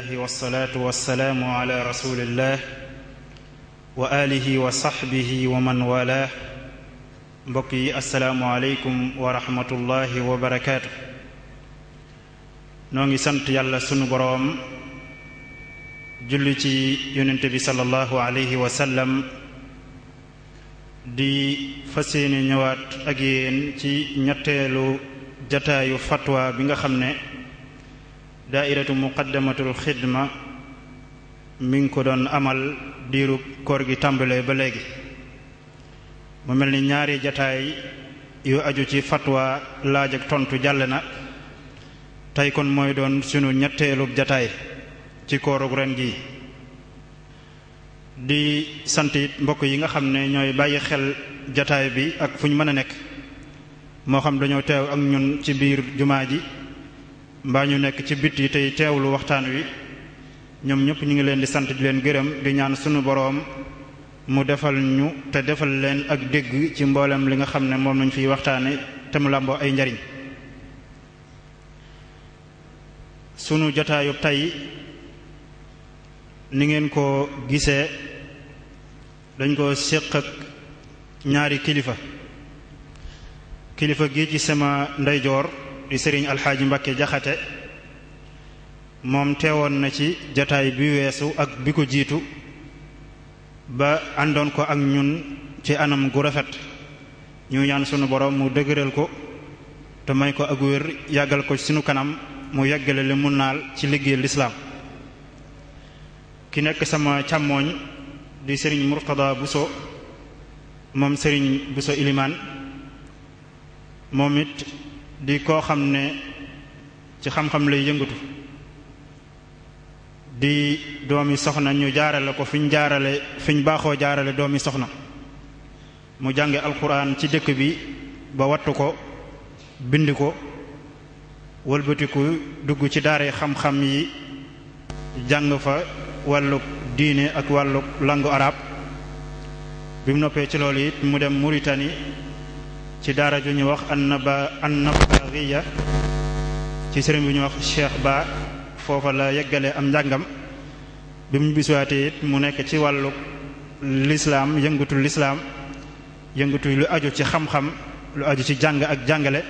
الله والصلاة والسلام على رسول الله وآله وصحبه ومن والاه mbokk yi asalaamualeykum wa rahmatullahi wa barakaatu noo ngi sant yàlla sunu boroom julli ci yonent bi sallallahu alayhi wa sallam di fas yéene ñëwaat ak yéen ci ñetteelu jataayu fatwa bi nga xam ne daairatu muqaddamatul xidma mi ngi ko doon amal diiru koor gi tàmbalee ba léegi mu mel ni ñaari jataay yu aju ci fatwa laaj tontu jàll na tey kon mooy doon sunu ñetteelub jataay ci koorug ren gi di sant mbokk yi nga xam ne ñooy bàyyi xel jataay bi ak fu ñu mën a nekk moo xam dañoo teew ak ñun ci biir jumaa ji mbaa ñu nekk ci biti tey teewlu waxtaan wi ñoom ñëpp ñu ngi leen di sant di leen gërëm di ñaan sunu boroom mu defal ñu te defal leen ak dégg ci mbooleem li nga xam ne moom lañ fiy waxtaane te mu làmboo ay njariñ sunu jataayu tey ni ngeen ko gisee dañ ko séq ak ñaari kilifa kilifa gi ci sama ndeyjoor di sëriñ alxaaji Mbàkke jaxate moom teewoon na ci jataay bi weesu ak bi ko jiitu ba àndoon ko ak ñun ci anam gu rafet ñu ñaan sunu borom mu dëgëral ko te may ko ak wér yàggal ko sunu kanam mu yàggale li mu naal ci liggéey lislaam ki nekk sama càmmooñ di sëriñ Murtada Buso moom sëriñ Buso Ilimaan moom it di koo xam ne ci xam-xam lay yëngatu di doomi soxna ñu jaarale ko fiñ jaarale fi ñu baaxoo jaarale doom yi soxna mu jànge alxuraan ci dëkk bi ba wattu ko bind ko wëlbatiku dugg ci daare xam-xam yi jàng fa wàllug diine ak wàllug langue arabe bi noppee ci lool it mu dem Mauritanie ci daara ju ñu wax annaba annabariya ci sëriñ bu ñu wax Cheikh Ba foofa la yeggale am njàngam bi mu bisuwaatee it mu nekk ci wàllu lislaam yëngatu lislaam yëngatu lu aju ci xam-xam lu aju ci jàng ak jàngale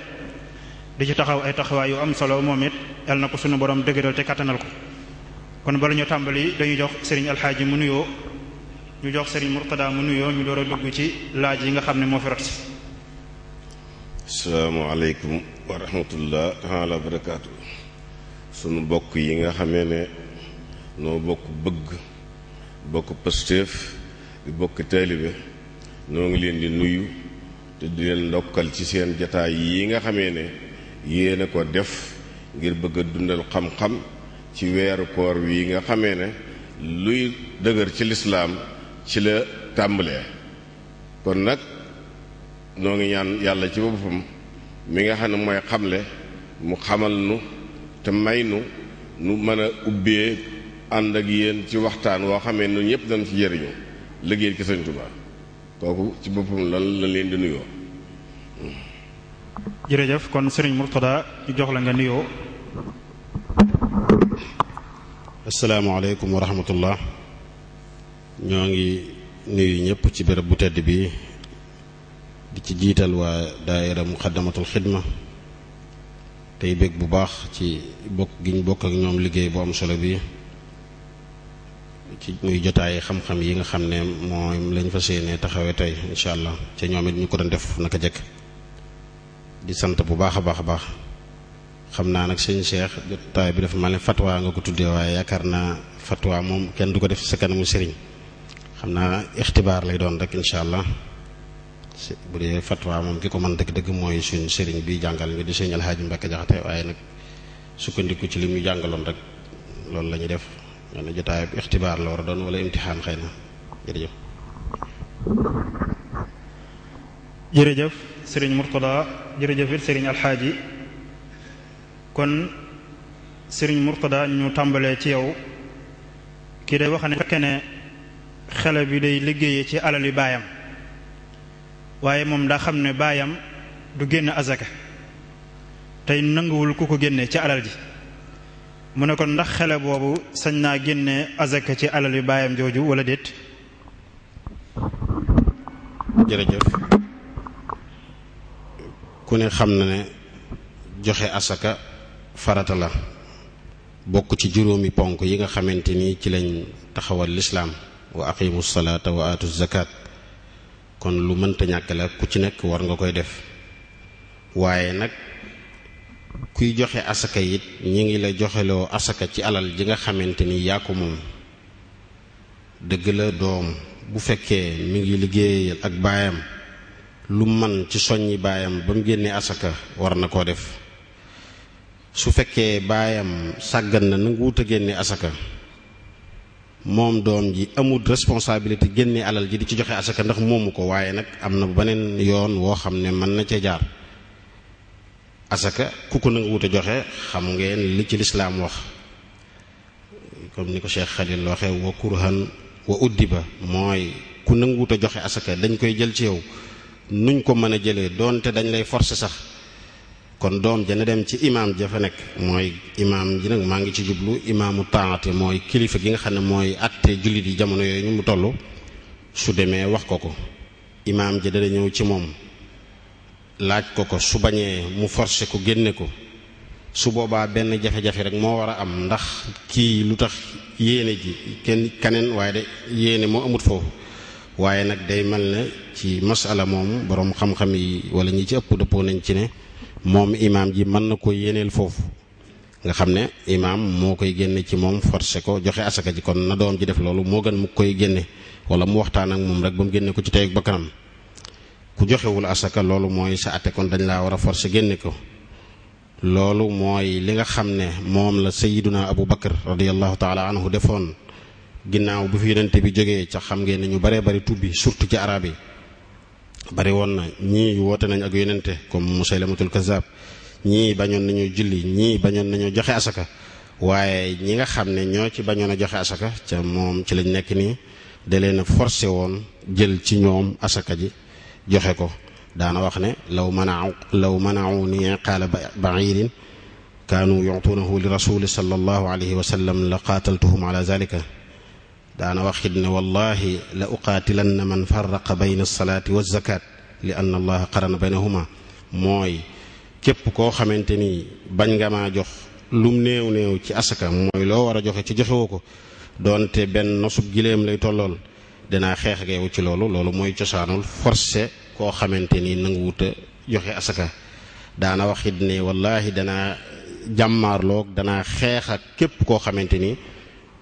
di ci taxaw ay taxawaay yu am solo moom it yal na ko sunu borom dëgëral te kàttanal ko kon bala ñu tàmbali dañuy jox sëriñ alxaaji mu nuyoo ñu jox sëriñ murtada mu nuyoo ñu door dugg ci laaj yi nga xam ne moo fi rot si asalaamaaleykum wa rahmatullah sunu bokk yi nga xamee ne noo bokk bëgg bokk pëstéef bi bokk taalibe noo ngi leen di nuyu te di leen ndokkal ci seen jataay yi nga xamee ne yéen ko def ngir bëgg a dundal xam-xam ci weeru koor wi nga xamee ne luy dëgër ci lislaam ci la tàmbalee kon nag noo ngi ñaan yàlla ci boppam mi nga xam ne mooy xamle mu xamal nu te may nu nu mën a ubbee ànd ak yéen ci waxtaan woo xamee nu ñëpp dañ ci jëriñu liggéey ci Sëñ kooku ci boppam lan la leen di nuyoo. jërëjëf kon Serigne Mourtada ñu jox la ñoo ngi nuyu ñëpp ci béréb bu tedd bi. di ci jiital waa daaira muxaddamatul xidma tey bég bu baax ci bokk gi ñu bokk ak ñoom liggéey bu am solo bi ci muy jotaay xam-xam yi nga xam ne mooy lañ fas yéene taxawee tey incha allah ca ñoom it ñu ko doon def naka jekk di sant bu baax a baax a baax xam naa nag sëñ Cheikh jotaay bi dafa mel ne fatwa nga ko tuddee waaye yaakaar naa fatwa moom kenn du ko def sa kanamu sëriñ xam naa ixtibaar lay doon rek incha allah. bu dee fatwa moom ki ko mën dëgg-dëgg mooy suñ sëriñ bi jàngal ñu di sëriñ Alxaaji Mbàkke Jaxate waaye nag sukkandiku ci li mu jàngaloon rek loolu la ñuy def man na jotaay bi ixtibaar la war a doon wala imtixaan xëy na jërëjëf jërëjëf sëriñ Murtada jërëjëf it sëriñ Alxaaji kon sëriñ Murtada ñu tàmbalee ci yow kii day wax ne fekkee ne xale bi day liggéeyee ci alal baayam waaye moom daa xam ne baayam du génn azaka tey nanguwul ku ko génne ci alal ji mu ne kon ndax xele boobu sañ naa génne azaka ci alal yu baayam jooju wala déet jërëjëf ku ne xam na ne joxe asaka farata la bokk ci juróomi ponk yi nga xamante ni ci lañ taxawal lislaam wa aqimu salaata wa aatu zakat kon lu mënta ñàkk la ku ci nekk war nga koy def waaye nag kuy joxe asaka yit ñi ngi la joxeloo asaka ci alal ji nga xamante ni yaa ko moom dëgg la doom bu fekkee mi ngi liggéeyal ak baayam lu man ci soññi baayam ba mu génnee asaka war na koo def su fekkee baayam sàggan na nangu wut a génne asaka moom doom ji amut responsabilité génne alal ji di ci joxe asaka ndax moomu ko waaye nag am na beneen yoon woo xam ne mën na cee jaar asaka ku ko nangu wut a joxe xam ngeen li ci lislaam wax comme ni ko Cheikh Khalil waxee wa kurhan wa ba mooy ku nangu wut a joxe asaka dañ koy jël ci yow nuñ ko mën a jëlee doonte dañ lay forcer sax kon doom ja na dem ci imaam ja fa nekk mooy imaam ji nag maa ngi ci jublu imaamu taate mooy kilifa gi nga xam ne mooy atte jullit yi jamono yooyu ñu mu toll su demee wax ko ko imaam ja dana ñëw ci moom laaj ko ko su bañee mu forcé ko génne ko su boobaa benn jafe-jafe rek moo war a am ndax kii lu tax yéene ji kenn kaneen waaye de yéene moo amut foofu waaye nag day mel ne ci masala moom boroom xam-xam yi wala ñi ci ëpp dëppoo nañ ci ne moom imaam ji mën na ko yeneel foofu nga xam ne imaam moo koy génne ci moom forcé ko joxe asaka ji kon na doom ji def loolu moo gën mu koy génne wala mu waxtaan ak moom rek ba mu génne ko ci tey ak bakkanam ku joxewul asaka loolu mooy sa atte kon dañ laa war a forcé génne ko loolu mooy li nga xam ne moom la sayiduna abu bakar radiallahu taala anhu defoon ginnaaw bu fi yonente bi jógee ca xam ngeen ne ñu baree bari tubbi surtout ci arab yi bari woon na ñii woote nañ ak yonente comme musaylamatul kazaab ñii bañoon nañu julli ñii bañoon nañu joxe asaka waaye ñi nga xam ne ñoo ci bañoon a joxe asaka ca moom ci lañ nekk nii da leen a forcé woon jël ci ñoom asaka ji joxe ko daana wax ne law manaaw law manaaw ni qaala ba'irin kaanu yutuunahu li rasuli sallallahu alayhi wa sallam la qaataltuhum ala zalika daana wax waxit ne wallahi la na man farraqa bayna salaati wa zakat li anna allaha qarana baynahuma mooy képp koo xamante ni bañ nga maa jox lu néew néew ci asaka mooy loo war a joxe ci joxewoo ko doonte benn nosub giléem lay tollool danaa xeex ak ci loolu loolu mooy cosaanul forcé koo xamante ni nanguwuta joxe asaka daana waxit ne wallahi danaa jàmmaarloog dana xeex képp koo xamante ni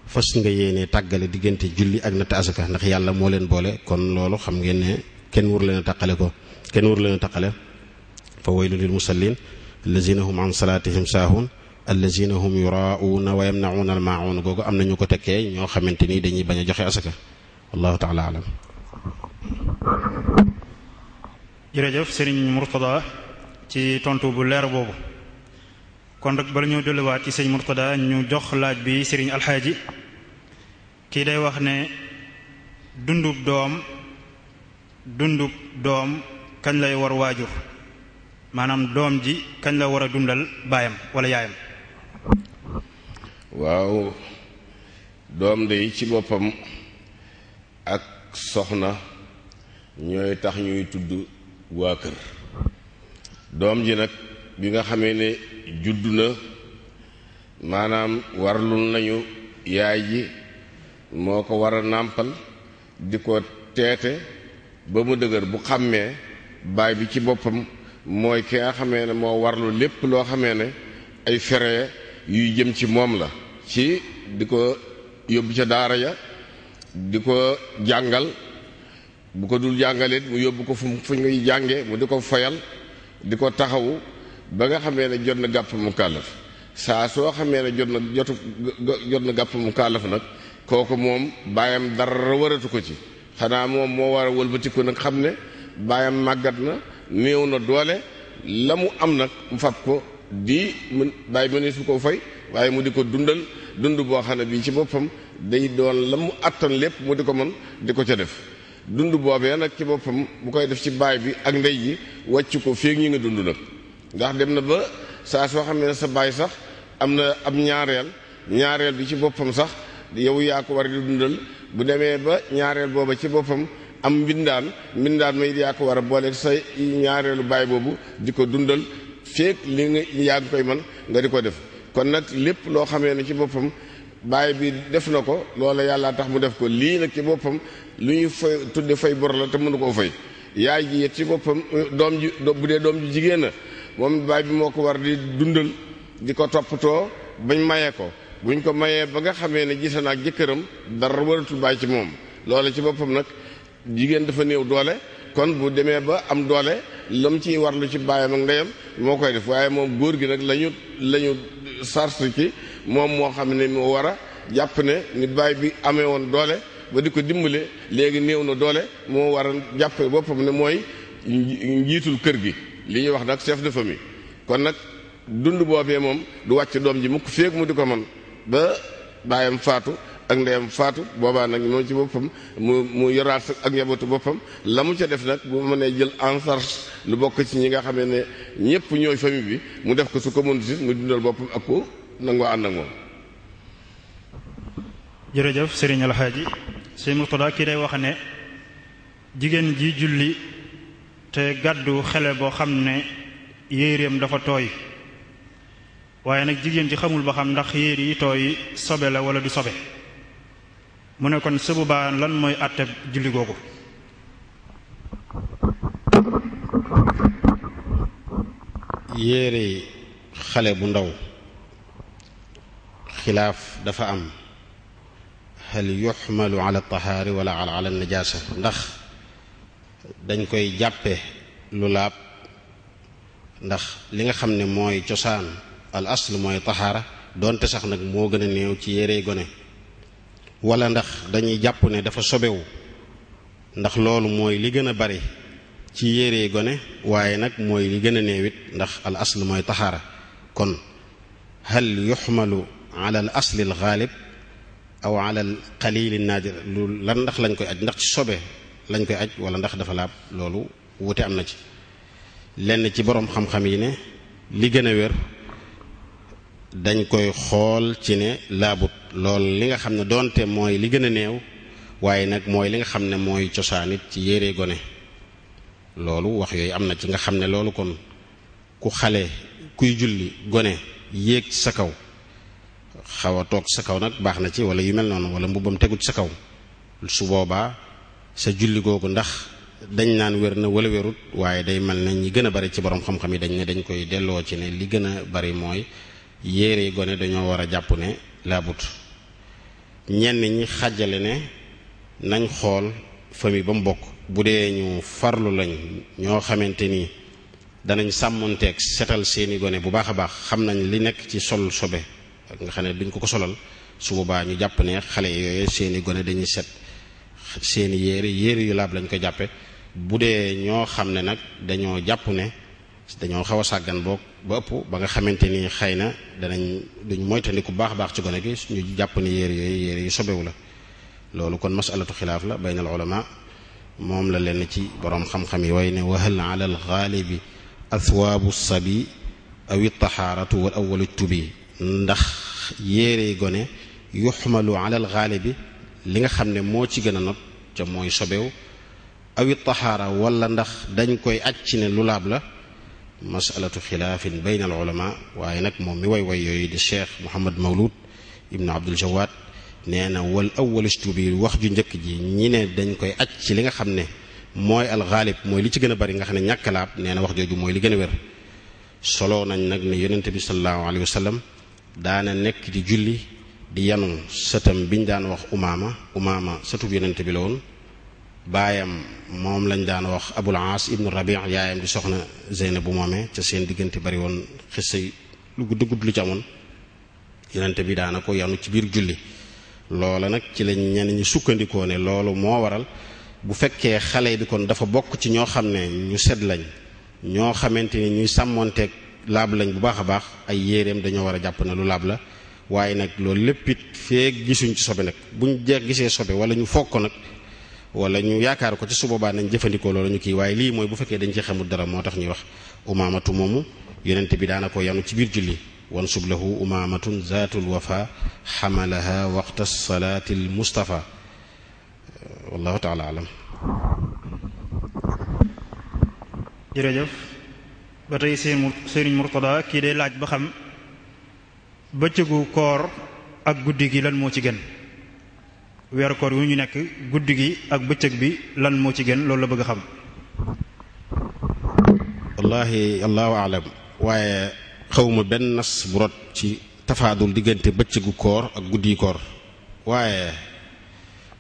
fas nga yéenee tàggale diggante julli ak natt asaka ndax yàlla moo leen boole kon loolu xam ngeen ne kenn wur leen a taqale ko kenn wur leen a taqale fa waylu lil musallin allazina hum an salaatihim saahun allazina hum yuraauuna wa yamnauna al maauuna googu am na ñu ko tekkee ñoo xamante ni dañuy bañ a joxe asaka wallahu taala alam jërëjëf sëriñ Murtada ci tontu bu leer boobu kon rek bala ñoo delluwaat ci sëriñ Murtada ñu jox laaj bi sëriñ kii day wax ne dundub doom dundub doom kañ lay war waajur maanaam doom ji kañ la war a dundal baayam walla yaayam waaw doom day ci boppam ak soxna ñooy tax ñuy tudd waa kër doom ji nag bi nga xamee ne juddu na maanaam warlul nañu yaay ji moo ko war a nàmpal di ko teete ba mu dëgër bu xàmmee baay bi ci boppam mooy ki nga xamee ne moo warlu lépp loo xamee ne ay fere yuy jëm ci moom la ci di ko yóbbu ca daara ya di ko jàngal bu ko dul jàngalit mu yóbbu ko fu fu ñuy jànge mu di ko foyal di ko taxawu ba nga xamee ne jot na gàpp mu kàllaf saa soo xamee ne jot na jotu jot na gàpp mu kàllaf nag kooku moom baayam dara waratu ko ci xanaa moom moo war a wëlbatiku nag xam ne baayam màggat na néew na doole lamu am nag mu fab ko di mën baay mënee ko fay waaye mu di ko dundal dund boo xam ne bii ci boppam day doon lamu attan lépp mu di ko mën di ko ca def dund boobee nag ci boppam bu koy def ci baay bi ak ndey ji wàcc ko fii ñi nga dund nag ndax dem na ba saa soo xam ne sa baay sax am na ab ñaareel ñaareel bi ci boppam sax yow yaa ko war di dundal bu demee ba ñaareel booba ci boppam am mbindaan mbindaan may yaa ko war a boole sa ñaareelu baay boobu di ko dundal feeg li nga yaa ngi koy man nga di ko def kon nag lépp loo xamee ne ci boppam baay bi def na ko loole yàlla tax mu def ko lii nag ci boppam lu ñu fay tudde fay bor la te mënu koo fay yaay ji ci boppam euh, doom ji bu dee doom ji jigéen na moom baay bi moo ko war di dundal di ko toppatoo bañ maye ko bu ñu ko mayee ba nga xamee ne gise naa ak jëkkëram dara waratul bàyyi ci moom loole ci boppam nag jigéen dafa néew doole kon bu demee ba am doole lam ciy warlu ci baayam ak ndeyam moo koy def waaye moom góor gi nag lañu lañu sarse ci moom moo xam ne moo war a jàpp ne ni baay bi amee woon doole ba di ko dimbale léegi néew na doole moo war a jàpp boppam ne mooy njiitul kër gi li ñuy wax nag chef de famille kon nag dund boobee moom du wàcc doom ji mukk féeg mu di ko mën ba baayam faatu ak ndeyam faatu boobaa nag moom ci boppam mu mu yoraat ak njabootu boppam la mu ca def nag bu mënee jël en lu bokk ci ñi nga xam ne ñëpp ñooy famille bi mu def ko su ko mënut mu dundal boppam ak ko nangoo ànd ak moom. jërëjëf Serigne El Hadji Sëñ Murtada kii day wax ne jigéen ji julli te gàddu xele boo xam ne yéeréem dafa tooy. waaye nag jigéen ji xamul ba xam ndax yéer yi tooy sobe la wala du sobe mu ne kon su boobaa lan mooy àtte julli googu yéere xale bu ndaw xilaaf dafa am hal yuxmalu ala tahaari wala ala najaasa ndax dañ koy jàppe lu laab ndax li nga xam ne mooy cosaan al asl mooy taxaara donte sax nag moo gën a néew ci yére gone wala ndax dañuy jàpp ne dafa sobewu ndax loolu mooy li gën a bari ci yére gone waaye nag mooy li gën a néewit ndax al asl mooy taxaara kon hal yuxmalu ala al asli al xaalib aw ala al qalili naadir lu lan ndax lañ koy aj ndax ci sobe lañ koy aj wala ndax dafa laab loolu wute am na ci lenn ci boroom xam-xam yi ne li gën a wér dañ koy xool ci ne laabut lool li nga xam ne doonte mooy li gën a néew waaye nag mooy li nga xam ne mooy cosaan it ci yére gone loolu wax yooyu am na ci nga xam ne loolu kon ku xale kuy julli gone yéeg sa kaw xaw toog sa kaw nag baax na ci wala yu mel noonu wala mbubbam tegu ci sa kaw su boobaa sa julli googu ndax dañ naan wér na wala wérut waaye day mel na ñi gën a bari ci borom xam-xam yi dañ ne dañ koy delloo ci ne li gën a bari mooy yére yi gone dañoo war a jàpp ne laabut ñenn ñi xàjjale ne nañ xool famille ba mu bokk bu dee ñu farlu lañ ñoo xamante ni danañ sàmmonteeg setal seeni gone bu baax a baax xam nañ li nekk ci sol sobe ak nga xam ne duñ ko ko solal su boobaa ñu jàpp ne xale yooyu seeni gone dañuy set seeni yére yére yu laab lañ ko jàppe bu dee ñoo xam ne nag dañoo jàpp ne dañoo xaw a sàggan book ba ëpp ba nga xamante ni xëy na danañ duñ moytandiku baax baax ci gone gi ñu jàpp ni yére yooyu yére yu sobewu la loolu kon masalatu xilaaf la baynal ulama moom la lenn ci boroom xam yi way ne wahal ala al xaalibi athwaabu sabi awi taxaaratu wal awalu tubi ndax yére gone yuxmalu ala al xaalibi li nga xam ne moo ci gën a not ca mooy sobewu awi taxaara wala ndax dañ koy acc ne lu laab la masalatu xilaafin bayna al ulama waaye nag moom mi way way yooyu di cheikh Mouhamad Mawlud ibnu Abdul Jawaad nee na wal awwalu stubi wax ju njëkk ji ñi ne dañ koy aj ci li nga xam ne mooy alxaalib mooy li ci gën a bari nga xam ne ñàkk laab nee na wax jooju mooy li gën a wér solo nañ nag ne yonente bi sallallahu alayhi wa sallam daana nekk di julli di yanu bi ñu daan wax umaama umaama sëtub yonente bi lawoon baayam moom lañ daan wax abul aas ibnu rabi yaayam di soxna zeyna bu moomee ca seen diggante bari woon xissa lu gudd gudd lu ci amoon yonente bi daana ko yanu ci biir julli loola nag ci lañ ñenn ñi sukkandikoo ne loolu moo waral bu fekkee xale bi kon dafa bokk ci ñoo xam ne ñu set lañ ñoo xamante ne ñuy sàmmonteeg laab lañ bu baax a baax ay yéereem dañoo war a jàpp na lu laab la waaye nag loolu lépp it feeg gisuñ ci sobe nag buñ jeex gisee wala ñu yaakaar ko ci su boobaa nañ jëfandikoo loolu ñu kii waaye lii mooy bu fekkee dañ ci xamul dara moo tax ñuy wax umaamatu moomu yonente bi daana ko yanu ci biir julli wan sublahu umaamatun zaatul wafa xamalaha waqta salaati al mustafa wallahu taala alam ba tey seen sëriñ Murtada kii day laaj ba xam bëccëgu koor ak guddi gi lan moo ci gën weeru koor yu ñu nekk guddi gi ak bëccëg bi lan moo ci gën loolu la bëgg a xam wallaahi allahu alam waaye xawma benn nas bu rot ci tafaadul diggante bëccëgu koor ak guddi koor waaye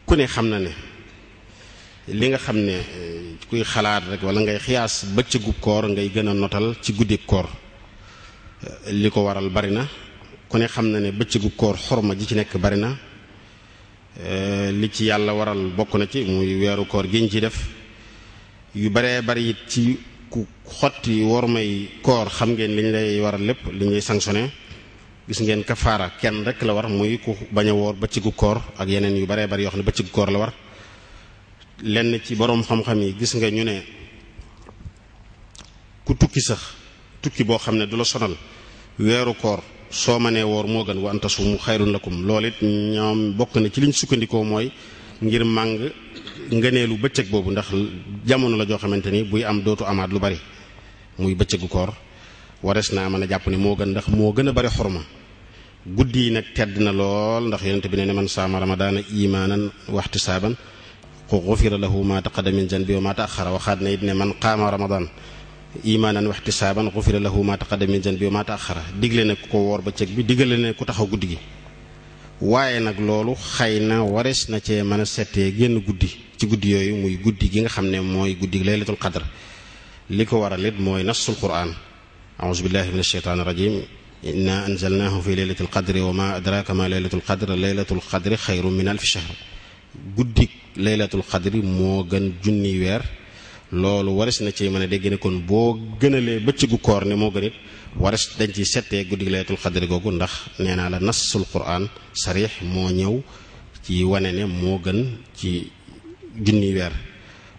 ku ne xam na ne li nga xam ne eh, kuy xalaat rek wala ngay xiyaas bëccëgu koor ngay gën a notal ci guddi koor eh, li ko waral bari na ku ne xam na ne bëccëgu koor xorma ji ci nekk bari na Eh, li ci yàlla waral bokk na ci muy weeru koor gi ñu ci def yu baree bari it ci ku xotti may koor xam ngeen li ñu lay waral lépp li ñuy sanctionné gis ngeen kafaara kenn rek la war muy ku bañ a woor bëccëgu koor ak yeneen yu baree bari yoo xam ne bëccëgu koor la war lenn ci boroom xam-xam yi gis nga ñu ne ku tukki sax tukki boo xam ne du la sonal weeru koor soo mënee woor moo gën wa an mu xayrun lakum loolu it ñoom bokk na ci liñ sukkandikoo mooy ngir màng lu bëccëg boobu ndax jamono la joo xamante ni buy am dootu amaat lu bari muy bëccëgu koor warees naa mën a jàpp ne moo gën ndax moo gën a bari xorma guddi yi nag tedd na lool ndax yonent bi ne ne man saama ramadaana imaanan waxtisaaban xufira lahu ma taqaddama min zanbi wa ma taaxara waxaat na it ne man qaama ramadan imaanan waxtisaaban xufira lahu maa taqaddama min zanbi wa maa taaxara digle na ku ko woor ba cëg bi digle na ku taxaw guddi gi waaye nag loolu xëy na warees na cee mën a settee génn guddi ci guddi yooyu muy guddi gi nga xam ne mooy guddi laylatul qadr li ko waral it mooy nasul quraan auzu billahi min asheytaan rajim inna anzalnaahu fi laylatil qadri wa ma adraka ma laylatul qadr laylatul qadri xayru min alfi shahr guddi laylatul qadri moo gën junni weer loolu waris na ci mën a dégg ne kon boo gënalee bëccëgu koor ne moo gën it waris dañ ciy settee guddig laylatul xadri googu ndax nee naa la nasul quran sarix moo ñëw ci wane ne moo gën ci junni weer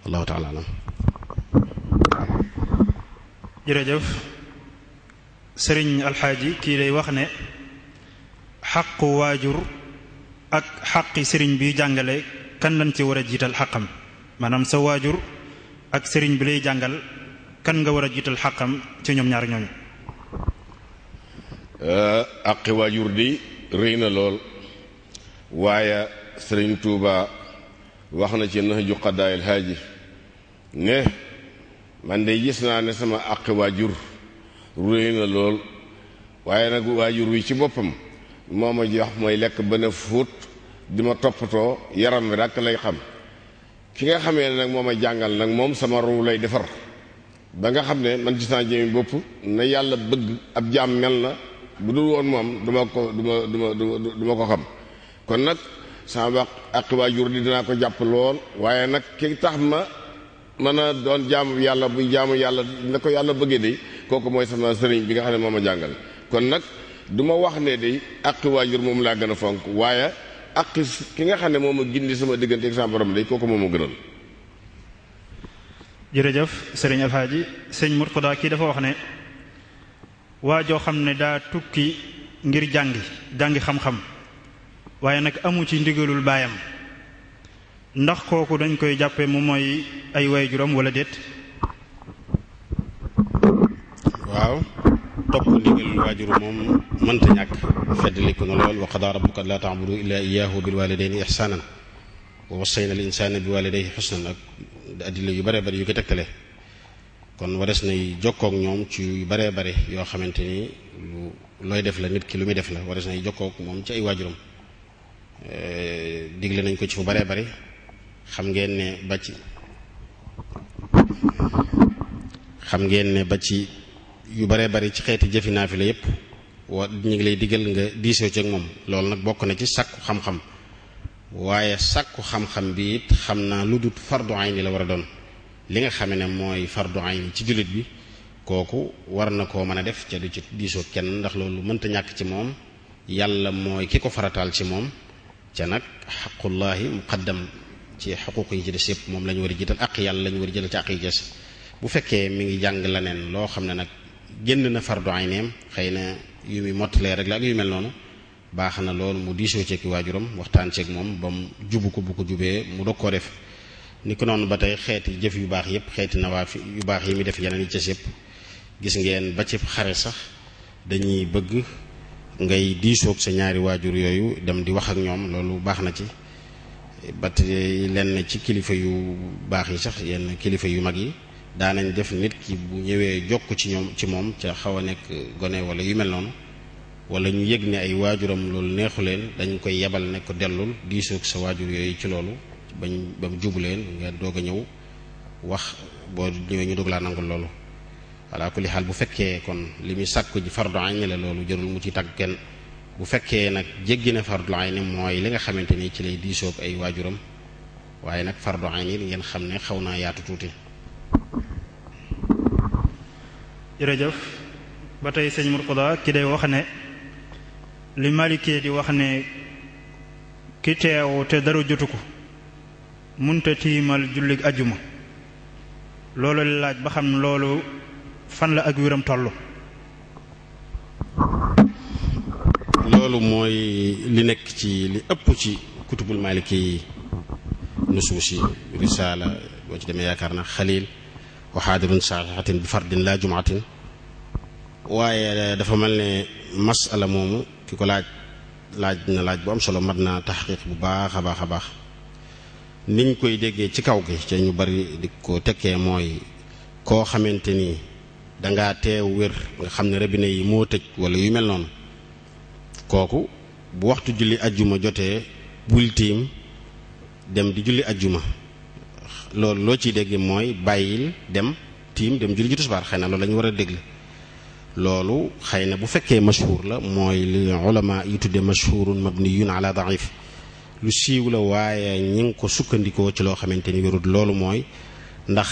allahu taala sëriñ alxaaji kii day wax ne xaqu waajur ak xaqi sëriñ bi jàngale kan lañ ci war a jiital xaqam maanaam sa waajur ak sëriñ bi lay jàngal kan nga war a jiital xàqam ci ñoom ñaar ñooñu euh, àqi waajur di rëy na lool waaye sëriñ Tuuba wax na ci nax ju xaddaayil haaji ne man de gis naa ne sama àqi waajur rëy na lool waaye nag waajur wi ci boppam moo ma jox mooy lekk ba ne fuut di ma toppatoo yaram wi rakk lay xam ki nga xamee ne nag moom a jàngal nag moom sama ruu lay defar ba nga xam ne man ci saa jëmi bopp na yàlla bëgg ab jaam mel na bu dul woon moom du ma ko du ma du ma du ma ko xam kon nag sama ba ak waajur di dinaa ko jàpp lool waaye nag ki tax ma mën a doon jaamu yàlla bu jaamu yàlla na ko yàlla bëggee de kooku mooy sama sëriñ bi nga xam ne moom a jàngal kon nag du ma wax ne de ak waajur moom laa gën a fonk waaye ak ki nga xam ne moom gindi sama diggante ak sama borom day kooku moom a jërëjëf sëriñ Alxaaji sëñ Murtada kii dafa wax ne waa joo xam ne daa tukki ngir jàngi jàngi xam-xam waaye nag amu ci ndigalul baayam ndax kooku dañ koy jàppe mu mooy ay juróom walla déet waaw topp ndigal waajur moom mënta ñàkk feddaliku na lool wa qadaa rabbuka laa ta'budu illaa iyyaahu bil waalidayni ihsaanan wa wassayna al insaana bi waalidayhi husnan ak addila yu bare bari yu ko tegtale kon wares nay jokkook ñoom ci yu bare bare yoo xamante ni looy def la nit ki lu muy def la wares nay jokkook moom ci ay waajuram eh, digle nañ ko ci fu bare bare xam ngeen ne ba ci xam ngeen ne ba ci yu baree bari ci xeeti jëfi naafila yépp wa ñu ngi lay digal nga diisoo ci moom loolu nag bokk na ci sàkku xam-xam waaye sàkku xam-xam bi it xam naa lu dut fardu ayni la war a doon li nga xame ne mooy fardu ayni ci jullit bi kooku war na koo mën a def ca du ci diisoo kenn ndax loolu mënta ñàkk ci moom yàlla mooy ki ko farataal ci moom ca nag xaqullaahi muqaddam ci xuquq yi ci des yëpp moom la ñu war a jiital aq yàlla la war a jël ci aq yi des bu fekkee mi ngi jàng xam ne nag génn na fardu ayneem xëy na yu muy mottalee rek la ak yu mel noonu baax na loolu mu diisoo ceeg waajuram waxtaan ceeg moom ba mu jubu ko bu ko jubee mu dog koo def ni ko noonu ba tey xeeti jëf yu baax yépp xeeti na waa fi yu baax yi muy def yeneen yi ca yépp gis ngeen ba ci xare sax dañuy bëgg ngay diisoog sa ñaari waajur yooyu dem di wax ak ñoom loolu baax na ci bat lenn ci kilifa yu baax yi sax yenn kilifa yu mag yi daanañ def nit ki bu ñëwee jokk ci ñoom ci moom ca xaw a nekk gone wala yu mel noonu wala ñu yëg ni ay waajuram loolu neexu leen dañ koy yebal ne ko dellul diisoog sa waajur yooyu ci loolu bañ ba mu jubu leen nga doog a ñëw wax boo ñëwee ñu doog laa nangul loolu walla kulli xaal bu fekkee kon li muy sàkku ji fardu ayn la loolu jarul mu ci tàgg kenn bu fekkee nag jéggi na fardu ayn mooy li nga xamante ni ci lay diisoog ay waajuram waaye nag fardu ayn ngeen xam ne xaw naa yaatu tuuti jërëjëf ba tey sëñ Murtada ki day wax ne li Maalikee di wax ne ki teew te dara jotu ko munta tiimal jullig ajjuma loolu li laaj ba xam loolu fan la ak wéram tollu loolu mooy li nekk ci li ëpp ci kutubul Maalikee yi nusuus yi risaala boo ci demee yaakaar na xaliil wa xaadirun saxihatin bi fardin laa jumaatin waaye dafa mel ne masala moomu ki ko laaj laaj na laaj bu am solo mat naa taxqiq bu baax a baax a baax niñ koy déggee ci kaw gi ca ñu bari di ko tekkee mooy koo xamante ni danga teew wér nga xam ne robinet yi moo tëj wala yu mel noonu kooku bu waxtu julli ajjuma jotee bul tiim dem di julli ajjuma loolu loo ciy déggee mooy bàyyil dem tiim dem julli ji tisbaar xëy na loolu la ñu war a déglu loolu xëy na bu fekkee mashhur la mooy li ulama yi tudde mashhurun mabniyun ala daif lu siiw la waaye ñi ngi ko sukkandikoo ci loo xamante ni wérut loolu mooy ndax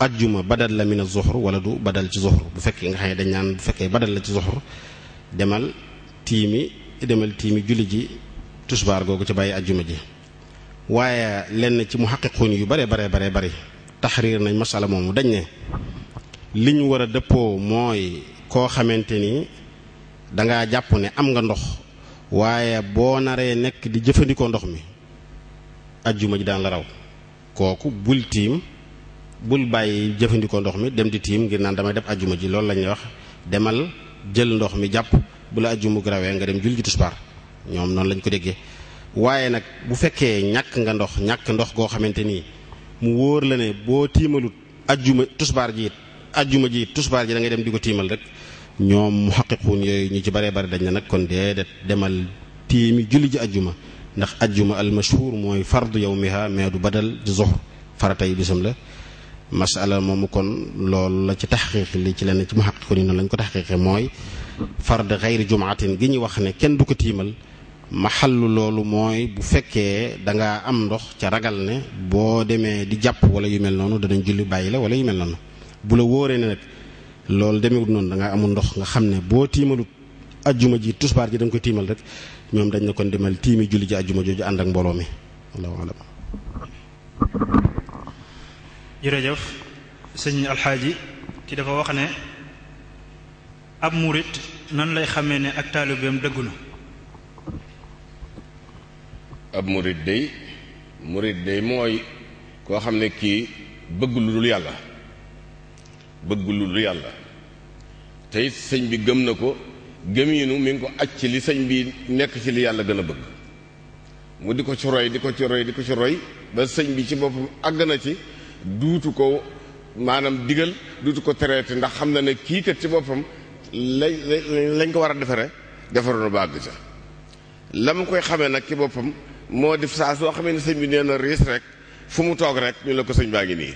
ajjuma badal la min az-zuhr wala du badal ci zuhr bu fekkee nga xam ne dañ naan bu fekkee badal la ci zuhr demal tiimi demal tiimi julli ji tisbaar googu ci bàyyi ajjuma ji waaye lenn ci mu xaqiquun yu bare bare bare bëri taxriir nañ masala moomu dañ ne li ñu war a dëppoo mooy koo xamante ni dangaa jàpp ne am nga ndox waaye boo naree nekk di jëfandikoo ndox mi ajjuma ji daan la raw kooku bul tiim bul bàyyi jëfandikoo ndox mi dem di tiim ngir naan damay def ajjuma ji loolu la ñuy wax demal jël ndox mi jàpp bu la ajjuma rawee nga dem julli ji tisbaar ñoom noonu lañ ko déggee waaye nag bu fekkee ñàkk nga ndox ñàkk ndox goo xamante ni mu wóor la ne boo tiimalut ajjuma tusbaar ji it ajjuma ji it tusbaar ji da ngay dem di ko tiimal rek ñoom mu xaqiquun yooyu ñu ci baree bari dañ la nag kon dee déedéet demal tiimi julli ji ajjuma ndax ajjuma al mashhur mooy yow yawmiha mais du badal ci zuhr faratay bisam la masala moomu kon loolu la ci taxqiq li ci lenn ci mu xaqiquun yi noonu lañu ko taxqiqe mooy fard xayri jumaatin gi ñu wax ne kenn du ko tiimal maxallu loolu mooy bu fekkee da am ndox ca ragal ne boo demee di jàpp wala yu mel noonu danañ julli bàyyi la wala yu mel noonu bu la wóoree ne nag loolu demeewut noonu da amul ndox nga xam ne boo tiimalu ajjuma ji tusbaar ji da nga ko tiimal rek ñoom dañ na kon demal tiimi julli ji ajjuma jooju ànd ak mbooloo mi allahu alam jërëjëf sëñ alxaaji ki dafa wax ne ab murit nan lay xamee ne ak taalibeem dëggu na ab murit day murit day mooy koo xam ne kii bëgg lu dul yàlla bëgg lu dul yàlla tey sëñ bi gëm na ko gëmiinu mi ngi ko aj ci li sëñ bi nekk ci li yàlla gën a bëgg mu di ko ci roy di ko ci roy di ko ci ba sëñ bi ci boppam àgg na ci duutu ko maanaam digal duutu ko traité ndax xam na ne kii kat ci boppam lañ lañ ko war a defare defaroon bàgg ca la mu koy xamee nag ci boppam moo def saa soo xamee ne sëñ bi nee na riis rek fu mu toog rek ñu la ko sëñ baa ngi nii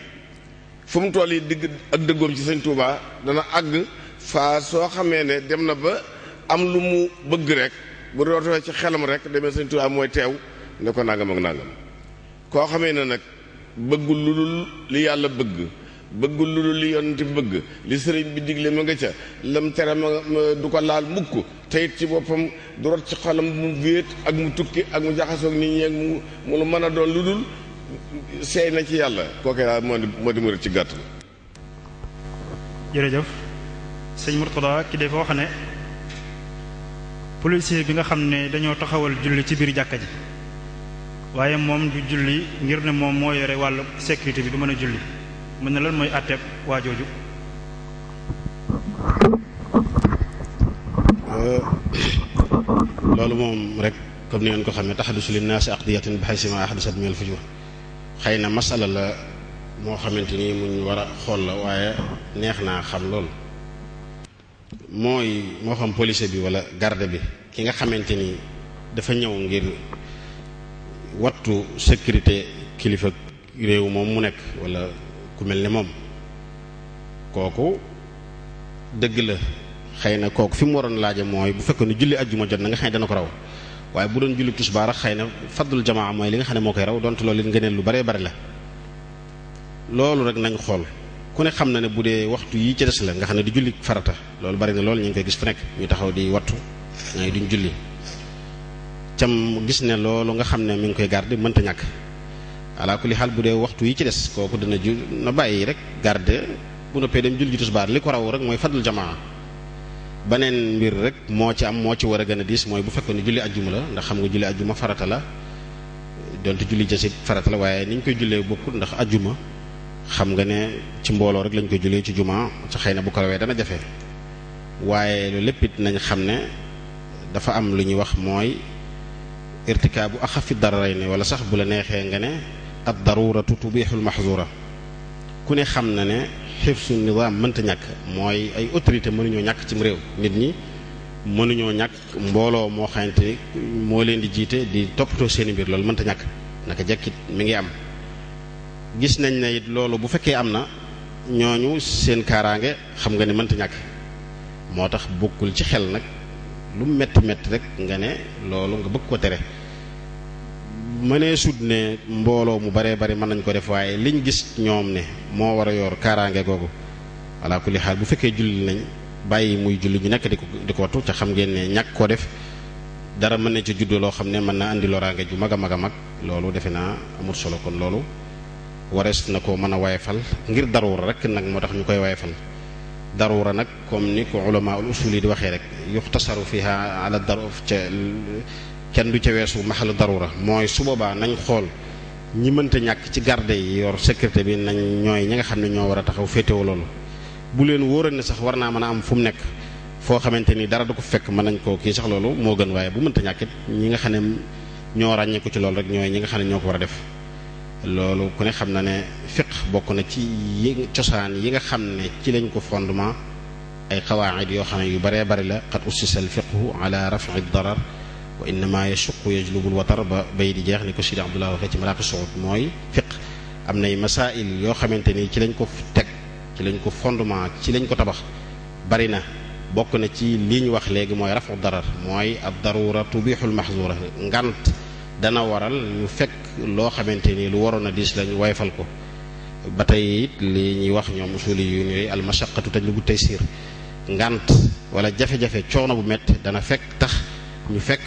fu mu tool yi digg ak dëggoom ci sëñ Touba dana àgg faa soo xamee ne dem na ba am lu mu bëgg rek bu dootoo ci xelam rek demee sëñ Touba mooy teew ne ko nangam ak nangam koo xamee ne nag bëggul lu dul li yàlla bëgg bëggul lu dul li yonent bëgg li sëriñ bi digle ma nga ca lam tere ma du ko laal mukk teyit ci boppam du rot ci xolam mu wéet ak mu tukki ak mu jaxasoog nit ñi ak mu mu mën a doon lu dul seey na ci yàlla kooke daal moo di moo di ci gàtt jërëjëf sëñ Mourtada ki dafa wax ne policier bi nga xam ne dañoo taxawal julli ci biir jàkka ji waaye moom du julli ngir ne moom moo yore wàllu sécurité bi du mën a julli mën na lan mooy àtteeb waa jooju euh, loolu moom rek comme ni ngeen ko xamee taxadusu linnaasi aqdiyatin bi xaysi ma axdasat min al fujur xëy na masala la moo xamante ni muñ war a xool la waaye neex naa xam lool mooy moo xam police bi wala garde bi ki nga xamante ni dafa ñëw ngir wattu sécurité kilifa réew moom mu nekk walla ku mel ni moom kooku dëgg la xay na kooku fi mu waroon laaje mooy bu fekkoon ne julli ajjuma jot na nga xam ne dana ko raw waaye bu doon julli tusbaar xëy na faddul jamaa mooy li nga xam ne moo koy raw donte loolu it ngëneel lu baree bari la loolu rek nañ xool ku ne xam na ne bu dee waxtu yi ci des la nga xam ne di julli farata loolu bari na loolu ñu ngi koy gis fu nekk ñu taxaw di wattu ngay duñ julli cam gis ne loolu nga xam ne mu ngi koy garder mënta ñàkk ala kulli xaal bu dee waxtu yi ci des kooku dana ju na bàyyi rek garde bu noppee dem julli ji tisbaar li ko raw rek mooy fadul jamaa beneen mbir rek moo ci am moo ci war a gën a diis mooy bu fekkoon ne julli ajjuma la ndax xam nga julli ajjuma farata la donte julli jasit farata la waaye ni ñu koy jullee bokkul ndax ajjuma xam nga ne ci mbooloo rek lañ koy jullee ci juma ci xëy na bu kalawee dana jafe waaye loolu lépp nañ xam ne dafa am lu ñuy wax mooy irtikaabu axafi dararay ne wala sax bu la neexee nga ne ad daruratu tubixul mahzura ku ne xam na ne xifsu nizaam mënta ñàkk mooy ay autorité mënuñoo ñàkk cim réew nit ñi mënuñoo ñàkk mbooloo moo xamante ni moo leen di jiite di toppatoo seeni mbir loolu mënta ñàkk naka jekkit mi ngi am gis nañ ne it loolu bu fekkee am na ñooñu seen kaaraange xam nga ne mënta ñàkk moo tax bëkkul ci xel nag lu metti metti rek nga ne loolu nga bëgg ko tere mënee sut ne mbooloo mu baree bari mën nañ ko def waaye liñ gis ñoom ne moo war a yor kaaraange googu walla kulli xaal bu fekkee julli nañ bàyyi muy julli ñu nekk di ko di ko wattu ca xam ngeen ne ñàkk koo def dara mën na ci juddu loo xam ne mën na indi loraange ju mag a mag a mag loolu defe naa amul solo kon loolu warees na ko mën a wayefal ngir daruura rek nag moo tax ñu koy wayefal daruura nag comme ni ko ulama ul usul yi di waxee rek yuxtasaru fiha ala daruf ca kenn du ca weesu maxalu darura mooy su boobaa nañ xool ñi mënta ñàkk ci garde yi yor sécurité bi nañ ñooy ñi nga xam ne ñoo war a taxaw féetewu loolu bu leen wóoral ne sax war naa mën a am fu mu nekk foo xamante ni dara du ko fekk mën nañ koo kii sax loolu moo gën waaye bu mënta ñàkkit ñi nga xam ne ñoo ràññeeku ci loolu rek ñooy ñi nga xam ne ñoo ko war a def loolu ku ne xam na ne fiq bokk na ci yi cosaan yi nga xam ne ci lañ ko fondement ay xawaid yoo xam ne yu baree bari la xat ussisal fiqhu ala rafi darar wa innama yashuqu yajlubul watar ba bay di jeex ni ko Sidi Abdullah waxee ci maraaqi suxut mooy fiq am nay masail yoo xamante ni ci lañ ko teg ci lañ ko fondement ci lañ ko tabax bari na bokk na ci li ñu wax léegi mooy rafoo darar mooy ad darura tubixul mahzura ngant dana waral ñu fekk loo xamante ni lu waroon a diis lañu wayfal ko ba tey it li ñuy wax ñoom usuli yu ñuy al mashaqatu tajlibu taysir ngant wala jafe-jafe coono bu métti dana fekk ñu fekk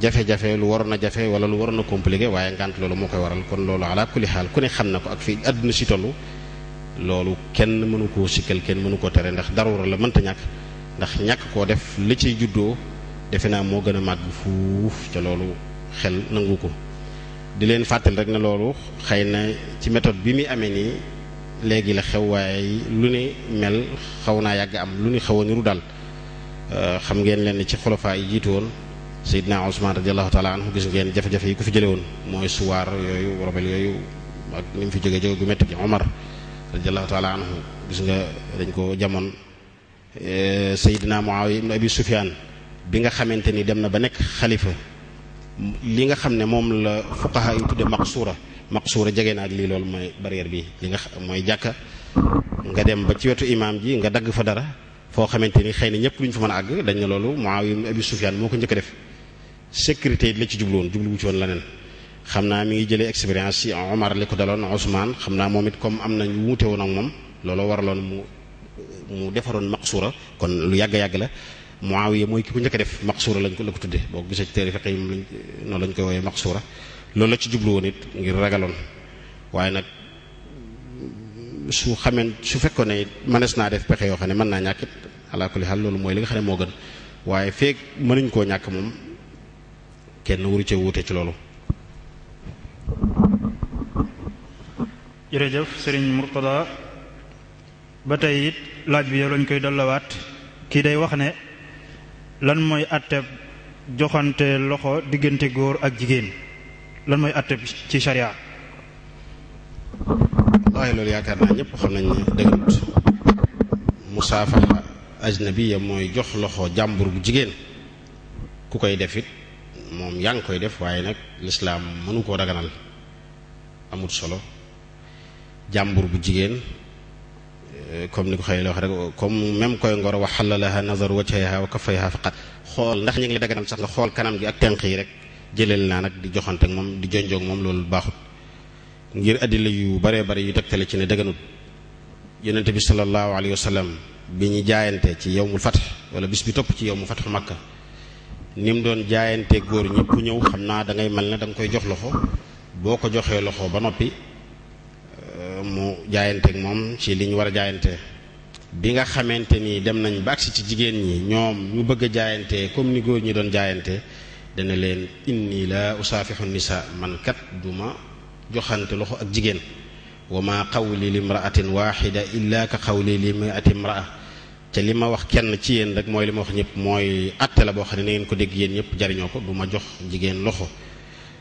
jafe-jafe lu waroon a jafe wala lu waroon a compliqué waaye ngant loolu moo koy waral kon loolu ala kulli xaal ku ne xam na ko ak fi àdduna si toll loolu kenn mënu ko sikkal kenn mënu ko tere ndax daruura la mënta ñàkk ndax ñàkk koo def li ciy juddoo defe naa moo gën a màgg fuuf ca loolu xel nangu ko di leen fàttali rek na loolu xëy na ci méthode bi muy amee nii léegi la xew lu ni mel xaw naa yàgg am lu ni xaw a niru daal Euh, xam ngeen leen ni ci xulafaa yi jiitu woon Seydina Ousmane radiallahu taala anhu gis ngeen jafe-jafe yi ku fi jële woon mooy suwaar yooyu robel yooyu ak ni mu fi jóge jóge gu metti gi Omar radiallahu taala anhu gis nga dañ ko jamoon euh, Seydina Muawiya ibn Abi Sufyaan bi nga xamante ni dem na ba nekk xalifa li nga xam ne moom la fuqaha yi tudde maqsuura maqsuura jege na ak lii loolu mooy barrière bii li nga mooy jàkka nga dem ba ci wetu imaam ji nga dagg fa dara foo xamante ni xëy na ñëpp lu ñu fa mën a àgg dañ ne loolu Muawiya ibn Abi Sufyaan moo ko njëkk a def sécurité la ci jubluwoon jubluwu ci woon leneen xam naa mi ngi jëlee expérience ci Omar li ko daloon Ousmane xam naa moom it comme am nañ wuute woon ak moom looloo waraloon mu mu defaroon maqsuura kon lu yàgg yàgg la Muawiya mooy ki ko njëkk a def maqsuura lañ ko la ko tuddee boo gisee ci téere fiqh yi moom lañ noonu lañ koy woowee maqsuura loolu la ci jubluwoon it ngir ragaloon su xamee su fekkoon ne mënees naa def pexe yoo xam ne mën naa ñàkk it alaa kulli loolu mooy li nga xam ne moo gën waaye feeg mënuñ koo ñàkk moom kenn wuru ci wuute ci loolu. jërëjëf sëriñ Mourtada ba tey it laaj bi yow lañ koy dollawaat kii day wax ne lan mooy àtteb joxante loxo diggante góor ak jigéen lan mooy àtteb ci charia. waaye loolu yaakaar naa ñépp xam nañu ne dëggut musaafaxa ajnabiya mooy jox loxo jàmbur bu jigéen ku koy def it moom yaa ngi koy def waaye nag lislaam mënu koo daganal amut solo jàmbur bu jigéen eh, comme ni ko xëy la wax rek comme même koy ngor wa xalalaha nazaru wajhiha wa kaffayha faqat xool ndax ñu ngi daganal sax nga xool kanam gi ak tenq yi rek jëleel naa nag di joxante ak moom di jonjook moom loolu baaxut ngir addila yu baree bare yu tegtale ci ne daganut yonente bi sallallahu alayhi wa sallam bi ñu jaayante ci yowmul fat wala bis bi topp ci yowmu fatxu makka ni mu doon jaayante góor ñëpp ñëw xam naa da ngay mel ne danga koy jox loxo boo ko joxee loxo ba noppi euh, mu jaayanteek moom ci liñ war a jaayante bi nga xamante ni dem nañ ba agsi ci jigéen ñi ñoom ñu bëgg a jaayante comme ni góor ñi doon jaayante dana leen inni la usaafixu nisa man kat duma joxante loxo ak jigéen wa ma qawli li imraatin waxida illa ka lii li miati imraa te li ma wax kenn ci yéen rek mooy li ma wax ñëpp mooy atte la boo xam ne na ngeen ko dégg yéen ñëpp jariñoo ko du ma jox jigéen loxo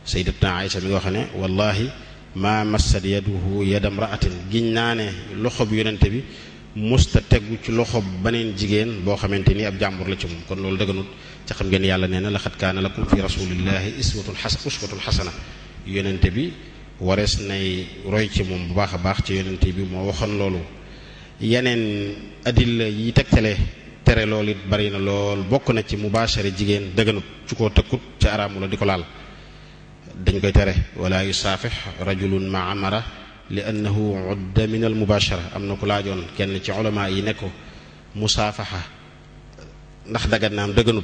sayyidatna Aïcha mi nga wax ne wallahi ma massat yaduhu yada imraatin giñ naa ne loxo bi yonente bi musta tegu ci loxo beneen jigéen boo xamante ni ab jàmbur la ci moom kon loolu dëgganut ca xam ngeen yàlla nee na laxat kaana lakum fi rasulillahi iswatun xas uswatun xasana yonente bi warees nay roy ci moom bu baax a baax ci yonente bi moo waxoon loolu yeneen adilla yi tegtale tere lool it bari na lool bokk na ci mubaashara jigéen dëgganut ci koo tëkkut ci araamu la di ko laal dañ koy tere wala yusaafix rajulun ma amara li annahu udda min al mubaashara am na ku laajoon kenn ci ulama yi ne ko musaafaxa ndax dagan naam dëgganut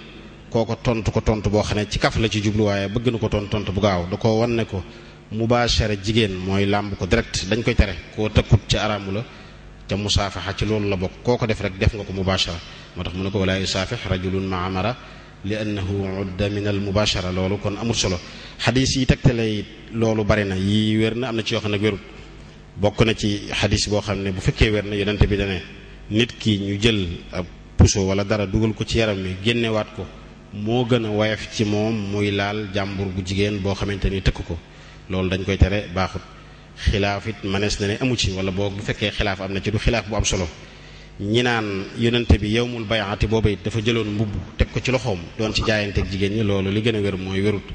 kooko tontu ko tontu boo xam ne ci kaf la ci jubluwaaye bëgg na ko tontu tontu bu gaaw da ko wan ne ko mubaashara jigéen mooy làmb ko direct dañ koy tere koo tëkkut ci araamu la te musaafaxa ci loolu la bokk koo ko def rek def nga ko mubaashara moo tax mu ne ko walaa yusaafix rajulun ma amara li annahu udda min al mubaashara loolu kon amul solo xadis yi tegtale loolu bari na yii wér na am na ci yoo xam ne wérut bokk na ci xadis boo xam ne bu fekkee wér na yonente bi dane nit ki ñu jël ab puso wala dara dugal ko ci yaram wi génnewaat ko moo gën a woyof ci moom muy laal jàmbur bu jigéen boo xamante ni tëkk ko loolu dañ koy tere baaxut xilaaf it mënees na ne amu ci wala boo bu fekkee xilaaf am na ci du xilaaf bu am solo ñi naan yonente bi yowmul bayaati booba it dafa jëloon mbubb teg ko ci loxoom doon ci jaayanteeg jigéen ñi loolu li gën a wér mooy wérut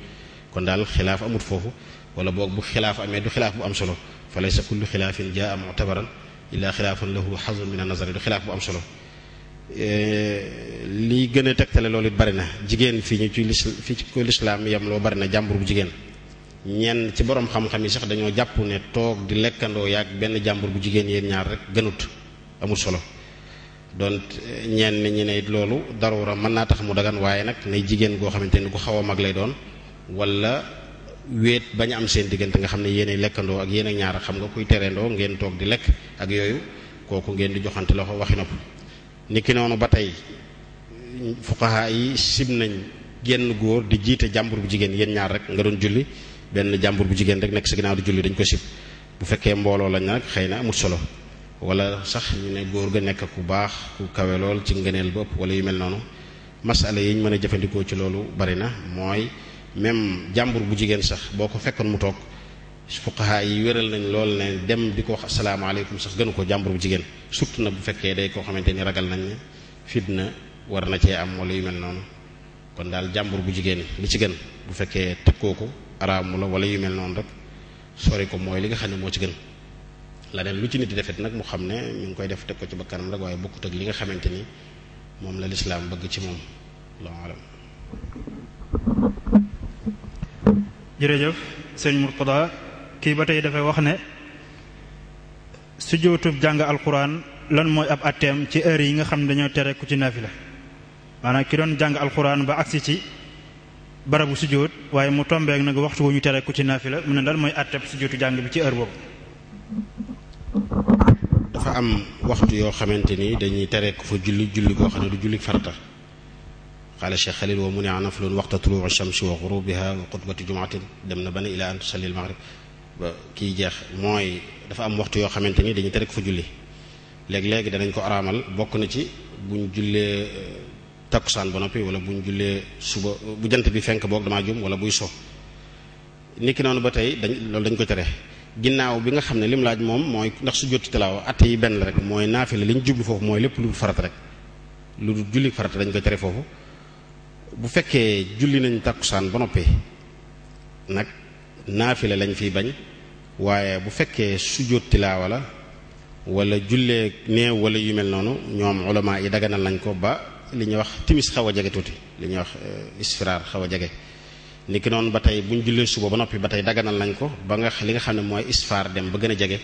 kon daal xilaaf amut foofu wala boog bu xilaaf amee du xilaaf bu am solo fa laysa kullu xilaafin jaa mu'tabaran illaa xilaafan lahu xazun min an-nazari du xilaaf bu am solo li gën a tegtale loolu it bari na jigéen fii ñu ci lis fi ko lislaam yam loo bari na jàmbur bu jigéen ñenn ci boroom xam-xam yi sax dañoo jàpp ne toog di lekkandoo yaag benn jàmbur bu jigéen yéen ñaar rek gënut amul solo donc ñenn ñi ne loolu daruura mën naa tax mu dagan waaye nag nay jigéen goo xamante ni ku xaw a mag lay doon wala wéet bañ am seen diggante nga xam ne yéen lekkandoo ak yéen ak xam nga kuy tereendoo ngeen toog di lekk ak yooyu kooku ngeen di joxante loxo waxi nopp niki noonu ba tey fuqaha yi sib nañ genn góor di jiite jàmbur bu jigéen yéen ñaar rek nga doon julli benn jàmbur bu jigéen rek nekk si ginnaaw di julli dañ ko sib bu fekkee mbooloo lañ nag xëy na amul solo wala sax ñu ne góor ga nekk ku baax ku kawe lool ci ngëneel bopp wala yu mel noonu masala yi ñu mën a jëfandikoo ci loolu bari na mooy même jàmbur bu jigéen sax boo ko fekkoon mu toog fuqaha yi wéral nañ lool ne dem di ko wax asalaamaaleykum sax gënu ko jàmbur bu jigéen surtout na bu fekkee day koo xamante ni ragal nañ ne fitna war na cee am wala yu mel noonu kon daal jàmbur bu jigéen li bu fekkee takkoo ko araamu la wala yu mel noonu rek sori ko mooy li nga xam ne moo ci gën la neen lu ci nit di defet nag mu xam ne ñu ngi koy def ko ci bakkanam rek waaye bokkut ak li nga xamante ni moom la lislaam bëgg ci moom allahu alam kii ba tey dafay wax ne su jootub jàng alquran lan mooy ab atteem ci heure yi nga xam ne dañoo tere ku ci la maanaam ki doon jàng alquran ba agsi ci barabu sujjóot waaye mu tombeek nag waxtu wu ñu tere ku ci naafila mu ne lan mooy àtteeb sujjóotu jàng bi ci heure boobu dafa am waxtu yoo xamante ni dañuy teree ku fa julli julli koo xam ne du julli farata xaala cheikh xalil mu ne naflun waxta tuluu shamsi wa xurubiha wa xutbati jumaatin dem na bana ila an tusalli al maghrib ba kiy jeex mooy dafa am waxtu yoo xamante ni dañuy tere ku fa julli léeg-léeg danañ ko araamal bokk na ci buñ jullee takkusaan ba noppi wala ñu jullee suba bu jant bi fenk boog damaa jum wala buy so niki noonu ba tey dañ loolu dañ ko tere ginnaaw bi nga xam ne lim laaj moom mooy ndax su jot tilaawa atte benn rek mooy naafila li ñu jublu foofu mooy lépp lu dul farata rek julli farata dañ ko tere foofu bu fekkee julli nañ takkusaan ba noppi nag naafila lañ fiy bañ waaye bu fekkee sujjóot tilaawa la wala jullee néew wala yu mel noonu ñoom ulama yi daganal nañ ko ba li ñuy wax timis xaw a jege tuuti li ñuy wax eh, isfiraar xaw a jege ni ki noonu ba tey buñ ñu jullee suba ba noppi ba tey daganal nañ ko ba nga li nga xam ne mooy isfaar dem ba gën a jege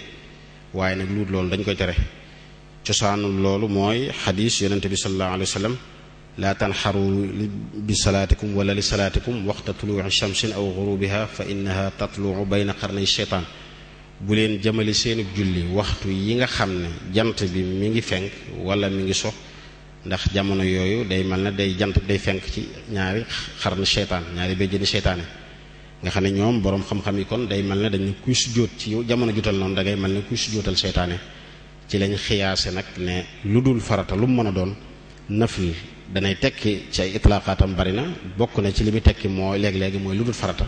waaye nag luut loolu dañ koy tere cosaanu loolu mooy xadiis yonente bi sallallahu alayhi wa sallam laa tanxaru bi salaatikum wala li salaatikum waxta tuluui shamsin aw gurubiha fa innaha tatluu bayna qarnay sheytaan bu leen jëmali seenub julli waxtu yi nga xam ne jant bi mi ngi fenk wala mi ngi so ndax jamono yooyu day mel na day jant day fenk ci ñaari xarnu seytaan ñaari béjjëni seytaane nga xam ne ñoom boroom xam-xam yi kon day mel ne dañu kuy sujjóot ci jamono jutal noonu da ngay mel ne kuy sujjóotal seytaane ci lañ xiyaase nag ne lu dul farata lu mu mën a doon nafil danay tekki ci ay itlaaqaatam bari na bokk na ci li muy tekki mooy léeg-léegi mooy lu dul farata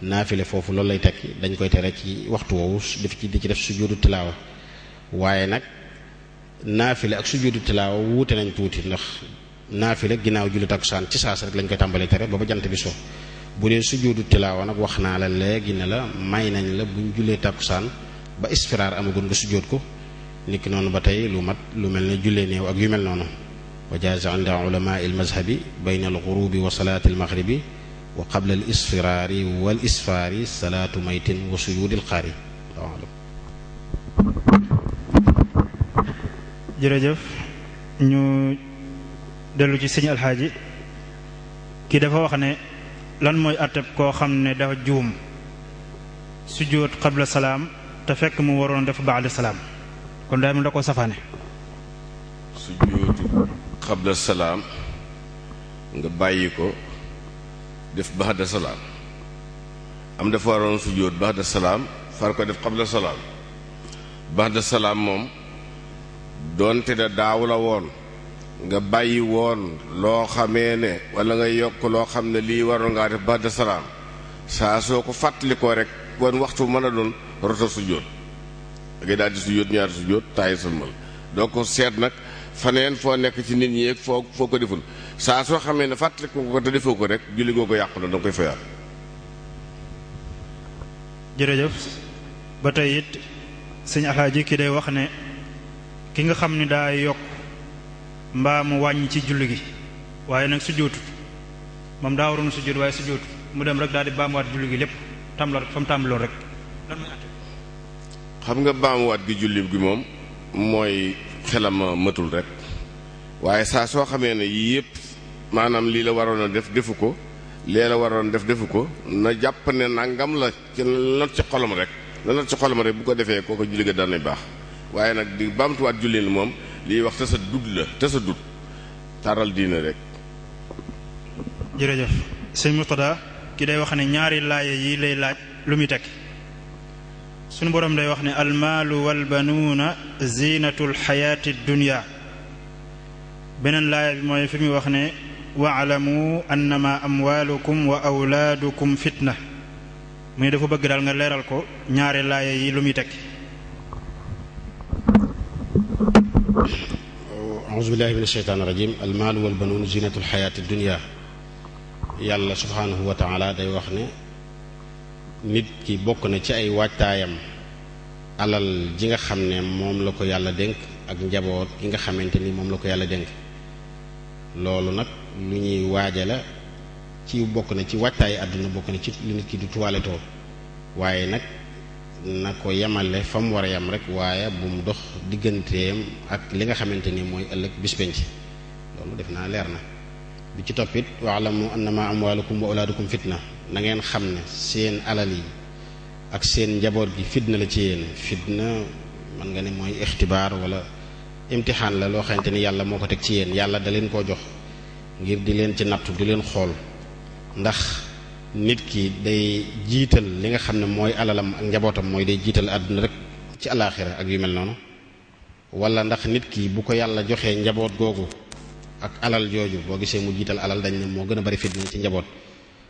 naafile foofu loolu lay tekki dañ koy tere ci waxtu woowu def ci di ci def sujjóotu tilaawa waaye naafile ak sujjóotu tilaawa wuute nañ tuuti ndax naafile ginnaaw julli takkusaan ci saas rek lañ koy tàmbali tere ba ba jant bi so bu dee sujjóotu tilaawa nag wax naa la léegi ne la may nañ la buñ jullee takkusaan ba isfiraar amagun nga sujjóot ko niki noonu ba tey lu mat lu mel ne jullee néew ak yu mel noonu wa jaaza inda ulamaai almazhabi bayna alxurubi wa salaati almaghribi wa qabla al isfiraari wal isfaari salaatu maytin wa sujudi alxaari jërëjëf ñu dellu ci sëñ alxaaji kii dafa wax ne lan mooy àttab koo xam ne dafa juum sujjóot xabla salaam te fekk mu waroon def baada salaam kon daal mu da ko safaane sujjóotu salaam nga bàyyi ko def baada am dafa waroon sujjóot baada salaam far ko def xabla salaam baada salaam moom doonte da daaw la woon nga bàyyi woon loo xamee ne wala nga yokk loo xam ne lii waroon ngaa def ba de salaam saa soo ko fàttalikoo rek wan waxtu mën a doon roto sujjóot da ngay daal di sujjóot ñaari sujjóot taay sëlmal doo ko seet nag faneen foo nekk ci nit ñi yeeg foo foo ko deful saa soo xamee ne fàttalikoo ko te defoo ko rek julli goo ko yàqu na danga koy fayaat jërëjëf ba tey it sëñ alaaji ki day wax ne ki nga xam ni daa yokk mbaamu wàññi ci julli gi waaye nag sujjóotut moom daa waroon sujjóot waaye sujjóotut mu dem rek daal di baamuwaat julli gi lépp tàmbaloon rek fa mu tàmbaloon rek xam nga baamuwaat gi julli gi moom mooy xelam matul rek waaye saa soo xamee ne yii yëpp maanaam lii la waroon a def defu ko lee la waroon def defu ko na jàpp ne nangam la ci lot ci xolam rek la lot ci xolam rek bu ko defee kooku julli ga daan baax waaye nag di baamtuwaat julli ni moom liy wax tasa dud la tasa dud taral diine rek. jërëjëf sëñ Murtada ki day wax ne ñaari laaya yi lay laaj lu muy tekki suñu boroom day wax ne almaalu walbanuuna ziinatul xayaati dunya beneen laaya bi mooy fi muy wax ne waalamu annama amwaalukum wa awlaadukum fitna muy dafa bëgg daal nga leeral ko ñaari laaya yi lu muy tekki auzu billahi min asheytaan irajim almaalu walbanoon zinatu alxayaati dunia yàlla subhaanahu wa taala day wax ne nit ki bokk na ci ay waajtaayam alal ji nga xam ne moom la ko yàlla dénk ak njaboot gi nga xamante ni moom la ko yàlla dénk loolu nag lu waaja ci bokk na ci waajtaayu àdduna bokk na ci lu nit ki du tuwaletoo na ko yemale fa mu war a yem rek waaye bu dox digganteem ak li nga xamante ni mooy ëllëg bis penc loolu def naa leer na bi ci toppit wax la mu am waalamu annama amwaalukum wa awlaadukum fitna na ngeen xam ne seen alal yi ak seen njaboot gi fitna la ci yéen fitna mën nga ne mooy ixtibaar wala imtixaan la loo xamante ni yàlla moo ko teg ci yéen yàlla da leen koo jox ngir di leen ci nattu di leen xool ndax nit ki day jiital li nga xam ne mooy alalam ak njabootam mooy day jiital àdduna rek ci alaaxira ak yu mel noonu wala ndax nit ki bu ko yàlla joxee njaboot googu ak alal jooju boo gisee mu jiital alal dañ ne moo gën a bari fitna ci njaboot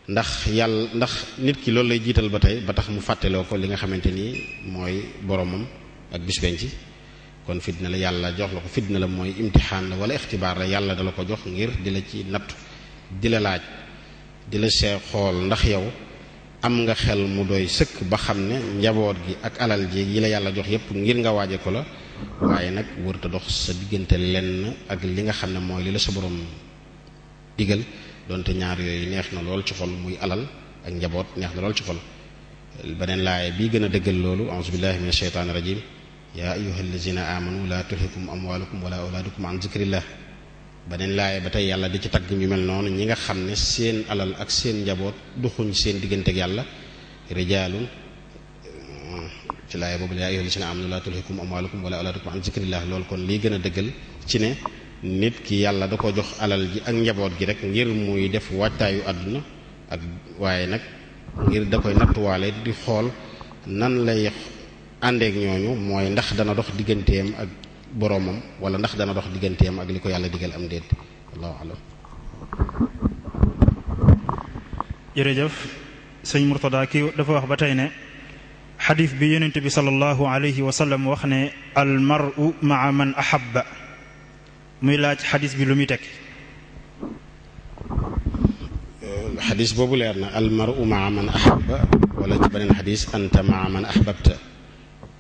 ndax yàlla ndax nit ki loolu lay jiital ba tey ba tax mu fàtteloo ko li nga xamante ni mooy boromam ak bis benci kon fitna la yàlla jox la ko fitna la mooy imtixaan la wala ixtibaar la yàlla dala ko jox ngir di la ci nattu di la laaj di la see xool ndax yow am nga xel mu doy sëkk ba xam ne njaboot gi ak alal ji yi la yàlla jox yépp ngir nga waaje ko la waaye nag wërta dox sa diggante lenn ak li nga xam ne mooy li la sa boroom digal donte ñaar yooyu neex na lool ci xol muy alal ak njaboot neex na lool ci xol beneen laay bii gën a dëggal loolu auzu billahi min asheytaani rajim yaa ayuha allazina amanu la tulhikum amwalukum wala awlaadukum an zikrillah beneen laaya ba tey yàlla di ci tagg ñu mel noonu ñi nga xam ne seen alal ak seen njaboot duxuñ seen digganteeg yàlla rijaalun ci laaya boobu yaa ayyuhal lazina aamanu laa tulhikum amwaalukum wala awlaadukum an zikrillah loolu kon lii gën a dëggal ci ne nit ki yàlla da ko jox alal ji ak njaboot gi rek ngir muy def waajtaayu àdduna ak waaye nag ngir da koy nattuwaale di xool nan lay àndeek ñooñu mooy ndax dana dox digganteem ak boroomam wala ndax dana dox digganteem ak li ko yàlla digal am déet allahu alam sëñ Murtada kii dafa wax ba tey ne xadis bi yonent bi sallallahu alayhi wa sallam wax ne al mar'u ma'a man ahabba muy laaj xadis bi lu muy tekki xadis boobu leer na al mar'u man ahabba wala ci beneen xadis anta ma'a man ahbabta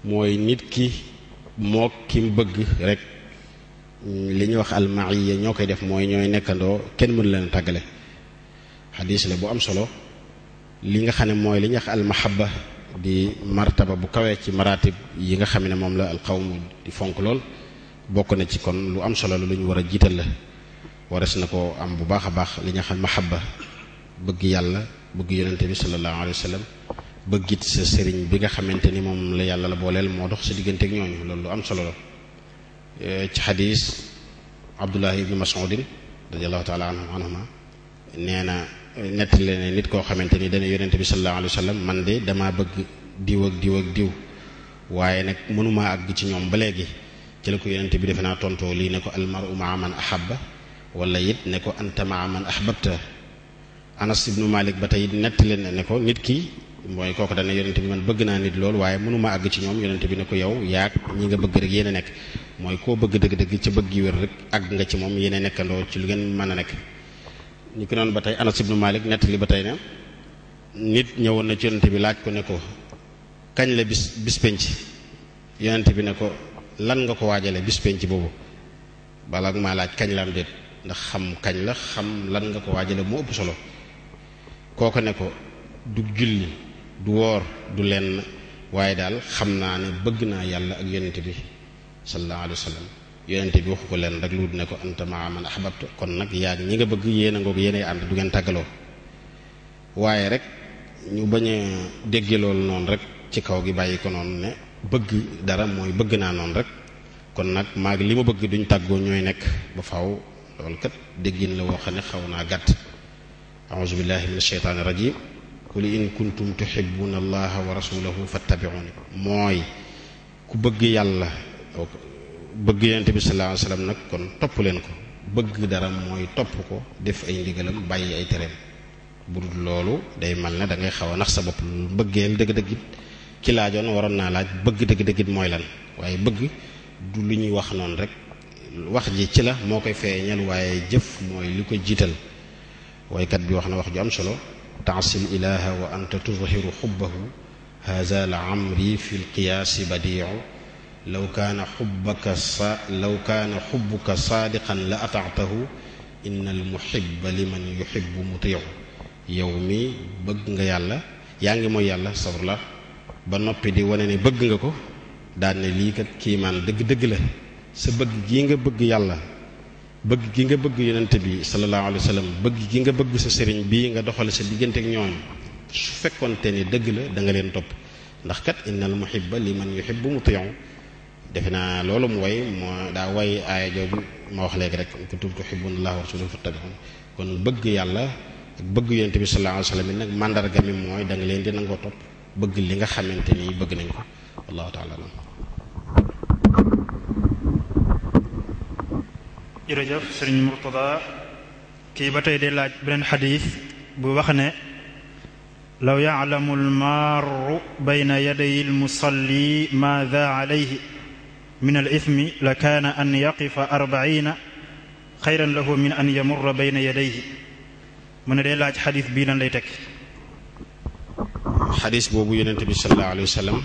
mooy nit ki moo ki mu bëgg rek mm, li ñuy wax almaiya ñoo koy def mooy ñooy nekkandoo kenn mënu leen tàggale xadis la bu am solo li nga xam ne mooy li ñuy wax almahaba di martaba bu kawee ci maratib yi nga xam ne moom la alqawmu di fonk lool bokk na ci kon lu am solo la lu ñu war a jiital la wares na ko am bu baax a baax li ñuy wax almahaba bëgg yàlla bëgg yonante bi sallallahu alayhi wa sallam bëggit sa sëriñ bi nga xamante ni moom la yàlla la booleel moo dox sa diggante ak ñooñu loolu lu am solo la eh, ci xadis abdullahi ibnu mas'udin radiallahu taala nee na eh, nettali ne nit koo xamante ni dana yonente bi sallallahu alayhi wa sallam man de damaa bëgg diw ak diw ak diw waaye nag mënumaa àgg ci ñoom ba léegi ci ko yonente bi defe naa tontoo ne ko almaru man ahabba wala it ne ko anta maa anas ibnu malik ba tey nettali ne ne ko nit ki mooy kooku dana yonent bi man bëgg naa nit lool waaye mënuma àgg ci ñoom yonent bi ne ko yow yaag ñi nga bëgg rek yéen nekk mooy koo bëgg dëgg-dëgg ca bëgg yi wér rek àgg nga ci moom yéen a nekkandoo ci lu ngeen mën a nekk ñu ko noonu ba tey Anas ibnu Malik nettali ba tey ne nit ñëwoon na ci yonent bi laaj ko ne ko kañ la bis bis penc yonent bi ne ko lan nga ko waajale bis penc boobu balaa maa laaj kañ la am ndax xam kañ la xam lan nga ko waajale moo ëpp solo kooku ne ko du julli du woor du lenn waaye daal xam naa ne bëgg naa yàlla ak yonent bi sallallahu alayhi wa sallam yonent bi waxu ko lenn rek lu ne ko anta maa man ahbabta kon nag yaa ñi nga bëgg yéen a ngoog yéenay ànd du ngeen tàggaloo waaye rek ñu bañ a loolu noonu rek ci kaw gi bàyyi ko noonu ne bëgg dara mooy bëgg naa noonu rek kon nag maa ngi li ma bëgg duñ tàggoo ñooy nekk ba faw loolu kat déggin la woo xam ne xaw naa gàtt a'uzu billahi minash shaytaani rajim qul in kuntum tuhibbuna allaha wa rasulahu fattabi'uni mooy ku bëgg yàlla bëgg yonent bi sallallahu alayhi nag kon topp leen ko bëgg dara mooy topp ko def ay ndigalam bàyyi ay tereem bu dul loolu day mal ne da ngay xaw a nax sa bopp mbëggeel dëgg-dëgg it laajoon waroon naa laaj bëgg dëgg-dëgg mooy lan waaye bëgg du li ñuy wax noonu rek wax ji ci la moo koy feeñal waaye jëf mooy li ko jiital waykat bi wax na wax ju am solo taasil ilaha wa anta tuzhiru xubbahu haza la amri fi lqiyaasi badiicu law kaana xubbaka sa law kaana xubbuka saadiqan la ataatahu inna almuhibba liman yuhibbu mutiicu yow mi bëgg nga yàlla yaa ngi mooy yàlla sabr la ba noppi di wane ne bëgg nga ko daan ne lii kat kiimaan dëgg-dëgg la sa bëgg gii nga bëgg yàlla bëgg gi nga bëgg yonent bi sallallahu alayhi wa sallam bëgg gi nga bëgg sa sëriñ bii nga doxal sa diggante ak ñoom su fekkonte ni dëgg la danga leen topp ndax kat innal muhibba liman yuhibbu muti'u defe naa loolu mu woy moo daa way aaya jooju ma wax léegi rek kuntum tuhibbuna llaha wa rasulahu fattabi'un kon bëgg yàlla ak bëgg yonent bi sallallahu alayhi wa nag mandarga mi mooy da nga leen di nangoo topp bëgg li nga xamante ni bëgg nañ ko wallahu ta'ala jërëjëf sëriñ Murtada kii ba tey di laaj beneen xadiis bu wax ne law yaclamu almaaru bayna yaday almusalli maada alayhi min alismi la kaana an yaqifa arbaina xayran lahu min an yamurra bayna yadayhi mu ne dee laaj xadiis bii lan lay tekki xadiis boobu yonente bi sallallahu alayhi wa sallam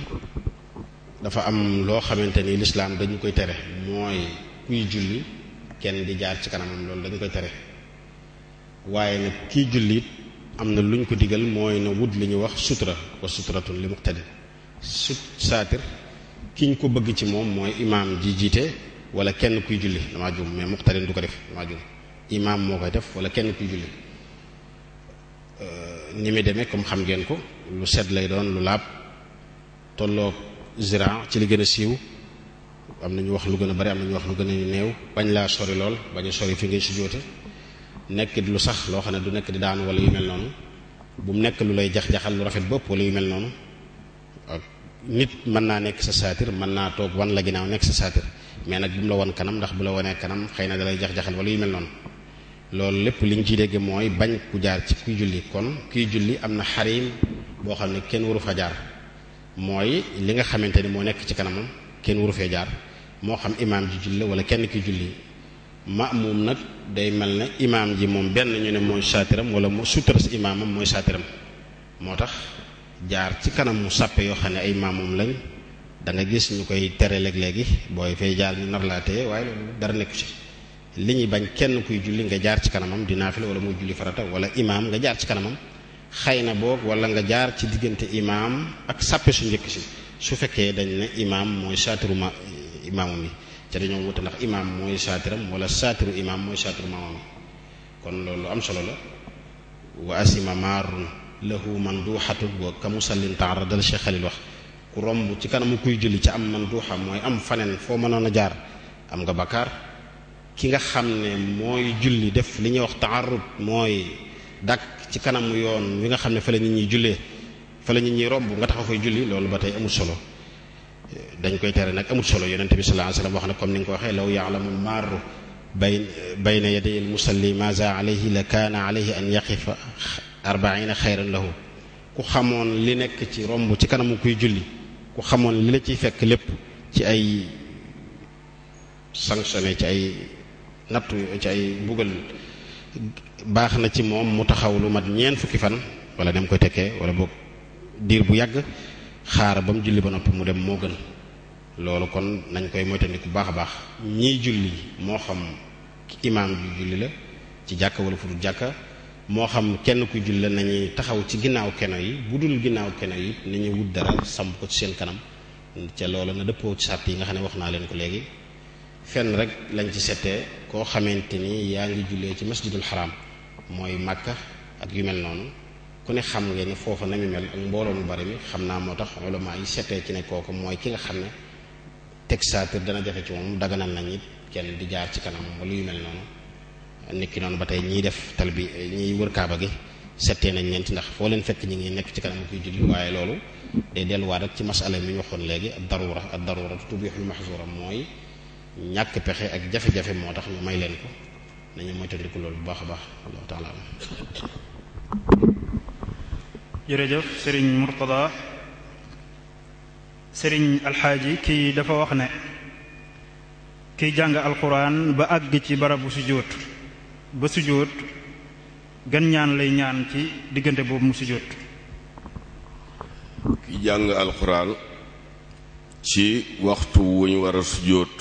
dafa am loo xamante ni lislaam dañu koy tere mooy kuy julli kenn di jaar ci kanamam loolu dañ koy tere waaye nag kii jullit am na luñ ko digal mooy na wut li ñuy wax sutura wa sutratun li muqtadi sut saatir kiñ ko bëgg ci moom mooy imaam ji jiite wala kenn kuy julli damaa juum mais muqtadin du ko def damaa juum imaam moo koy def wala kenn kuy julli euh, ni muy demee comme xam ngeen ko lu set lay doon lu laab tolloog ziraa ci li gën a siiw am na ñu wax lu gën a bari am ñu wax lu gën a néew bañ laa sori lool bañ a sori fi ngay sujjóote nekk lu sax loo xam ne du nekk di daanu walla yu mel noonu bu mu nekk lu lay jax-jaxal lu rafet bopp wala yu mel noonu nit mën naa nekk sa saatir mën naa toog wan la ginnaaw nekk sa saatir mais nag bu mu la wan kanam ndax bu la wanee kanam xëy na dalay lay jax-jaxal wala yu mel noonu loolu lépp li ñu ciy dégg mooy bañ ku jaar ci kuy julli kon kuy julli am na xarim boo xam ne kenn waru fa jaar mooy li nga xamante ni moo nekk ci kanamam kenn waru fee jaar moo xam imaam ji julli wala kenn ki julli maamum nag day mel ne imaam ji moom benn ñu ne mooy saatiram wala mu sutura si imaamam mooy saatiram moo tax jaar ci kanam mu sàppe yoo xam ne ay maamum lañ da gis ñu koy tere léeg-léegi booy fay jaar ñu nar laa téye waaye ci li ñuy bañ kenn kuy julli nga jaar ci kanamam di naafila wala mooy julli farata wala imaam nga jaar ci kanamam xëy na boog wala nga jaar ci diggante imaam ak sàppe su njëkk si su fekkee dañ ne imaam mooy saatiru ma imaamu mi ca dañoo wute ndax imaam mooy saatiram wala saatiru imaam mooy saatiru maamam kon loolu am solo la wa asima maarun lahu manduuxatu wa kamusallin taaradal Cheikh Xalil wax ku romb ci kanamu kuy julli ci am manduuxa mooy am faneen foo mënoon a jaar am nga bakkaar ki nga xam ne mooy julli def li ñuy wax taarud mooy dakk ci kanamu yoon wi nga xam ne fa nit ñi jullee fa nit ñi romb nga taxaw fay julli loolu ba tey amul solo dañ koy tere nag amul solo yonent bi sallallahu alayhi wax na comme ni nga ko waxee law ya'lamul maaru bay bayna yaday al musalli maza alayhi la kaana alayhi an yaqifa arbaina xayran lahu ku xamoon li nekk ci romb ci kanamu kuy julli ku xamoon li la ciy fekk lépp ci ay sanctionné ci ay nattu ci ay mbugal baax na ci moom mu taxaw lu mat ñeent fukki fan wala dem koy tekkee wala boog diir bu yàgg xaara ba mu julli ba noppi mu dem moo gën loolu kon nañ koy moytandiku baax a baax ñiy julli moo xam imaam bi julli la ci jàkka wala fu dul jàkka moo xam kenn ku julli la nañuy taxaw ci ginnaaw keno yi bu dul ginnaaw keno yi ni nañuy wut dara samp ko ci seen kanam ca loola na dëppoo ci sàrt yi nga xam ne wax naa leen ko léegi fenn rek lañ ci settee koo xamante ni yaa ngi jullee ci masjidul xaram mooy màkka ak yu mel noonu ku ne xam ngeen ni foofu na mu mel ak mbooloo mu bari mi xam naa moo tax ulama yi seetee ci ne kooku mooy ki nga xam ne texateur dana jafe ci moom daganal nañ it kenn di jaar ci kanam wala yu mel noonu nit ki noonu ba tey ñiy def tal bi ñiy wër kaaba gi settee nañ leen ci ndax foo leen fekk ñi ngi nekk ci kanam kuy julli waaye loolu day delluwaat rek ci masala mi ñu waxoon léegi ak darura ak darura tubihul mahzura mooy ñàkk pexe ak jafe moo tax ñu may leen ko nañu moytandiku loolu bu baax a baax allahu taala jërëjëf sëriñ Murtada sëriñ alxaaji kii dafa wax ne kiy jàng alxuraan ba àgg ci barabu sujjóot ba sujjóot gan ñaan lay ñaan ci diggante boobu mu sujjóot kiy jàng alxuraan ci waxtu wu ñu war sujjóot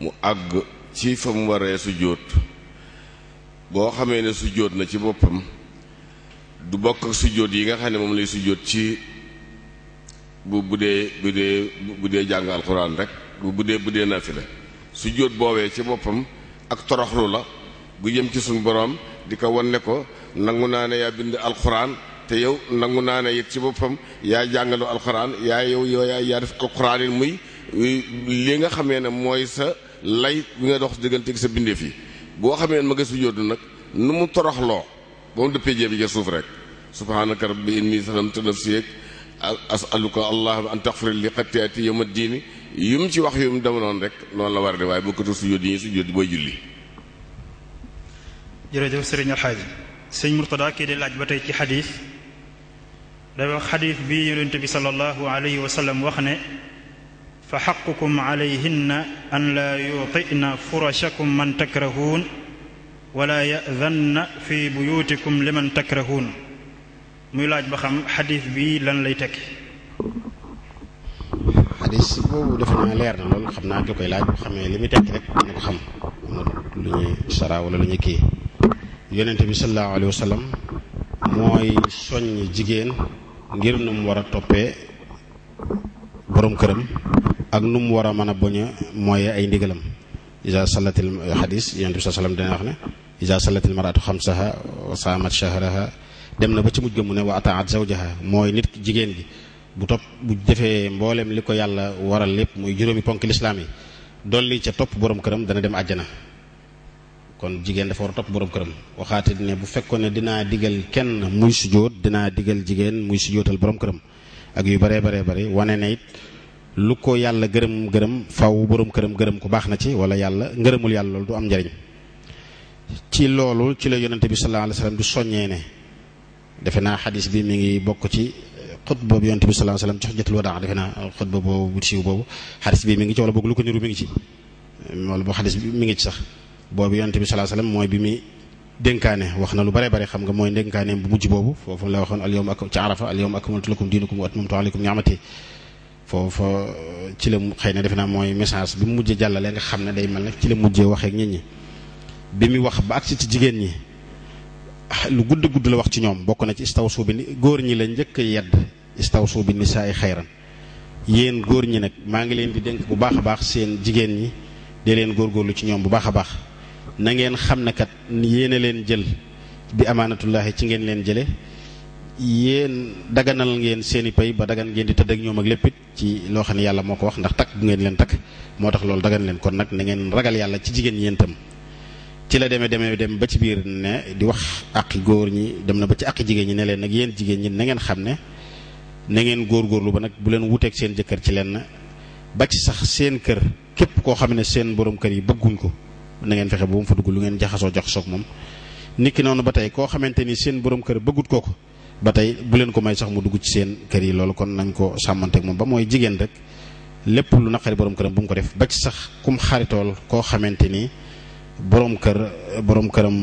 mu àgg ci fa mu waree sujjóot boo xamee ne sujjóot na ci boppam du bokk ak sujjóot yi nga xam ne moom lay sujjóot ci bu bu dee bu dee bu dee jàng alxuraan rek bu dee bu dee nafila sujjóot boobee ci boppam ak toroxlu la bu jëm ci suñu boroom di ko wan ne ko nangu naa ne yaa bind alxuraan te yow nangu naa ne it ci boppam yaa jàngalu alxuraan yaa yow yow yaa yaa def alxuraan yi muy li nga xamee ne mooy sa lay bi nga dox diggante ak sa bindeef yi boo xamee ne ma nga sujjóot nag nu mu toroxloo ba mu dëppee jéem ja suuf rek subhaanaka rabbi inni zalamtu nafsi yeeg asaluka an taxfir li xatiyaati yawma diini yum ci wax yum dama rek noonu la war a de waaye bokkatu sujjóot julli jërëjëf sëriñ alxaaji sëñ Murtada kii di laaj ba tey ci xadiis dafa wax xadiis bi yonent bi sallallahu alayhi wa wax ne fa xaqukum alayhinna an laa yutina furashakum man takrahuun wala yadanna fi buyutikum liman takrahuun muy laaj ba xam xadis bii lan lay tekki xadis boobu defe naa leer na loolu xam naa ki koy laaj bu xamee li muy tekki rek na ko xam lu ñuy sara wala lu ñuy kii yonente bi sallallahu alayhi wa sallam jigéen ngir nu mu war a toppee borom këram ak nu mu war a mën a boñ a mooy ay ndigalam isa salatil xadis yonente bi sallallahu alayhi wa sallam dana wax ne isa salatil maratu xamsaha wa saamat shahraha dem na ba ci mujj mu ne wa ataat zawjaha mooy nit jigéen gi bu topp bu defee mbooleem li ko yàlla waral lépp muy juróomi ponk lislaam yi dolli ca topp boroom këram dana dem àjjana kon jigéen dafa war a borom këram waxaate ne bu fekkoon ne dinaa digal kenn muy sujjóot dinaa digal jigéen muy sujjóotal boroom këram ak yu baree baree bare wane ne it lu ko yàlla gërëm gërëm faw boroom këram gërëm ko baax na ci wala yàlla ngërëmul yàlla loolu du am njariñ ci loolu ci la yonente bi sallallahu alayhi wasallam du ne defe naa xadis bi mi ngi bokk ci xutba boobu yonent bi sallallahu alayhi wasallam jox jotul wadaa defe naa xutba boobu bu siiw bi mi ngi ci wala boog lu ko niru mi ngi ci wala boo xadis bi mi ngi ci sax boobu yonent bi sallallahu alayhi wasallam mooy bi muy dénkaane wax na lu bare bare xam nga mooy dénkaane bu mujj boobu foofu la waxoon al yawma ak al yawma akmaltu lakum diinakum wa atmamtu alaykum ni'mati foofa ci la xëy na defe naa mooy message bi mu mujjee jàllale nga xam ne day mel ne ci la mujjee waxee ak nit ñi bi mu wax ba si ci jigéen ñi lu gudd gudd la wax ci ñoom bokk na ci istawsu bi góor ñi la njëkk a yedd istawsu bi nisaay xayran yéen góor ñi nag maa ngi leen di denk bu baax a baax seen jigéen ñi de leen góorgóorlu ci ñoom bu baax a baax na ngeen xam ne kat yéene leen jël bi amaanatullaahi ci ngeen leen jële yéen daganal ngeen seeni pay ba dagan ngeen di tëdd ak ñoom ak lépp ci loo xam ne yàlla moo ko wax ndax takk bu ngeen leen takk moo tax loolu dagan leen kon nag na ngeen ragal yàlla ci jigéen ñi ci la demee demee dem ba ci biir ne di wax ak góor ñi dem na ba ci ak jigéen ñi ne leen nag yéen jigéen ñi na ngeen xam ne na ngeen góorgóorlu ba nag bu leen wuteeg seen jëkkër ci lenn ba ci sax seen kër képp koo xam ne seen borom kër yi bëgguñ ko na ngeen fexe bu mu fa dugg lu ngeen jaxasoo jaxasoo ak moom. niki noonu ba tey koo xamante ni seen borom kër bëggut kooku ba tey bu leen ko may sax mu dugg ci seen kër yi loolu kon nañ ko sàmmanteeg moom ba mooy jigéen rek lépp lu naqari borom këram bu mu ko def ba ci sax kum xaritool koo xamante ni. boroom kër boroom këram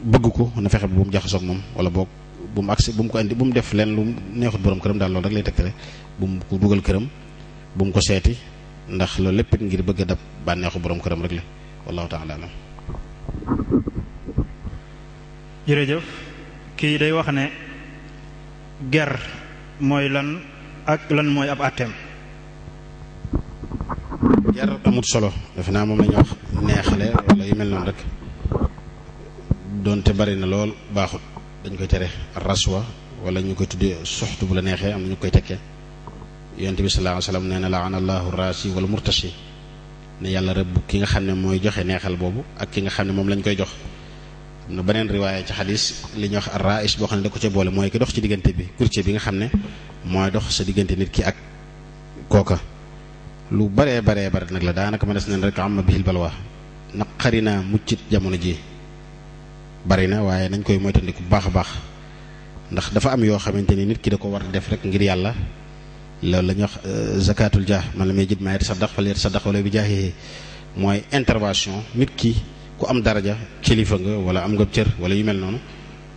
bëgg ko na fexe bi bu mu jaxasoog moom wala boog bu mu accès bu mu ko indi bu mu def leen lu neexut boroom këram daal loolu rek lay tegtale bu mu ko dugal këram bu mu ko seeti ndax loolu lépp ngir bëgg a dab bànneexu boroom këram rek la wallahu taala alam jërëjëf kii day wax ne ger mooy lan ak lan mooy ab àtteem jar amut solo defe naa moom la ñuy wax neexale wala yu mel noonu rek donte bari na lool baaxut dañ koy tere raswa wala ñu koy tuddee suxtu bu la neexee am na ñu koy tekkee yonent bi sallallahu alayhi wasallam nee na laana allahu raasi wala murtasi ne yàlla rëbb ki nga xam ne mooy joxe neexal boobu ak ki nga xam ne moom lañ koy jox am na beneen riwaaya ca xadis li ñuy wax arraïs boo xam ne da ko ca boole mooy ki dox ci diggante bi courtier bi nga xam ne mooy dox sa diggante nit ki ak kooka lu baree baree bare nag la daanaka ma des nañ rek am na bihil balwa naqari naa muccit jamono ji bari na waaye nañ koy moytandiku bu baax a baax ndax dafa am yoo xamante ni nit ki da ko war def rek ngir yàlla loolu la ñuy wax euh, zakatul jah man la may jid maa yatasaddaq fal yatasaddaq wala bi jaahihi mooy intervention nit ki ku am daraja kilifa nga wala am nga cër wala yu mel noonu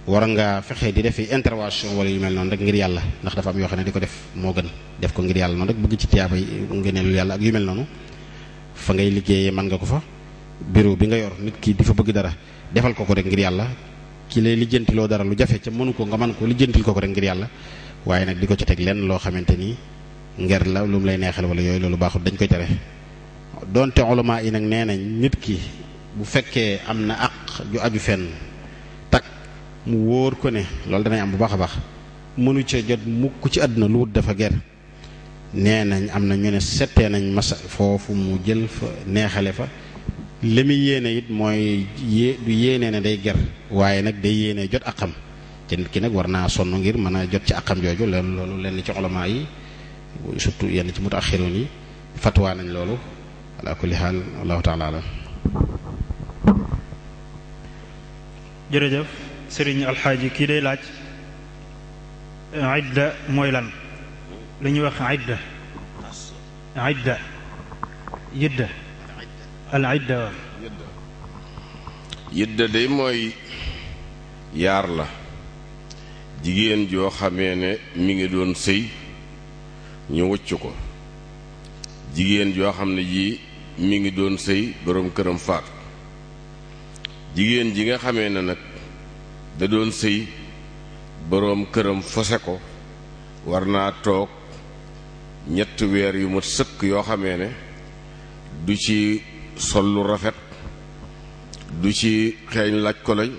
war nga fexe di defi intervention wala yu mel noonu rek ngir yàlla ndax dafa am yoo xam ne di ko def moo gën def ko ngir yàlla noonu rek bëgg ci tiyaaba yi ngëneelu yàlla ak yu mel noonu fa ngay liggéeye man nga ko fa bureau bi nga yor nit ki di fa bëgg dara defal ko ko rek ngir yàlla ki lay lijjantiloo dara lu jafe ca mënu ko nga mën ko lijjantil ko ko rek ngir yàlla waaye nag di ko ci teg lenn loo xamante ni nger la lu mu lay neexal wala yooyu loolu baaxul dañ koy tere donte ulama yi nag nee ki bu fekkee am na aq ju aju fenn takk mu wóor ko ne loolu danañ am bu baax a baax mënu cee jot mukk ci àdduna lu wut dafa ger nee nañ am na ñu ne settee nañ masa foofu mu jël fa neexale fa lemi muy yéene it mooy yé du yéene ne day ger waaye nag day yéene jot ak xam te ki nag war naa sonn ngir mën a jot ci ak xam jooju loolu lenn ci xolamaa yi surtout yenn ci mu mutaaxiroon yi fatwaa nañ loolu ala kulli xaal allahu taala alam sëriñ alxaaji kii day laaj idda mooy lan la ñuy wax idda idda yidda al idda wa yidda day mooy yaar la jigéen joo xamee ne mi ngi doon sëy ñu wucc ko jigéen joo xam ne jii mu ngi doon sëy boroom këram faatu jigéen ji nga xamee ne nag da doon sëy boroom këram fose ko war naa toog ñetti weer yu ma sëkk yoo xamee ne du ci sol lu rafet du ci xeeñ laaj koloñ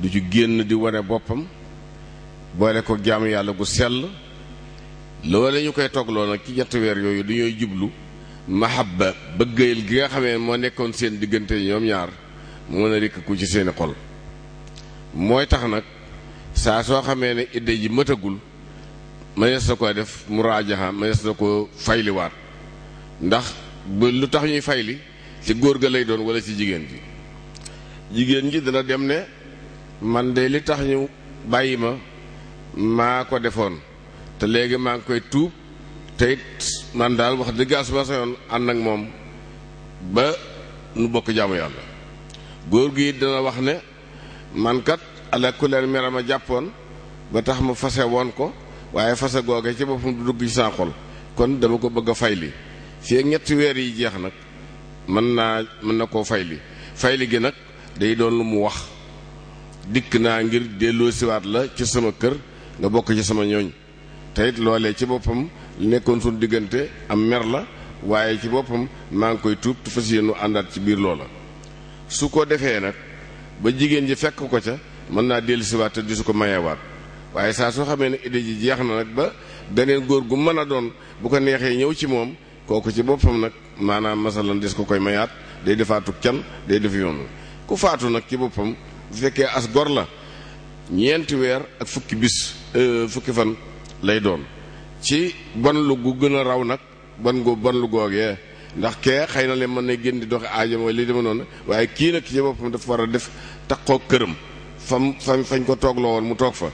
du ci génn di wane boppam boole ko jaamu yàlla gu sell loole ñu koy toogloo ak ci ñetti weer yooyu du ñooy jublu mahabba bëggayal gi nga ne moo nekkoon seen diggante ñoom ñaar mu mën a rikk ku ci seeni xol mooy tax nag saa soo xamee ne idda ji mëtagul mënees na koo def muraajaha mënees na koo fayliwaat ndax bu lu tax ñuy fayli ci góor gi lay doon wala ci jigéen ji jigéen ji dana dem ne man de li tax ñu bàyyi ma maa ko defoon te léegi maa ngi koy tuub te man daal wax dëgg asuma sa ànd ak moom ba nu bokk jaamu yàlla góor gi dana wax ne mankat kat ala kuleel mer ma jàppoon ba tax ma fase woon ko waaye fase googe ci boppam du dugg ci saa kon dama ko bëgg a fay li fii ñetti weer yi jeex nag mën naa mën na koo fay li fay li gi nag day doon lu mu wax dikk naa ngir siwaat la ci sama kër nga bokk ci sama ñooñ te it loolee ci boppam nekkoon suñu diggante am mer la waaye ci boppam maa ngi koy tuub te fas yéenu àndaat ci biir loola su ko defee nag ba jigéen ji fekk ko ca mën naa dellusiwaat te disu ko waat waaye saa soo xamee ne idée ji jeex na nag ba beneen góor gu mën a doon bu ko neexee ñëw ci moom kooku ci boppam nag maanaam masalan des ko koy mayaat day defaatug can day yoon yoonu ku faatu nag ci boppam bu fekkee as gor la ñeenti weer ak fukki bis euh, fukki fan lay doon ci ban gu gën a raw nag ban gu ban lu googee ndax kee xëy na leen mën na génn di doxe aajo mooy li deme noonu waaye kii nag ci boppam dafa war a def tax kook këram fam fam fañ ko toog toogloo woon mu toog fa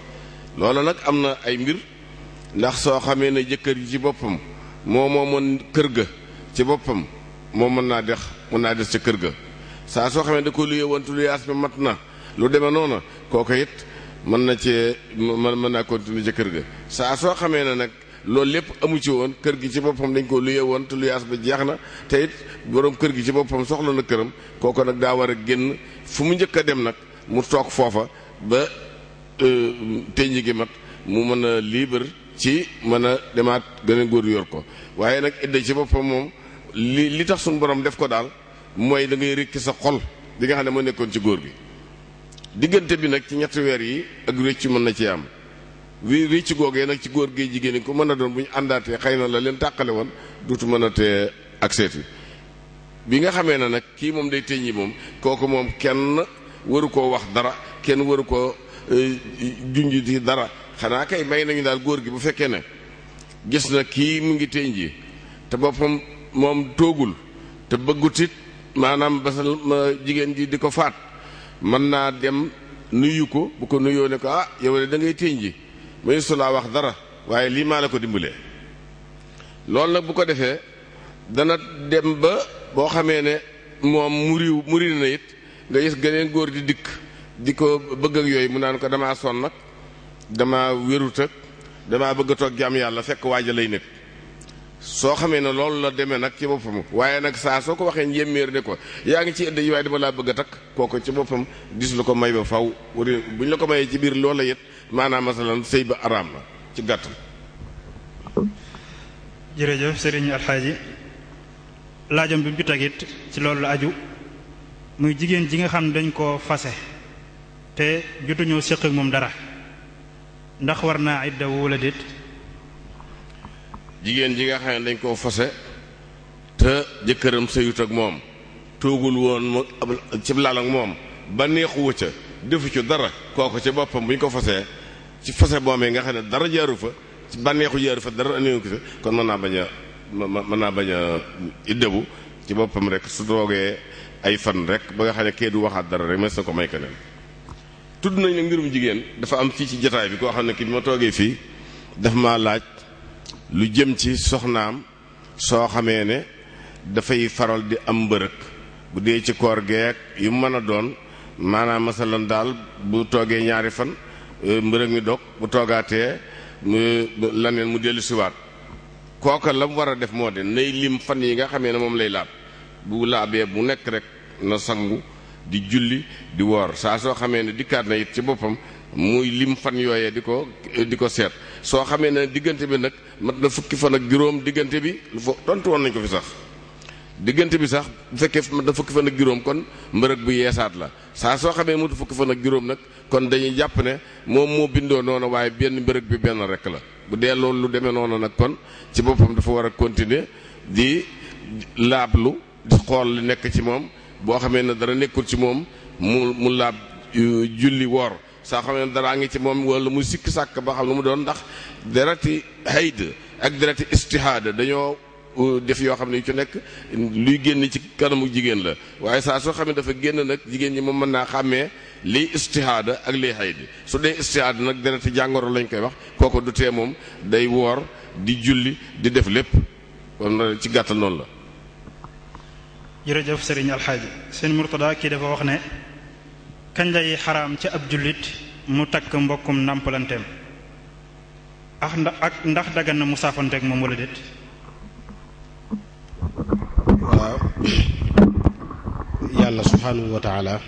loolu nag am na ay mbir ndax soo xamee ne jëkkër ji ci boppam moo moo mën kër ga ci boppam moo mën naa dex mën naa des ca kër ga saa soo xamee da ko luyee wantu luyaas bi mat na lu demee noonu kooku it mën na cee mën mën naa continuer ca kër ga saa soo xamee ne nag loolu lépp amu ci woon kër gi ci boppam dañ ko luye woon te luyaas ba jeex na te boroom kër gi ci boppam soxla na këram kooku nag daa war a génn fu mu njëkk a dem nag mu toog foofa ba euh, teñji gi mat mu mën a libre ci mën a demaat gën góor yor ko waaye nag idda ci boppam moom li li tax suñu borom def ko daal mooy da ngay rékki sa xol bi nga xam ne moo nekkoon ci góor gi diggante bi nag ci ñetti weer yi ak rëcc mën na ci am wi wicc googee nag ci góor gi jigéen ñi ko mën a doon bu ñu àndaatee xëy na la leen tàqale woon duutu mën a te ak seeti bi nga xamee ne nag kii moom day teññi moom kooku moom kenn waru koo wax dara kenn waru koo e, e, junj di dara xanaa kay may nañu daal góor gi bu fekkee ne gis na kii mu ngi teñji te boppam moom toogul te bëggutit maanaam basal ma jigéen ji di ko faat mën naa dem nuyu ko bu ko nuyoo ne ko ah yow de da ngay teñji muy sulaa wax dara waaye lii maa la ko dimbalee loolu nag bu ko defee dana dem ba boo xamee ne moom muriw muri na yit nga gis gënee góor di dikk di ko bëgg ak yooyu mu naan ko damaa sonn nag dama wérut ak damaa bëgg a jaam yàlla fekk waaja lay nekk soo xamee ne loolu la demee nag ci boppam waaye nag saa soo ko waxee njéeméer ne ko yaa ngi ci ëdd yi waaye dama laa bëgg a takk kooku ci boppam dis la ko may ba faw bu ñu la ko mayee ci biir loola yët maanaam masalan sëy ba araam la ci gàttal. jërëjëf Serigne Alxaaji laajam bi mu ci ci loolu la aju muy jigéen ji nga xam ne dañ koo fase te jotuñoo séq ak moom dara ndax war naa idda wala déet jigéen ji nga xam ne dañ koo fase te jëkkëram sëyut ak moom toogul woon mu ab ci laal moom ba neexu ca defu ci dara kooku ci boppam bu ñu ko fasee ci fase boomee nga xam ne dara jaaru fa ci bànneexu jaaru fa dara andiwu ko fa kon mën naa bañ a mën naa bañ a iddebu ci boppam rek su toogee ay fan rek ba nga xam ne kee du waxaat dara rek mës na ko may keneen tudd nañ ne ngirum jigéen dafa am fii ci jataay bi koo xam ne kii bi ma toogee fii dafa ma laaj lu jëm ci soxnaam soo xamee ne dafay faral di am mbërëg bu dee ci koor geek yu mën a doon maanaam masalan daal bu toogee ñaari fan mbërëg mi dog bu toogaatee laneen mu dellu siwaat kooka la mu war a def moo de nay lim fan yi nga xamee ne moom lay laab bu laabee bu nekk rek na sangu di julli di woor saa soo xamee ne dikkaat na it ci boppam muy lim fan yooyee di ko di ko seet soo xamee ne diggante bi nag mat na fukki fan ak juróom diggante bi lu fa tontu woon nañ ko fi sax diggante bi sax bu fekkee mat na fukki fan ak juróom kon mbërëg bu yeesaat la saa soo xamee matu fukki fan ak juróom nag kon dañuy jàpp ne moom moo bindoo noonu waaye benn mbërëg bi benn rek la bu dee loolu lu demee noonu nag kon ci boppam dafa war a continuer di laablu di xool lu nekk ci moom boo xamee ne dara nekkul ci moom mu mu laab julli woor saa xamee ne daraa ngi ci moom wala mu sikk sàkk ba xam lu mu doon ndax derati hayd ak derati istihaada dañoo def yoo xam ne yu ci nekk luy génn ci kanamu jigéen la waaye saa soo xamee dafa génn nag jigéen ñi moom mën naa xàmmee lii istihaada ak lii xayd su dee istihaada nag dereti jàngoro lañ koy wax kooku du tee moom day woor di julli di def lépp ci gàttal noonu la jërëjëf sëriñ alxaaji seen murtada kii dafa wax ne kañ yi xaraam ci ab jullit mu takk mbokkum nàmpalanteem ak ndax ak ndax dagan na mu saafanteek moom wala déet waaw yàlla subhaanahu wa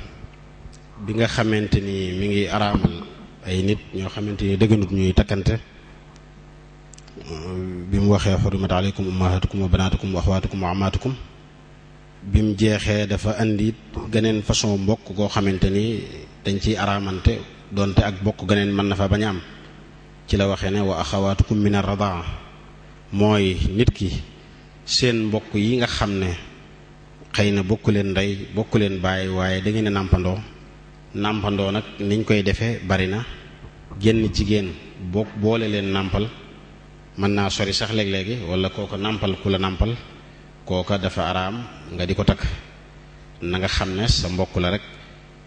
bi nga xamante ni mi ngi araamal ay nit ñoo xamante ni dëgganut ñuy takkante bi mu waxee xurumat aleykum ummahatukum wa banatukum wa axwaatukum wa amaatukum bi mu jeexee dafa indi geneen façon mbokk goo xamante ni dañ ci araamante donte ak bokk geneen mën na fa bañ a am ci la waxee ne wa axawaatukum min arradaa mooy nit ki seen mbokk yi nga xam ne xëy na bokk leen ndey bokku leen bàyyi waaye da ngeen a nàmpandoo nàmpandoo nag niñ koy defee bari na génn jigéen bokk boole leen nàmpal mën naa sori sax léeg-léegi wala kooka nàmpal ku la nàmpal kooka dafa araam nga di ko takk na nga xam ne sa mbokk la rek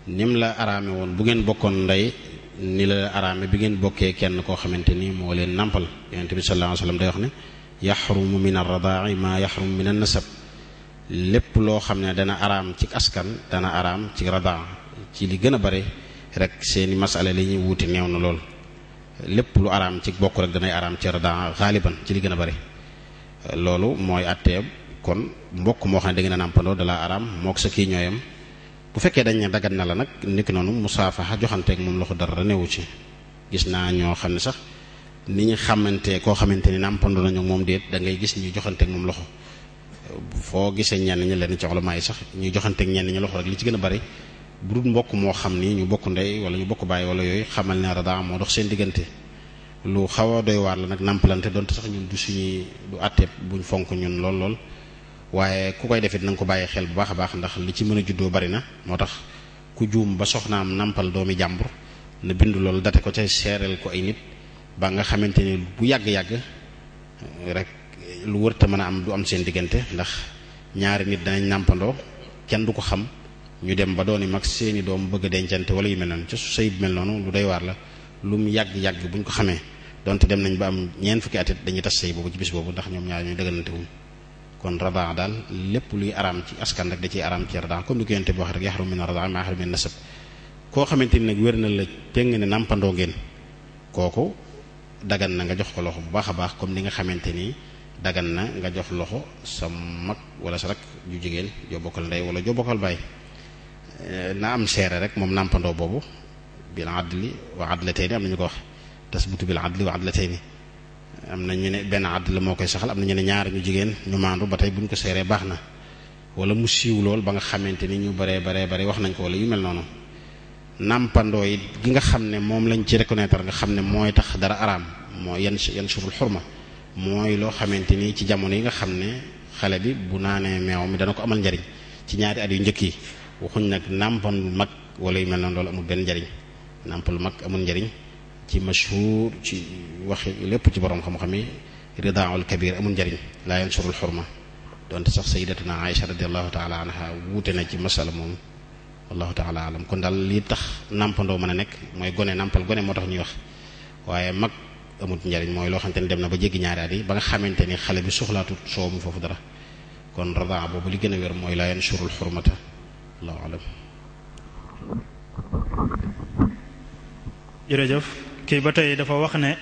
nim la araame woon bu ngeen bokkoon ndey ni la araame bi ngeen bokkee kenn koo xamante ni moo leen nàmpal yonent bi sallallahu alayhi wasallam day wax ne yaxrumu min arradaa'i ma yaxrumu min na nasab lépp loo xam ne dana araam ci askan dana araam ci radaa ci li gën a bare rek seeni masala li ñuy wuute neew na lool lépp lu araam ci bokk rek danay araam ci daa xaaliban ci li gën a bare loolu mooy atteeb kon mbokk moo xam ne da ngeen a nàmpandoo araam mook sa kii ñooyam bu fekkee dañ ne dagat na la nag nekk noonu musaafaxa joxanteek moom loxo dara neewu ci gis naa ñoo xam ne sax ni ñu xamante koo xamante ni nàmpandoo nañu moom déet da ngay gis ñu joxanteek moom loxo foo gisee ñenn ñi leen ci ulamaa yi sax ñuy joxanteek ñenn ñi loxo rek li ci gën a bari bu dul mbokk moo xam ni ñu bokk ndey wala ñu bokk bàyyi wala yooyu xamal ne radaa moo dox seen diggante lu xaw a doy waar la nag nàmpalante donte sax ñun du suñuy du àtteeb buñ fonk ñun lool lool waaye ku koy defit na ko bàyyi xel bu baax a baax ndax li ci mën a juddoo bari na moo tax ku juum ba soxnaam nàmpal doomi jàmbur na bind loolu date ko ca seereel ko ay nit ba nga xamante ni bu yàgg-yàgg eh, rek lu wërta mën a am du am seen diggante ndax ñaari nit danañ nàmpandoo kenn du ko xam ñu dem ba doon dooni mag seeni doom bëgg dencante wala yu mel noonu ca su sëy bu mel noonu lu doy waar la lu mu yàgg-yàgg buñ ko xamee donte dem nañ ba am ñeent fukki at it dañuy tas sëy boobu ci bis boobu ndax ñoom ñaar ñuy dëggalante wuñ kon radaa daal lépp luy araam ci askan rek da ciy araam ci radaa comme ni ko yonte bi wax rek yaxaru min radaa ma yaxaru min nasab koo xamante ni nag wér na la péng ne nàmpandoo ngeen kooku dagan na nga jox ko loxo bu baax a baax comme ni nga xamante ni dagan na nga jox loxo sa mag wala sa rak ju jigéen joo bokkal ndey wala joo bokkal baay Eh, na am seere rek moom nàmpandoo boobu bil adli wa adlatayni am na ñu ko wax tasbutu bil adli wa adlatayni am na ñu ne benn adl moo koy saxal am na ñu ne ñaar ñu jigéen ñu maandu ba tey bu ñu ko seeree baax na wala mu siiw lool ba nga xamante ni ñu baree baree bare wax nañ ko wala yu mel noonu nàmpandoo yi gi nga xam ne moom lañ ci reconnaître nga xam ne mooy tax dara araam moo yan yan surul xurma mooy loo xamante ni ci jamono yi nga xam ne xale bi bu naanee meew mi dana ko amal njariñ ci ñaari at yu njëkk yi waxuñ nag nàmpal mag wala yu mel noonu loolu amul benn njariñ nàmpal mag amul njariñ ci mashhur ci wax lépp ci borom xam-xam yi ridaul kabir amul njariñ laa yansurul xurma donte sax sayyidatuna Aïcha radiallahu taala anha wuute na ci masala moom wallahu taala alam kon daal li tax nàmpandoo mën a nekk mooy gone nàmpal gone moo tax ñuy wax waaye mag amut njariñ mooy loo xamante ne dem na ba jéggi ñaari yi ba nga xamante ni xale bi soxlaatut soomu foofu dara kon radaa boobu li gën a wér mooy laa yansurul xurmata allahu alam jërëjëf kii ba tey dafa wax ne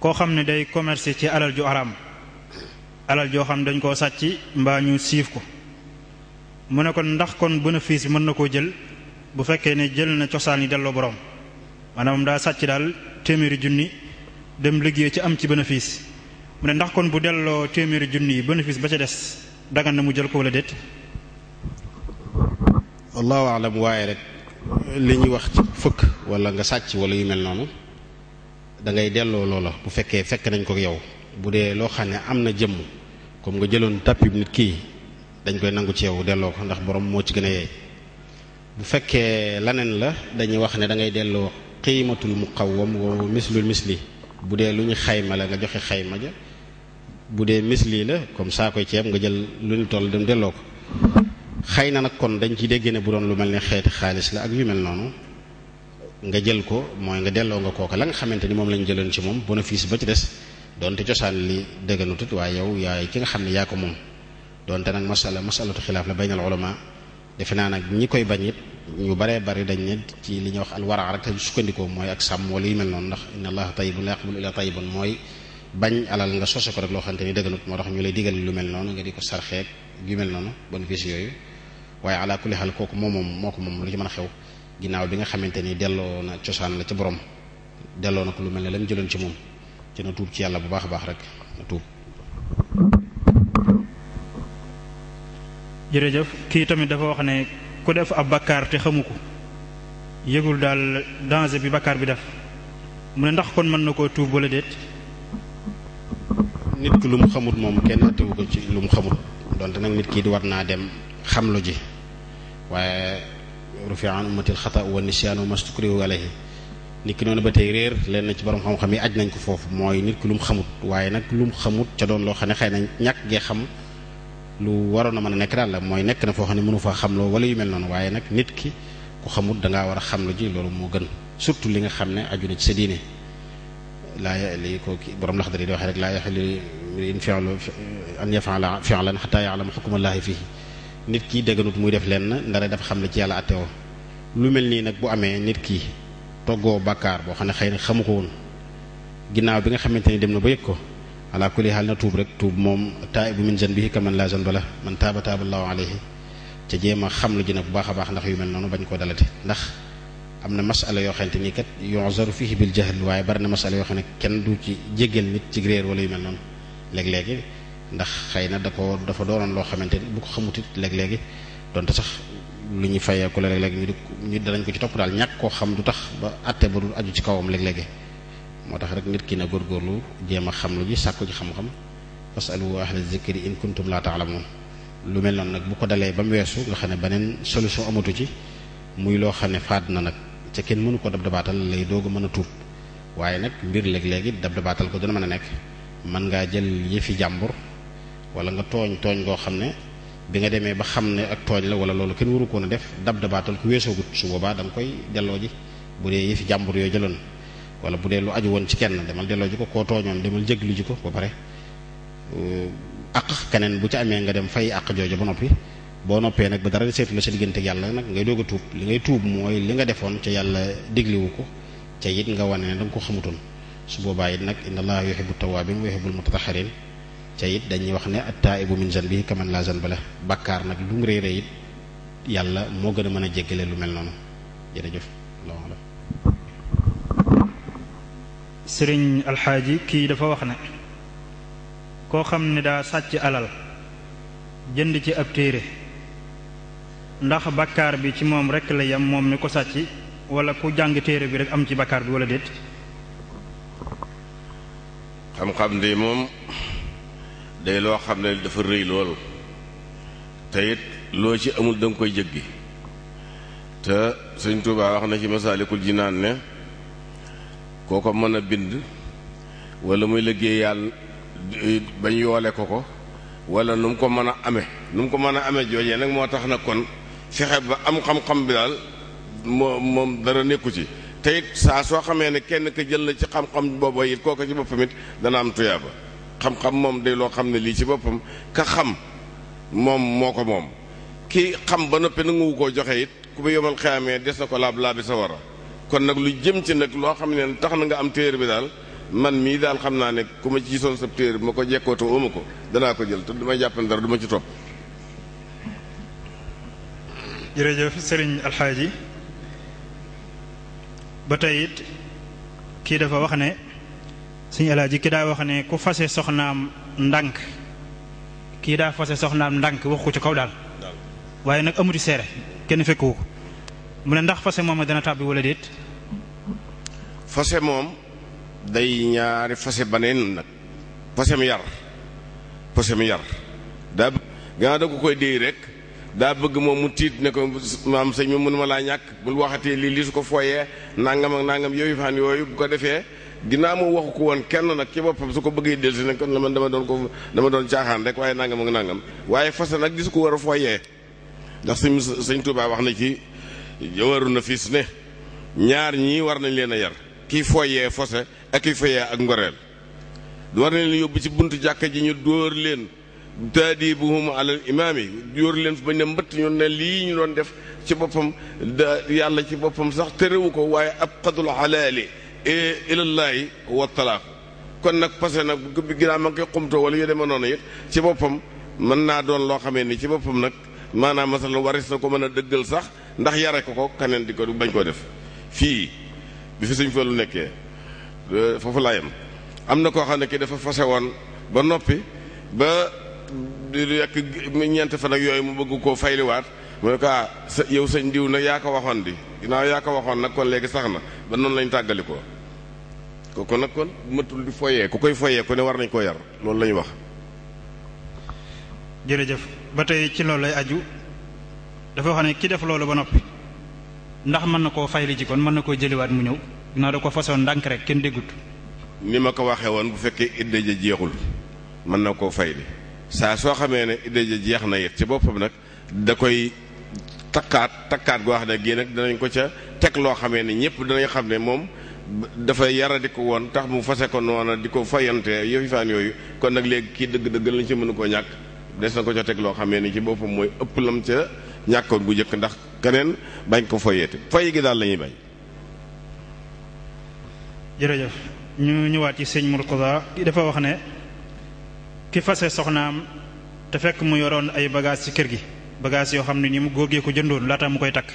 koo xam ne day commerce ci alal ju araam alal joo xam dañ koo sàcc mbaa ñu siif ko mu ne kon ndax kon bénéfice bi mën na koo jël bu fekkee ne jël na cosaan yi delloo borom maanaam daa sàcc daal téeméeri junni dem liggéey ci am ci bénéfice mu ne ndax kon bu delloo téeméeri junni yi bénéfice ba ca des dagan na mu jël ko wala déet allahu alam waaye rek li ñuy wax ci fëkk wala nga sàcc wala yu mel noonu da ngay delloo loola bu fekkee fekk nañ ko yow bu dee loo xam ne am na jëmm comme nga jëloon tappi nit kii dañ koy nangu ci yow delloo ko ndax boroom moo ci gën a yeey bu fekkee leneen la dañuy wax ne da ngay delloo qiimatul muqawwam wa mislul misli bu dee lu ñu xayma la nga joxe xayma ja bu dee misli la comme saa koy ceeb nga jël lu ñu toll dem delloo ko xëy na nag kon dañ ci dégg ne bu doon lu mel ni xeeti xaalis la ak yu mel noonu nga jël ko mooy nga delloo nga kooka la nga xamante ni moom lañ jëloon ci moom bénéfice ba ci des donte cosaan li dëgganutut waaye yow yaay ki nga xam ne yaa ko moom donte nag masala masalatu xilaaf la baynal ulama defe naa nag ñi koy bañ it ñu baree bari dañ ci li ñuy wax alwara rek te sukkandikoo mooy ak sàmm wala yu mel noonu ndax inna allaha tayyibun la yaqbalu illa tayyiban mooy bañ alal nga sose ko rek loo xamante ni dëgganut moo tax ñu lay digal lu mel noonu nga di ko sarxeeg yu mel noonu bénéfice yooyu waaye ala kulli xaal kooku moom moom moo ko moom lu ci mën a xew ginnaaw bi nga xamante ni delloo na cosaan la ca borom delloo na ko lu mel ne lam jëloon ci moom te ci yàlla bu baax a rek na jërëjëf kii tamit dafa ne ku def ab bakkaar xamu ko yëgul bi bakkaar bi def mu ne ndax kon mën na koo tuub wala déet. nit ki lu mu moom kenn attewu ko ci lu mu xamut donte nag nit kii di war naa dem xamlu ji waaye rufi an ummatil xata wa nisyaanu mastukrihu alayhi nit ki noonu ba tey réer leen na ci borom xam-xam yi aj nañ ko foofu mooy nit ki lu mu xamut waaye nag lu mu xamut ca doon loo xam ne xëy na ñàkk gee xam lu waroon a mën a nekk daal la mooy nekk na foo xam ne mënu faa xam loo wala yu mel noonu waaye nag nit ki ku xamut dangaa war a xam lu ji loolu moo gën surtout li nga xam ne aju na ci sa diine laa li ko borom laxdar yi di waxee rek laa yaxlu in fi'lu an yaf'ala fi'lan xataa ya'lama xukmallahi fihi nit ki dëgganut muy def lenn ndara dafa xam ne ci yàlla àttewoo lu mel nii nag bu amee nit ki toggoo bàkkaar boo xam ne xëy na xamu ko woon ginnaaw bi nga xamante ni dem na ba yëg ko ala kulli xaal na tuub rek tuub moom taay taa'ibu min zanbihi kaman laa zanba lahu man taaba taaba Allahu alayhi ca jéem a xam lu ji nag bu baax a baax ndax yu mel noonu bañ koo dalate ndax am na masala yoo xamante ni kat yu'zaru fihi bil jahl waaye bari na masala yoo xam ne kenn du ci jéggal nit ci réer wala yu mel noonu léeg-léegi ndax xëy na da ko dafa doonoon loo xamante ni bu ko xamutit léeg-léegi donte sax lu ñu fayeeku la léeg-léegi ñu di ñu ko ci topp daal ñàkk koo xam du tax ba atte ba du aju ci kawam léeg-léegi moo tax rek nit ki na góorgóorlu jéem a xam lu ji sàkku ci xam-xam fasalu ahla zikri in kuntum la ta'lamun lu mel noonu nag bu ko dalee ba mu weesu nga xam ne beneen solution amatu ci muy loo xam ne faat na nag ca kenn mënu ko dab dabaatal lay doog a mën a tuub waaye nag mbir léeg-léegi dab dabaatal ko dina mën a nekk mën ngaa jël yëfi jàmbur wala nga tooñ tooñ goo xam ne bi nga demee ba xam ne ak tooñ la wala loolu kenn waru koon a def dab dabaatal ku weesoogut su boobaa da nga koy delloo ji bu dee yëfi jàmbur yooyu jëloon wala bu dee lu aju woon ci kenn demal delloo ji ko koo tooñoon demal jéglu ji ko boo pare àq keneen bu ci amee nga dem fay àq jooju ba noppi boo noppee nag ba dara seetu la sa diggante yàlla nag ngay doog a tuub li ngay tuub mooy li nga defoon ca yàlla digliwu ko ca it nga wane ne da nga ko xamutoon su boobaa it nag inna allaha yuhibbu tawabin wa yuhibbul mutatahhirin ca it dañuy wax ne attaibu min zanbihi kaman la zanba bala bàkkaar nag lu mu réere it yàlla moo gën a mën a jéggale lu mel noonu jërëjëf sëriñ alxaaji kii dafa wax ne koo xam ne daa sàcc alal jënd ci ab téere ndax bàkkaar bi ci moom rekk la yam moom ni ko sàcc walla ku jàng téere bi rekk am ci bàkkaar bi walla déet xam-xam de moom day loo xam ne dafa rëy loolu te it loo ci amul da koy jëggi te sëñ Tuubaa wax na ci masaalikul jinaan ne koo ko mën a bind wala muy liggéey yàlla bañ yoole ko ko wala nu mu ko mën a amee nu mu ko mën a amee joojee nag moo tax na kon fexe ba am xam-xam bi daal moom dara nekku ci te saa soo xamee ne kenn ka jël na ci xam-xam booba koo kooka ci boppam it dana am tuyaaba xam-xam moom day loo xam ne lii ci boppam ka xam moom moo ko moom kii xam ba noppi nanguwu koo joxe it ku ba yomal xeyaamee des na ko laab laabi sa war a kon nag lu jëm ci nag loo xam ne tax na nga am téere bi daal man mii daal xam naa ne ku ma ci gisoon sa bi ma ko jekkoo te uma ko danaa ko jël te du may jàpp ne du ma ci topp jërëjëf sëriñ alxaaji ba tey it kii dafa wax ne suñu alaaji ki daa wax ne ku fase soxnaam ndànk kii daa fase soxnaam ndànk wax ko ci kaw daal waaye nag amuti seere kenn fekkuwu mu ne ndax fase moom dana tàbbi wala déet fase moom day ñaari fase baneen nag fase mu yar fase mu yar daa ko koy rek daa bëgg moom mu tiit ne ko maam sëñ ma mënuma laa ñàkk bul waxatee lii lii su ko fooyee nangam ak nangam yooyu fan yooyu bu ko defee ginnaaw moom waxu ko woon kenn nag ci boppam su ko bëggee delsi nag ko la man dama doon ko dama doon caaxaan rek waaye nangam ak nangam waaye fase nag gis ko war a fooyee ndax sëñ sëñ Tuubaa wax na ci waru na fiis ne ñaar ñii war nañ leen a yar kii fooyee fase ak kii fooyee ak ngoreel war nañ leen yóbbu ci buntu jàkka ji ñu dóor leen taadibuhum alal imaam yi dóor leen bañ ne mbëtt ñun ne lii ñu doon def ci boppam da yàlla ci boppam sax terewu ko waaye ab xadul xalaali E ilallaahi wa talaaqu kon nag parce que nag bi ginnaaw ma koy xumtoo wala yu demee noonu it ci boppam mën naa doon loo xamee ni ci boppam nag maanaam masalan waris na ko mën a dëggal sax ndax yare ko ko kaneen di ko bañ koo def fii bi fi suñ lu nekkee e, foofu laa yem am na koo xam ne kii dafa fase woon ba noppi ba yekk ñeent fa nag yooyu mu bëggu koo fayliwaat mu ne ko ah yow sëñ diw nag yaa ko waxoon di ginnaaw yaa ko waxoon nag kon léegi sax na ba noonu lañ tàggalikoo kooku nag kon matul di foyee ku koy foyee ku ne war nañ koo yar loolu la ñu wax. jërëjëf ba tey ci loolu lay aju dafa wax ne ki def loolu ba noppi ndax mën na koo li ci kon mën na koo jëliwaat mu ñëw naa da ko façon ndànk rek kenn déggut. ni ma ko waxee woon bu fekkee idda jeexul mën na koo fayli saa soo xamee ne idda jeex na it ci boppam nag da koy takkaat takkaat goo xam ne gii nag danañ ko ca teg loo xamee ne ñëpp danañ xam ne moom. dafa ko woon tax mu fase ko noona di ko fayante yëfi faan yooyu kon nag léegi kii dëgg-dëgg lañ ci mënu koo ñàkk des na ko ca teg loo xamee ni ci boppam mooy ëpp lam ca ñàkkoon bu njëkk ndax keneen bañ ko foyeete fay daal la ñuy jërëjëf ñu ñëwaat ci sëñ Murtada dafa wax ne ki fase soxnaam te fekk mu yoroon ay bagages ci kër gi bagages yoo xam ne ni mu góor gee ko jëndoon laata mu koy takk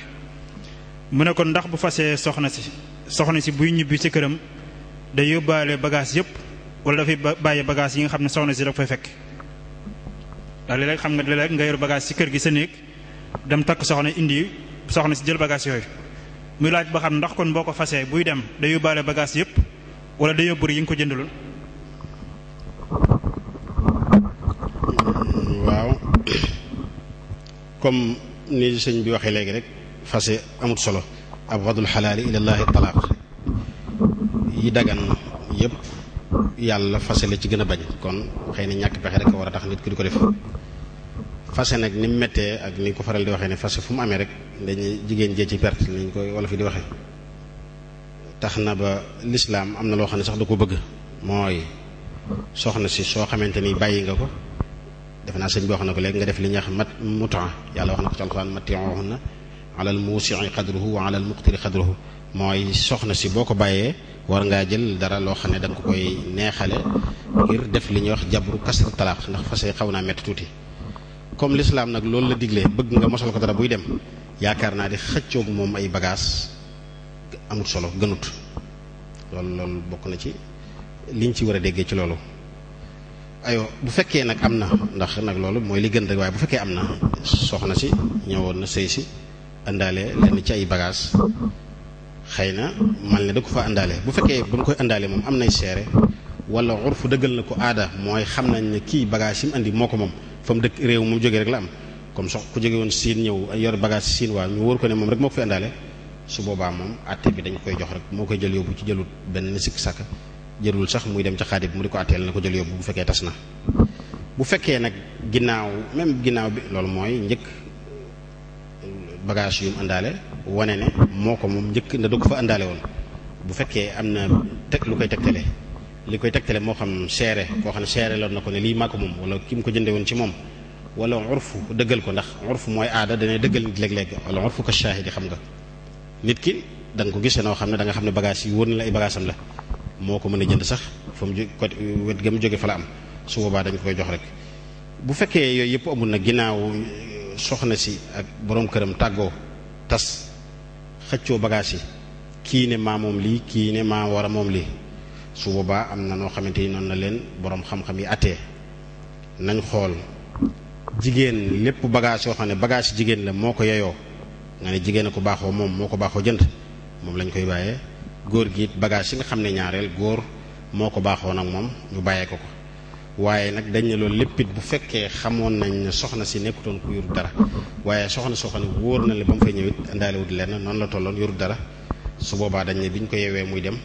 mu ne ko ndax bu fasee soxna si. soxna si buy ñibbi ci këram day yóbbaale bagage yëpp wala dafay bàyyi bagage yi nga xam ne soxna si da fekk ndax léeg xam nga léeg-léeg nga yor bagage ci kër gi sa néeg dem takk soxna indi soxna si jël bagage yooyu muy laaj ba xam ndax kon boo ko fasee buy dem day yóbbaale bagaas yëpp wala day yóbbu yi nga ko jëndaloon. waaw comme ni sëñ bi waxee léegi rek fase amut solo. ab abwadul xalaali ilallaahi talaaq yi dagan yëpp yàlla fase la ci gën a bañ kon waxee na ñàkk pexe rek war a tax nit ki di ko def fase nag ni mu méttee ak ni ko faral di waxee ne fase fu mu amee rek dañuy jigéen ci perte ni ñu koy wala di waxee na ba lislaam am na loo xam ne sax da ko bëgg mooy soxna si soo xamante ni bàyyi nga ko defe naa sëñ boo wax na ko léegi nga def li ñuy wax mat mutaa yàlla wax na ko ci alxuraan na alal muusii xadruhu wa alal muqtiri xadruhu mooy soxna si boo ko bàyyee war ngaa jël dara loo xam ne da nga koy neexale ngir def li ñuy wax jabru kasar talaax ndax fa say xaw naa métti tuuti comme l'islam nag loolu la diglee bëgg nga mosal ko dara buy dem yaakaar naa di xëccoog moom ay bagaas amul solo gënut loolu loolu bokk na ci liñ ci war a déggee ci loolu ayo bu fekkee nag am na ndax nag loolu mooy li gën rek waaye bu fekkee am na soxna si ñëwoon na sëy si àndaale lenn ci ay bagaas xëy na mal ne da ko fa àndaale bu fekkee ba ñu koy àndaale moom am nay seere wala urfu dëggal na ko aada mooy xam nañ ne kii bagaas yi mu andi moo ko moom fa mu dëkk réew mu jógee rek la am comme sox ku jóge woon siin ñëw yor bagage siin waa ñu wóor ko ne moom rek moo fi àndaale su boobaa moom àtte bi dañ koy jox rek moo koy jël yóbbu ci jëlul benn sikk sàkk jërul sax muy dem ca xaadi bi mu di ko àtteel na ko jël yóbbu bu fekkee tas na bu fekkee nag ginnaaw même ginnaaw bi loolu mooy njëkk bagage yum àndaale wane ne moo ko moom njëkk nda du ko fa àndaale woon bu fekkee am na teg lu koy tegtale li koy tegtale moo xam seere koo xam ne seere loon na ko ne lii maa ko moom wala ki mu ko jënde woon ci moom wala urfu ko ndax urfu mooy aada dana dëggal nit léeg-léeg wala urfu ko shaahidi xam nga nit ki da nga ko gisee noo xam ne da xam ne bagage yi wër na la ay bagage la moo ko mën a jënd sax fa mu côté wet ga mu jóge fa la am su boobaa dañ koy jox rek bu fekkee yooyu yëpp amul na ginnaaw soxna si ak boroom këram tàggoo tas xëccoo bagaas yi kii ne maa moom lii kii ne maa war a moom lii su boobaa am na noo xamante ni noonu na leen boroom xam-xam yi attee nañ xool jigéen lépp bagage yoo xam ne bagaas bagage jigéen la moo ko yeyoo nga ne jigéen a ko baaxoo moom moo ko baaxoo jënd moom lañ koy bàyyee góor gi bagaas yi nga xam ne ñaareel góor moo ko baaxoo nag moom ñu bàyyee ko ko waaye nag dañ ne loolu léppit bu fekkee xamoon nañ ne soxna si nekkutoon ku yoru dara waaye soxna soo xam ne wóor na le ba mu fay ñëwit indaalewut lenn noonu la tolloon yoru dara su boobaa dañ ne bi ñu ko yewee muy dem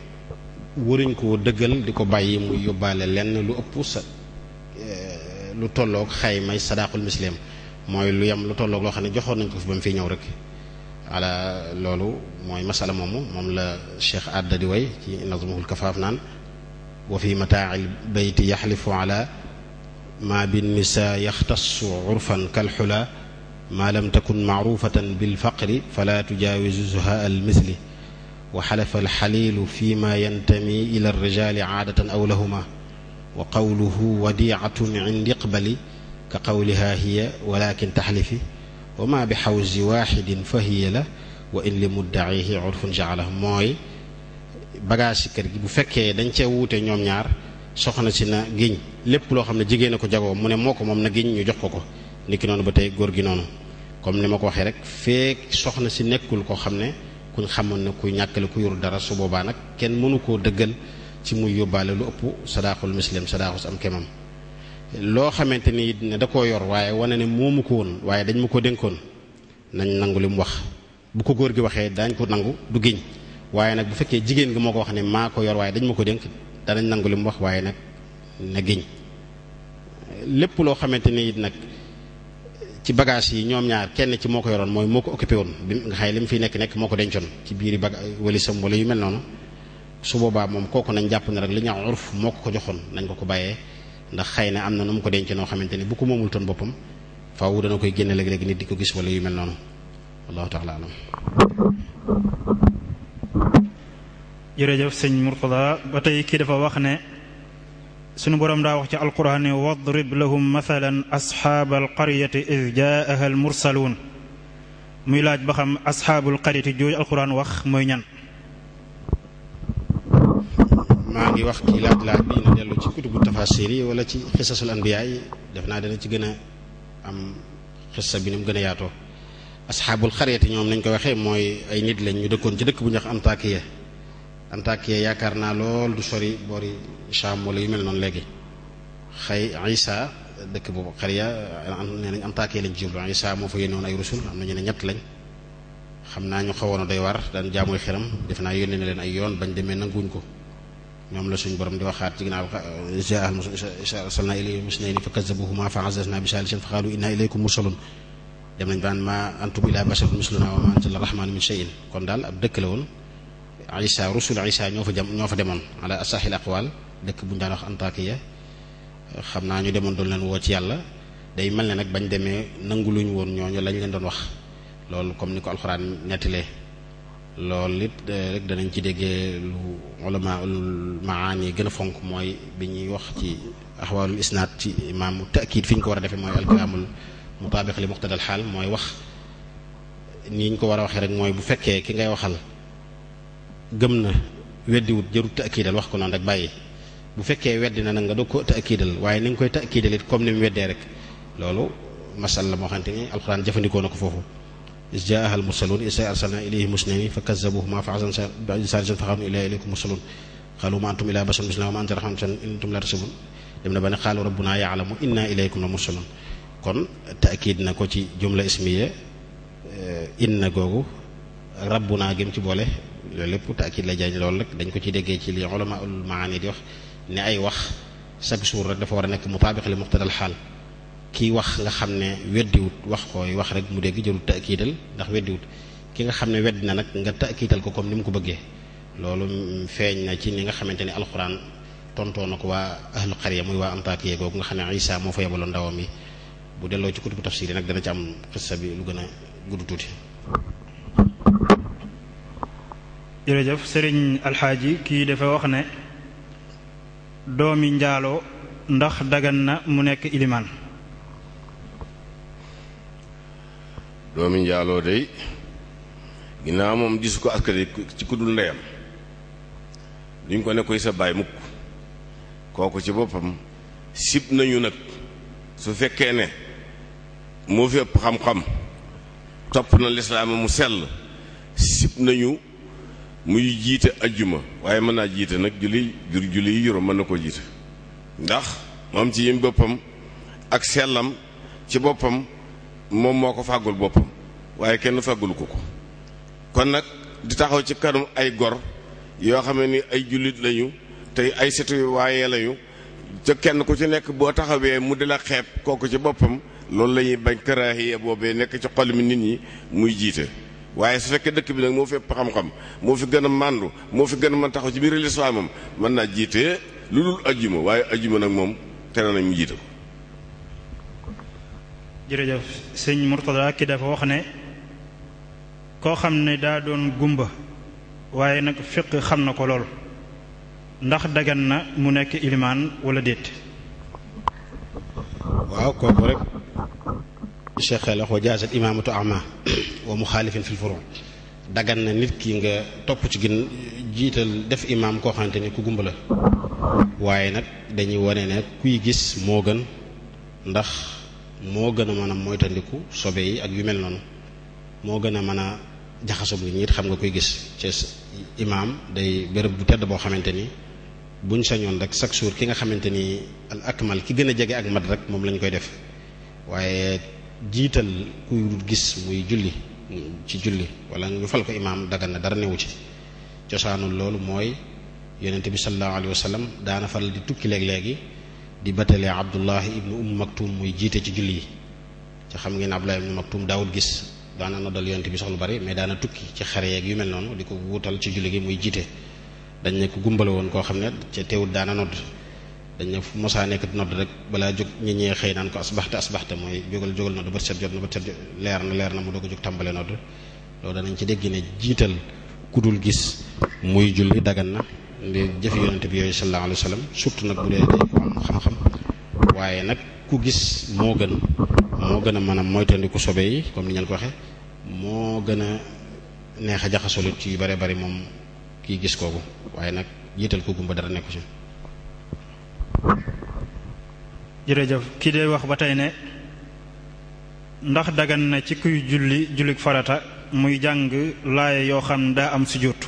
waruñ ko dëggal di ko bàyyi muy yóbbaale lenn lu ëpp sa eh, lu tollook tolloog xaymay sadaqul muslim mooy lu yem lu tolloog loo xam ne joxoon nañ ko fi ba mu fiy ñëw rek ala loolu mooy masala moomu moom la Cheikh Adda di way ci nazmuhul naan wa fi mataail beyti yaxlifu ala ma bin misa yaxtasu urfan kalxula ma lam takun maarufatan bilfaqri fala tujaawizuha almisli wa xalafa alxaliilu fi ma yantami ila alrijaali caadatan aw lahuma wa qawluhu wadiicatun cindi iqbali ka qawliha hiya walakin taxlifi wa ma bi xawsi waaxidin fa hiya la wa in li muddacihi curfun jacalahu mooy bagage ci kër gi bu fekkee dañ cee wuute ñoom ñaar soxna si na giñ lépp loo xam ne jigéen ko jagoo mu ne moo ko moom na giñ ñu jox ko ko niki noonu ba tey góor gi noonu comme ni ma ko waxee rek feek soxna si nekkul koo xam ne kuñ xamoon ne kuy ñàkkale ku yoru dara su boobaa nag kenn mënu koo dëggal ci muy yóbbaale lu ëpp sadaaxul muslim sadaaxus am kemam loo xamante ni ne da ko yor waaye wane ne moomu ko woon waaye dañ ma ko dénkoon nañ nangu li mu wax bu ko góor gi waxee daañ ko nangu du giñ waaye nag bu fekkee jigéen gi moo ko wax ne maa ko yor waaye dañ ma ko dénk danañ nangu li mu wax waaye nag na giñ lépp loo xamante ni it nag ci bagage yi ñoom ñaar kenn ci moo ko yoroon mooy moo ko occupé woon bi nga xay li nekk nekk moo ko dencoon ci biiri baga walisam wala yu mel noonu su boobaa moom kooku nañ jàpp ne rek li ñaaw urf moo ko joxoon nañ ko ko bàyyee ndax xëy na am na nu mu ko denc noo xamante ni bu ko moomul toon boppam faaw dana koy génne léeg-léeg nit di ko gis wala yu mel noonu wallahu taala alam jërëjëf sëñ Murtada ba tey kii dafa wax ne sunu boroom daa wax ci alquraan ne wadrib lahum mathalan asxaaba alqaryati id jaaha almursaluun muy laaj ba xam asxaabul qaryati jooju alquraan wax mooy ñan maa ngi wax kii laaj laaj bi na dellu ci kutubu tafasir yi wala ci xisasul anbiyaa yi def naa dana ci gën a am xissa bi ni mu gën a yaatoo asxaabul ñoom nañ ko waxee mooy ay nit lañ ñu dëkkoon ci dëkk bu ñax am Antakiya yaakaar naa lool du sori boori Sham wala yu mel noonu léegi xëy Isa dëkk boobu Xariya nee nañ Antakiya lañ ci jublu Isa moo fa yónnewoon ay rusul am na ñu ne ñett lañ xam naa ñu xawoon a doy war daan jaamuy xiram def naa yónnee na leen ay yoon bañ demee nanguñ ko ñoom la suñ borom di waxaat a ginnaaw jaa arsalnaa ilayhim musnayni fa kazzabuhumaa fa azaznaa bi saalisin fa qaaluu innaa ilaykum mursaluun dem nañ baan ma antum ilaa basharun mislunaa wa maa anzala rahmaanu dëkk la woon isa rusul isa ñoo fa jam ñoo fa demoon ala asahil aqwal dëkk bu ñu daan wax antakiya xam naa ñu demoon doon leen woo ci yàlla day mel ne nag bañ demee nangu lu ñu woon ñoo lañu leen doon wax loolu comme ni ko alxuraan nettalee loolu it eh, rek danañ ci déggee lu ulama ul maani gën a fonk mooy bi ñuy wax ci axwaalul isnaad ci imaamu takiid fi ñu ko war a defee mooy alkalaamul mutaabiq li muqtadal xaal mooy wax ni ñu ko war a waxee rek mooy bu fekkee ki ngay waxal gëm na weddiwut jarut taakiidal wax ko naan rek bàyyi bu fekkee weddi na nag nga doog ko taakiidal waaye ni nga koy taakiidal it comme ni mu weddee rek loolu masal la moo xamante ni alxuraan jëfandikoo na ko foofu is jaaha al mursaluun isa arsalna ilayhi musnayni fa kazzabuhuma fa azan saalisan fa xaam ilaa ilaykum mursaluun xaalu ma antum ilaa basharun mislunaa wa ma anta rahmatun in antum laa tasibuun dem na ba ne xaalu rabbunaa yaalamu inna ilaykum la mursaluun kon taakiid na ko ci jumla ismiya eh, inna googu rabbu naa gém ci boole loolu lépp taakid la jaañ loolu rek dañ ko ci déggee ci li ulama ul maani di wax ne ay wax chaque jour rek dafa war a nekk mutaabiq li muqtadal xaal kii wax nga xam ne weddiwut wax koy wax rek mu dégg jërul taakiidal ndax weddiwut ki nga xam ne wedd na nag nga taakiidal ko comme ni mu ko bëggee loolu feeñ na ci ni nga xamante ni alxuraan tontoo na ko waa ahlu xariya muy waa Antakiya googu nga xam ne Isa moo fa yebaloon ndawam yi bu delloo ci kutubu tafsir nag dana ci am xissa bi lu gën a gudd tuuti jërëjëf sëriñ alxaaji kii dafa wax ne doomi njaaloo ndax dagan na mu nekk ilimaan doomi njaaloo day ginnaaw moom gisu ko askari ci ku dul ndeyam duñ ko ne koy sa baay mukk kooku ci boppam sib nañu nag su fekkee ne moo fi ëpp xam-xam topp na lislaama mu sell sib nañu muy jiite ajjuma waaye mën naa jiite nag julli julli yi juróom mën na koo jiite ndax moom ci yim boppam ak sellam ci boppam moom moo ko fàggul boppam waaye kenn fàggulu ko ko kon nag di taxaw ci kanam ay gor yoo xam ne ni ay jullit lañu tey ay setu waaye lañu ca kenn ku ci nekk boo taxawee mu di la xeeb kooku ci boppam loolu la ñuy bañ karaahiya boobee nekk ci xol mi nit ñi muy jiite waaye su fekkee dëkk bi nag moo fi ëpp xam-xam moo fi gën a màndu moo fi gën a mën taxaw ci biir lislaamam mën naa jiite lu dul ajjuma waaye ajjuma nag moom tere nañ mu jiite ko. jërëjëf sëñ Mourtada ki dafa wax ne koo xam ne daa doon gumba waaye nag fiq xam na ko lool ndax dagan na mu nekk ilimaan wala déet. waaw kooku rek cheikh la wa jaazat imaamatu ama wa muxaalifin fil furu dagan na nit ki nga topp ci gën jiital def imaam koo xamante ni ku gumba la waaye nag dañuy wane ne kuy gis moo gën ndax moo gën a mën a moytandiku sobe yi ak yu mel noonu moo gën a mën a jaxasoog nit it xam nga koy gis ci imaam day bërëb bu tedd boo xamante ni buñ sañoon rek chaque jour ki nga xamante ni al akmal ki gën a jege ak mat rek moom lañ koy def waaye jiital kuy gis muy julli ci julli wala ñu fal ko imaam dagan na dara newu ci cosaanu loolu mooy yonente bi sallallahu alayhi wa sallam daana faral di tukki léeg-léegi di batale abdullahi ibnu umm maktum muy jiite ci julli yi ci xam ngeen abdullahi ibnu maktum daawul gis daana noddal yonente bi sax lu bari mais daana tukki ci xare yeeg yu mel noonu di ko wuutal ci julli gi muy jiite dañ ne ko gumbale koo xam ne ca teewut daana nodd dañ ne fu Musaa nekk nodd rek balaa jóg ñi ñee xëy naan ko asbaxte asbaxte mooy jógal jógal nodd bët set jot na bët set leer na leer na mu doog a jóg tàmbale nodd loolu danañ ci dégg ne jiital ku dul gis muy julli dagan na di jëf yonent bi yooyu sallallahu alayhi wa sallam nag bu dee day ko am xam-xam waaye nag ku gis moo gën moo gën a mën a moytandiku sobe yi comme li ngeen ko waxee moo gën a neex a jaxasoo ci yu bare bari moom kii gis kooku waaye nag jiital ko gumba dara nekku ci jërëjëf kii de wax ba tey ne ndax dagan na ci kuy julli jullik farata muy jàng laaya yoo xam daa am sujjóot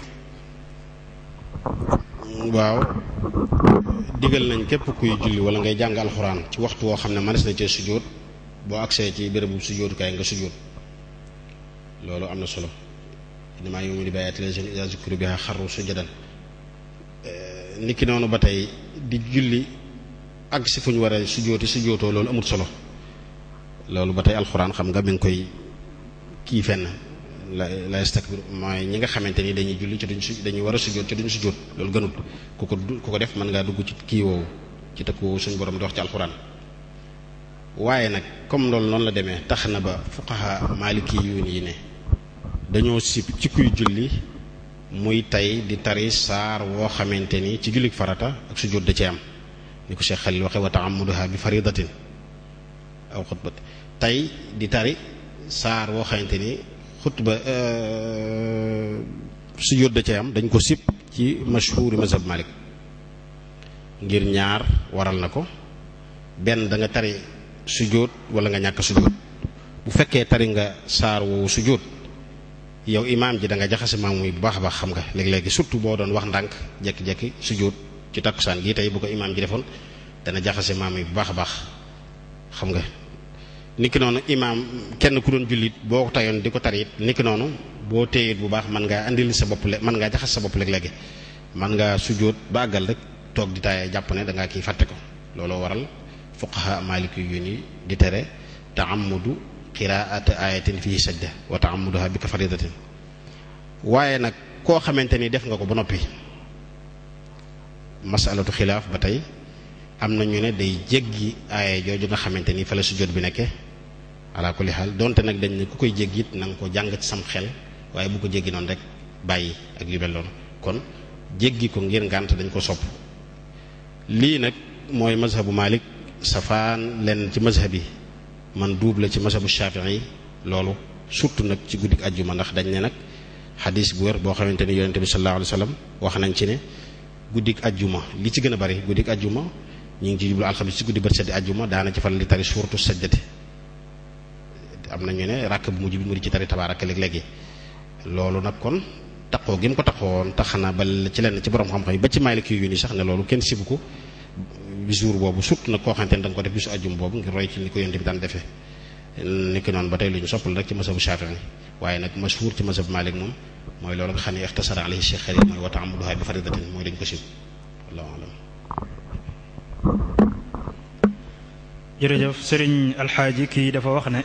waaw digal nañ képp kuy julli wala ngay jàng alxuraan ci waxtu woo xam ne mënees na cee sujjóot boo agsee ci bérébu sujjóotukaay nga sujjóot loolu am na solo innamaa yu'minu bi aayaati llahi izaa zukiru bihaa xarru sujjadan niki noonu ba tey di julli àgg si fu ñu waree su jooti su jootoo loolu amul solo loolu ba tey alxuraan xam nga mi ngi koy kii fenn la la stakbir mooy ñi nga xamante ni dañuy julli ci duñ su dañuy war a su joot ci duñ su joot loolu gënul ku ko ku ko def mën ngaa dugg ci kii woowu ci tëkk woowu suñu borom di wax ci alxuraan waaye nag comme loolu noonu la demee tax na ba fuqaha maliki yuun yi ne dañoo si ci kuy julli muy tey di tari saar woo xamante ni ci jullik farata ak joot da ci am ni ko Cheikh Khalil waxe wa taamuduha bi faridatin aw xutbat tey di tari saar woo xamante ni xutba euh, su da ca am dañ ko sib ci mashhuuri mazhab Malik ngir ñaar waral na ko benn da nga tari sujjóot wala nga ñàkk sujjóot bu fekkee tari nga saar woowu sujjóot yow imaam ji da nga jaxase maam muy bu baax a baax xam nga léegi léegi surtout boo doon wax ndànk jekki-jekki sujjóot ci takkusaan gi tey bu ko imaam ji defoon dana jaxase maam bu baax a baax xam nga niki noonu imaam kenn ku doon jullit boo ko tayoon di ko tar nikki noonu boo téyit bu baax man ngaa andil sa bopp le man ngaa jaxas sa bopp léeg-léegi mën ngaa sujjóot ba àggal rek toog di taayee jàpp ne da kii fàtte ko looloo waral fuqaha maliki yu ni di tere taamudu qiraata ayatin fii sajda wa taamuduha bi ko faridatin waaye nag koo xamante ni def nga ko ba noppi masalatu xilaaf ba tey am na ñu ne day jéggi aaya jooju nga xamante ni fa la sujjóot bi nekke ala xaal donte nag dañ ne ku koy jéggi it na nga ko jàng ci sam xel waaye bu ko jéggi noonu rek bàyyi ak yu mel kon jéggi ko ngir ngànt dañ ko sopp lii nag mooy mazhabu Malik safaan lenn ci mazhab yi man duub la ci mazhabu Shafii yi loolu surtout nag ci guddik ajjuma ndax dañ ne nag xadis bu wér boo xamante ni yonente bi sallallahu alayhi wax nañ ci ne guddik ajjuma li ci gën a bari guddik ajjuma ñu ngi ci jublu alxamis ci guddi bët sedd ajjuma daana ci faral di tari suuratu sajjati am na ñu ne ràkk bu mujj bi mu di ci tari tabaaraka léeg-léegi loolu nag kon taqoo gi mu ko taqoon tax na ba ci lenn ci borom xam-xam yi ba ci Maliki yu ni sax ne loolu kenn sibu ko jour boobu surtout nag koo xamante ne da nga ko def bisu ajjuma boobu ngir roy ci ni ko yonent bi daan defe nekki noonu ba tey lu ñu soppal rek ci masabu Shaafi'i waaye nag mashhuur ci masabu Maalik moom mooy loolu nga xam ne ixtasara alayhi Cheikh Xalil mooy wa ta'ammuduha bi faridatin mooy dañ ko dafa wax ne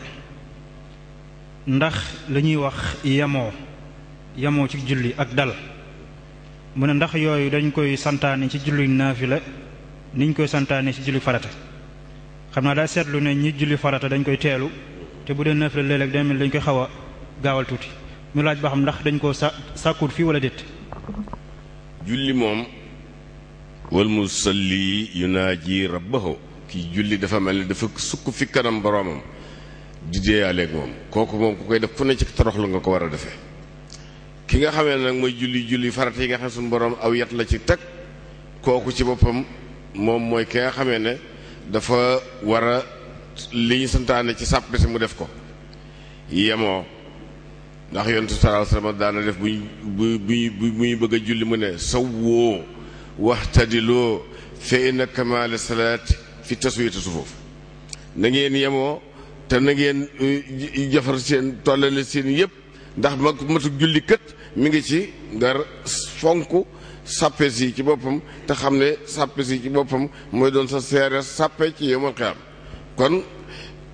ndax li ñuy wax yamoo yamoo ci julli ak dal mu ne ndax yooyu dañ koy santaane ci julli naafila niñ koy santaane ci julli farata xam naa daa seetlu ne ñi julli farata dañ koy teelu te bu dee neuf la léeg-léeg dañ koy xaw a gaawal tuuti ñu laaj ba xam ndax dañ koo sa sàkkut fii wala déet julli moom wal musalli yunaaji rabbahu kii julli dafa mel ne dafa sukk fi kanam boroomam di deeyaaleeg moom kooku moom ku koy def ku ne ci toroxlu nga ko war a defee ki nga xamee nag mooy julli julli farata yi nga xam suñu boroom aw yat la ci teg kooku ci boppam moom mooy ki nga xamee ne dafa war a li ñu santaane ci sàppe mu def ko yemoo ndax yontu sallallahu alayhi daana def buñ bu bu muy bëgg a julli mu ne sawwoo waxtadiloo fa inna kamaala salaati fi taswiyati sufuuf na ngeen yemoo te na ngeen uh, jafar seen tollale seen yëpp ndax ma matu julli kët mi ngi ci ngar fonk sàppes yi ci boppam te xam ne sàppes yi ci boppam mooy doon sa seere sàppe ci yowmal xiyaam kon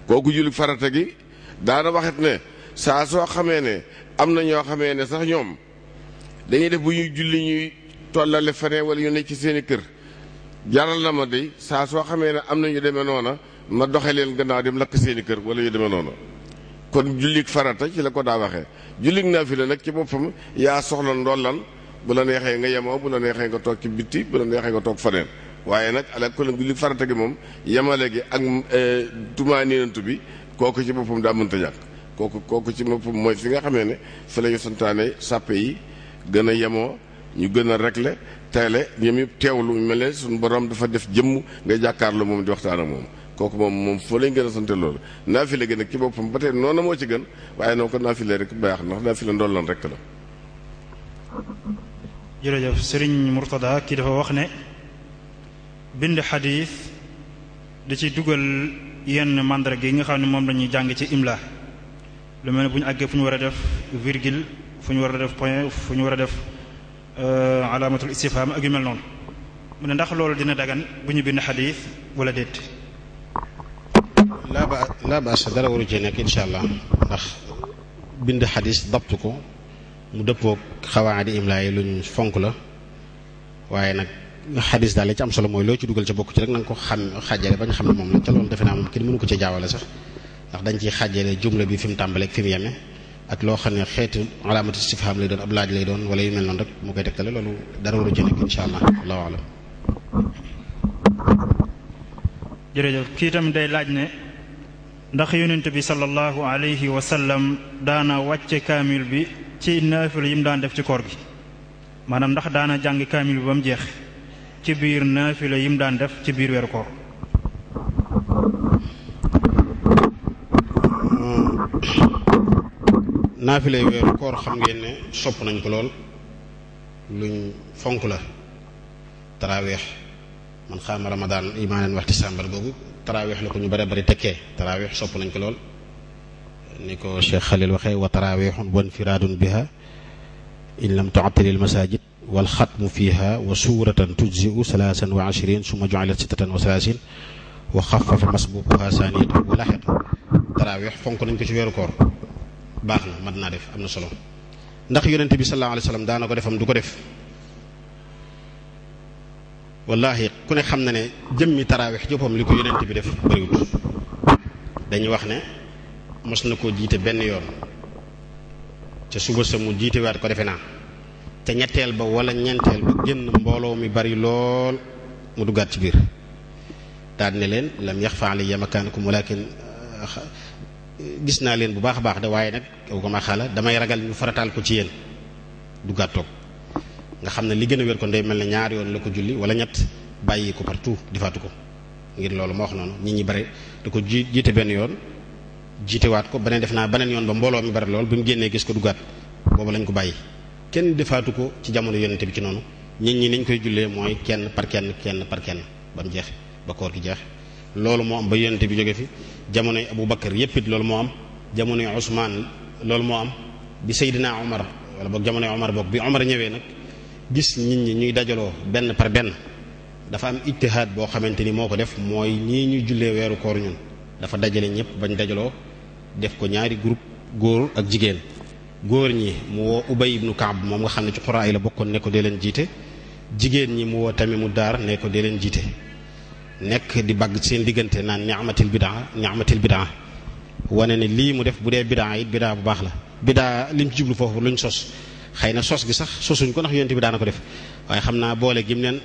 kooku julli farata gi daana waxet ne saa soo xamee ne am na ñoo xamee ne sax ñoom dañuy def bu ñuy julli ñuy tollale feneen wala ñu nekk ci seeni kër jaral na ma de saa soo xamee ne am na ñu demee noona ma doxe leen gannaaw dem lakk seeni kër wala ñu demee noona kon jullik farata ci la ko daa waxee jullik naafila nag ci boppam yaa soxla ndollan bu la neexee nga yemoo bu la neexee nga toog ci bitti bu la neexee nga toog faneen waaye nag ala kulli li farata gi moom yemale gi ak eh, tumaaniinantu bi kooku ci boppam daa mënta ñàkk kooku kooku ci boppam mooy fi nga xamee ne fa la ñu santaane sàppe yi gën a yemoo ñu gën a réglé teele ñoom yëpp teewlu mel ne borom dafa def jëmm nga jàkkaarloo moom di waxtaan ak moom kooku moom moom foo lañ gën a sante loolu naafile gi nag ci boppam ba tey noonu moo ci gën waaye noo ko naafile rek baax ndax naafile ndolloon rek la jërëjëf sëriñ Murtada kii dafa wax ne bind xadiis da ci dugal yenn màndarga gi nga xam ne moom lañuy jàng ci imla lu mel ne bu àggee fu ñu war a def virgil fu ñu war a def point fu ñu war a def euh, alaamatul istifham ak yu mel noonu mu ne ndax loolu dina dagan bu ñu bind xadiis wala déet laa ba laa baas dara waru cee nekk insha allah ndax bind xadiis dabt ko mu dëppook xawaadi imlaa yi luñ fonk la waaye nag xadis daal li ci am solo mooy loo ci dugal ca bokk ci rek na ko xam xàjjale ba nga xam ne moom la ca loolu defe naa moom kenn mënu ko ca jaawale sax ndax dañ ciy xàjjale jumla bi fi mu tàmbaleeg fi mu yeme ak loo xam ne xeetu alaamatu istifhaam lay doon ab laaj lay doon wala yu mel noonu rek mu koy tegtale loolu dara waru ci nekk insha allah allahu alam jërëjëf kii tamit day laaj ne ndax yonent bi sallallahu alayhi wa sallam daana wàcce kaamil bi ci naafil yi mu daan def ci koor gi maanaam ndax daana jàng kaamil bi ba mu jeex ci biir naafila yi mu daan def ci biir weeru koor hmm. naafilay weeru koor xam ngeen ne sopp nañ ko lool luñ fonk la taraaweex man xaama ramadaan imaanan waxti sàmbar googu taraaweex la ko ñu bare bari tekkee taraaweex sopp nañ ko lool ni ko Cheikh Khalil waxee wa taraawixun wa infiraadun biha in lam tuattilil masajid wal la fiha wa suuratan tujziu salaasan wa ashrin suma juilat sittatan wa salaasin wa xafafa masbuubuha saaniyata wa laxiqa taraawix fonk nañ ko ci weeru koor baax na mën naa def am na solo ndax yonent bi sallallahu alayhi wa sallam daana defam du ko def wallahi ku ne xam na ne jëmmi taraawix joppam li ko yonent bi def bëriwut dañuy wax ne mos na koo jiite benn yoon ca suba sa mu jiite waat ko defe naa ca ñetteel ba wala ñeenteel ba génn mbooloo mi bari lool mu duggaat ci biir daal ne leen lam yax fa alayya makaanakum walakin uh, gis naa leen bu baax a baax de waaye nag kaw ko ma xaala damay ragal ñu farataal ko ci yéen duggaat toog nga xam ne li gën a wér kon day mel ne ñaar yoon la ko julli wala ñett bàyyi ko partout difaatu ko ngir loolu ma wax noonu nit ñi bare da ko jiite benn yoon jiitewaat ko beneen def naa beneen yoon ba mbooloo mi bari lool bi mu génnee gis ko duggaat boobu lañ ko bàyyi kenn defaatu ko ci jamono yonente bi ci noonu ñit ñi niñ koy jullee mooy kenn par kenn par kenn ba mu jeex ba koor gi jeex loolu moo ba yonente bi jóge fi jamonoy Abu Bakar yépp it loolu moo am jamonoy Ousmane loolu moo am bi Seydina Omar wala boog jamonoy Omar boog bi Omar ñëwee nag gis nit ñi ñuy dajaloo benn par benn dafa am ijtihaad boo xamante ni moo ko def mooy ñii ñuy jullee weeru koor ñun dafa dajale ñëpp bañ dajaloo def ko ñaari group góor ak jigéen góor ñi mu woo ubay ibnu kaab moom nga xam ne ci xuraa la bokkoon ne ko dee leen jiite jigéen ñi mu woo tamit mu daar ne ko dee leen jiite nekk di bagg seen diggante naan ni'matil bidaa ni'matil bidaa wane ne lii mu def bu dee bidaa it bidaa bu baax la bidaa lim ci jublu foofu luñ sos xëy na sos gi sax sosuñ ko ndax yonent bi daana ko def waaye xam naa boole gi mu leen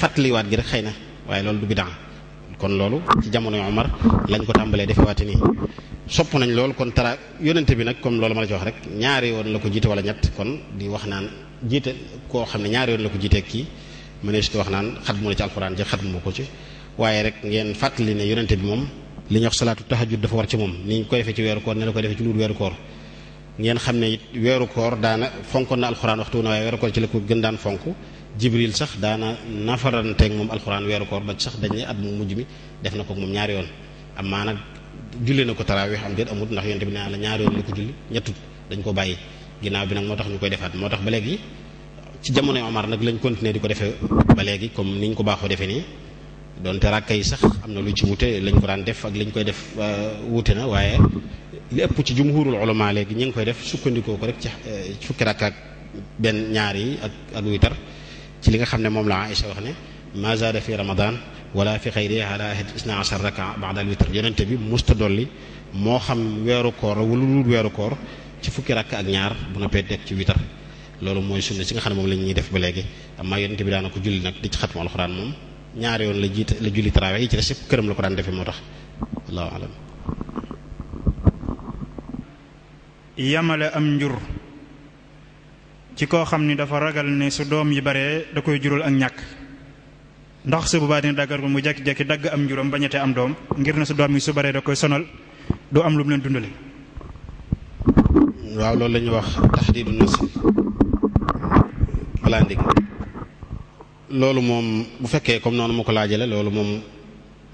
fàttaliwaat gi rek xëy na waaye loolu du bidaa kon loolu ci jamono Omar lañ ko tàmbalee defewaate nii sopp nañ loolu kon tara yónnante bi nag comme loolu ma la ci wax rek ñaari yoon la ko jiite wala ñett kon di wax naan jiite koo xam ne ñaari yoon la ko jiiteeg kii mënees wax naan xatmu la ci alxuraan ji xatmu ko ci waaye rek ngeen fàttali ne yónnante bi moom li ñuy wax salaatu tahajjud dafa war ci moom ni ñu koy defee ci weeru koor ne la koy defee ci luur weeru koor ngeen xam ne it weeru koor daana fonkoon na alxuraan waxtu na waaye la ko gën daan fonk jibril sax daana nafaranteeg moom alxuraan weeru koor ba sax dañ at mu mujj mi def na ko moom ñaari yoon am maa nag julli na ko taraawix am déet amut ndax yonte bi nee la ñaari yoon la ko julli ñettut dañ ko bàyyi ginnaaw bi nag moo tax ñu koy defaat moo tax ba léegi ci jamonoy Omar nag lañ continuer di ko defee ba léegi comme niñ ko baaxoo defee nii donte ràkka yi sax am na lu ci wute lañ ko daan def ak lañ koy def euh, wute na waaye li ëpp ci jumhurul ulama léegi ñu ngi koy def sukkandikoo ko rek ci euh, fukki ràkk benn ñaar ak ak witar ci li nga xam ne moom la Aïcha wax ne ma zaada fi ramadan wala fi xayri ala ahad isna ashar raka baadal witr yonente bi musta dolli moo xam weeru koor wala lu weeru koor ci fukki rakk ak ñaar bu noppee teg ci witr loolu mooy sunna si nga xam ne moom la ñuy def ba léegi amaa yonente bi daana ko julli nag di ci xatmu alxuraan moom ñaari yoon la jiit la julli tarawe yi ci des yëpp këram la ko daan defee moo tax allahu alam yamale am njur ci koo xam ni dafa ragal ne su doom yi baree da koy jural ak ñàkk ndax su boobaa dina daggal ko mu jekki-jekki dagg am njuróom bañete am doom ngir na su doom yi su baree da koy sonal du am lu mu leen dundale waaw loolu la ñuy wax taxdiidu nasl planning loolu moom bu fekkee comme noonu ma ko laajale loolu moom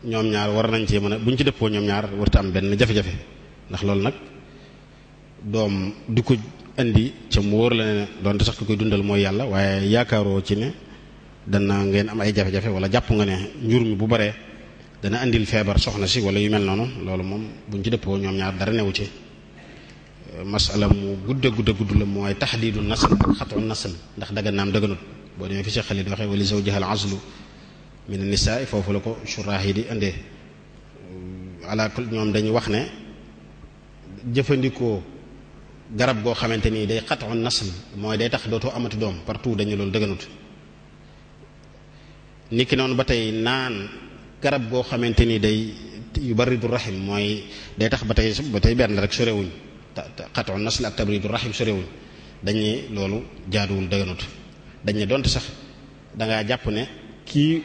ñoom ñaar war nañ cee mën a bu ñu ci dëppoo ñoom ñaar warta am benn jafe-jafe ndax loolu nag doom di ko indi ca mu la ne doonte sax ki koy dundal mooy yàlla waaye yaakaaroo ci ne dana ngeen am ay jafe-jafe wala jàpp nga ne njur mi bu baree dana indil feebar soxna si wala yu mel noonu loolu moom buñ ci dëppoo ñoom ñaar dara neewu ci masala mu gudda gudda gudd la mooy taxdiidu nasl ak xatu nasl ndax dagan naam boo demee fi si xalit waxee wali zawjiha al aslu min nisaa foofu la ko suraax yi di indee alaakul ñoom dañuy wax ne jëfandikoo garab goo xamante nii day xatu nasl mooy day tax dootoo amati doom partout dañu loolu dëgganut niki noonu ba tey naan garab goo xamante nii day yu bari baridu rahim mooy day tax ba tey ba tey benn rek sorewuñ xatu nasl ak tabridu rahim sorewuñ dañuy loolu jaaduwul dëgganut dañu dont sax dangaa jàpp ne kii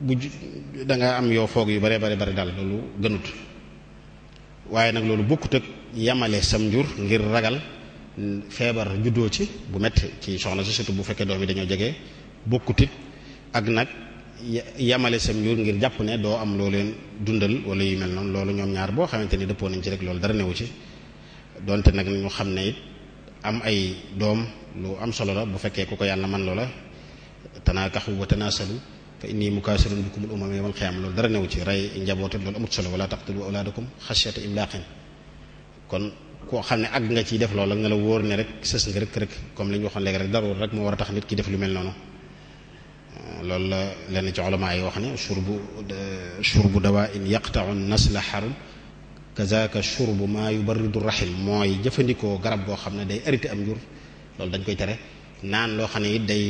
bu dangaa am yoo foog yu bare bare bare daal loolu gënut waaye nag loolu bokkut yemale sam njur ngir ragal feebar juddoo ci bu metti ci soxna si surtout bu fekkee doom yi dañoo jege bokkutit ak nag yamale sam njur ngir jàpp ne doo am loo leen dundal wala yu mel noonu loolu ñoom ñaar boo xamante ni dëppoo nañ ci rek loolu dara newu ci donte nag ñu xam ne it am ay doom lu am solo la bu fekkee ku ko yàlla man loola tanaakaxu wa tanaasalu fa inni mukaasirun bikumul umam yawmal qiyaama loolu dara newu ci rey njaboot loolu amut solo wala taqtulu awlaadakum xashyata imlaaqin kon koo xam ne àgg nga ciy def loola nga la wóor ne rek ses nga rek rek comme li ñu waxoon léegi rek darur rek moo war a tax nit ki def lu mel noonu euh, loolu la lenn ci ulama yi wax ne shurbu shurbu dawaa in yaqtau nasla xarun kazaka shurbu maa yubarridu rahim mooy jëfandikoo garab boo xam ne day arrêté am njur loolu dañ koy tere naan loo xam ne it day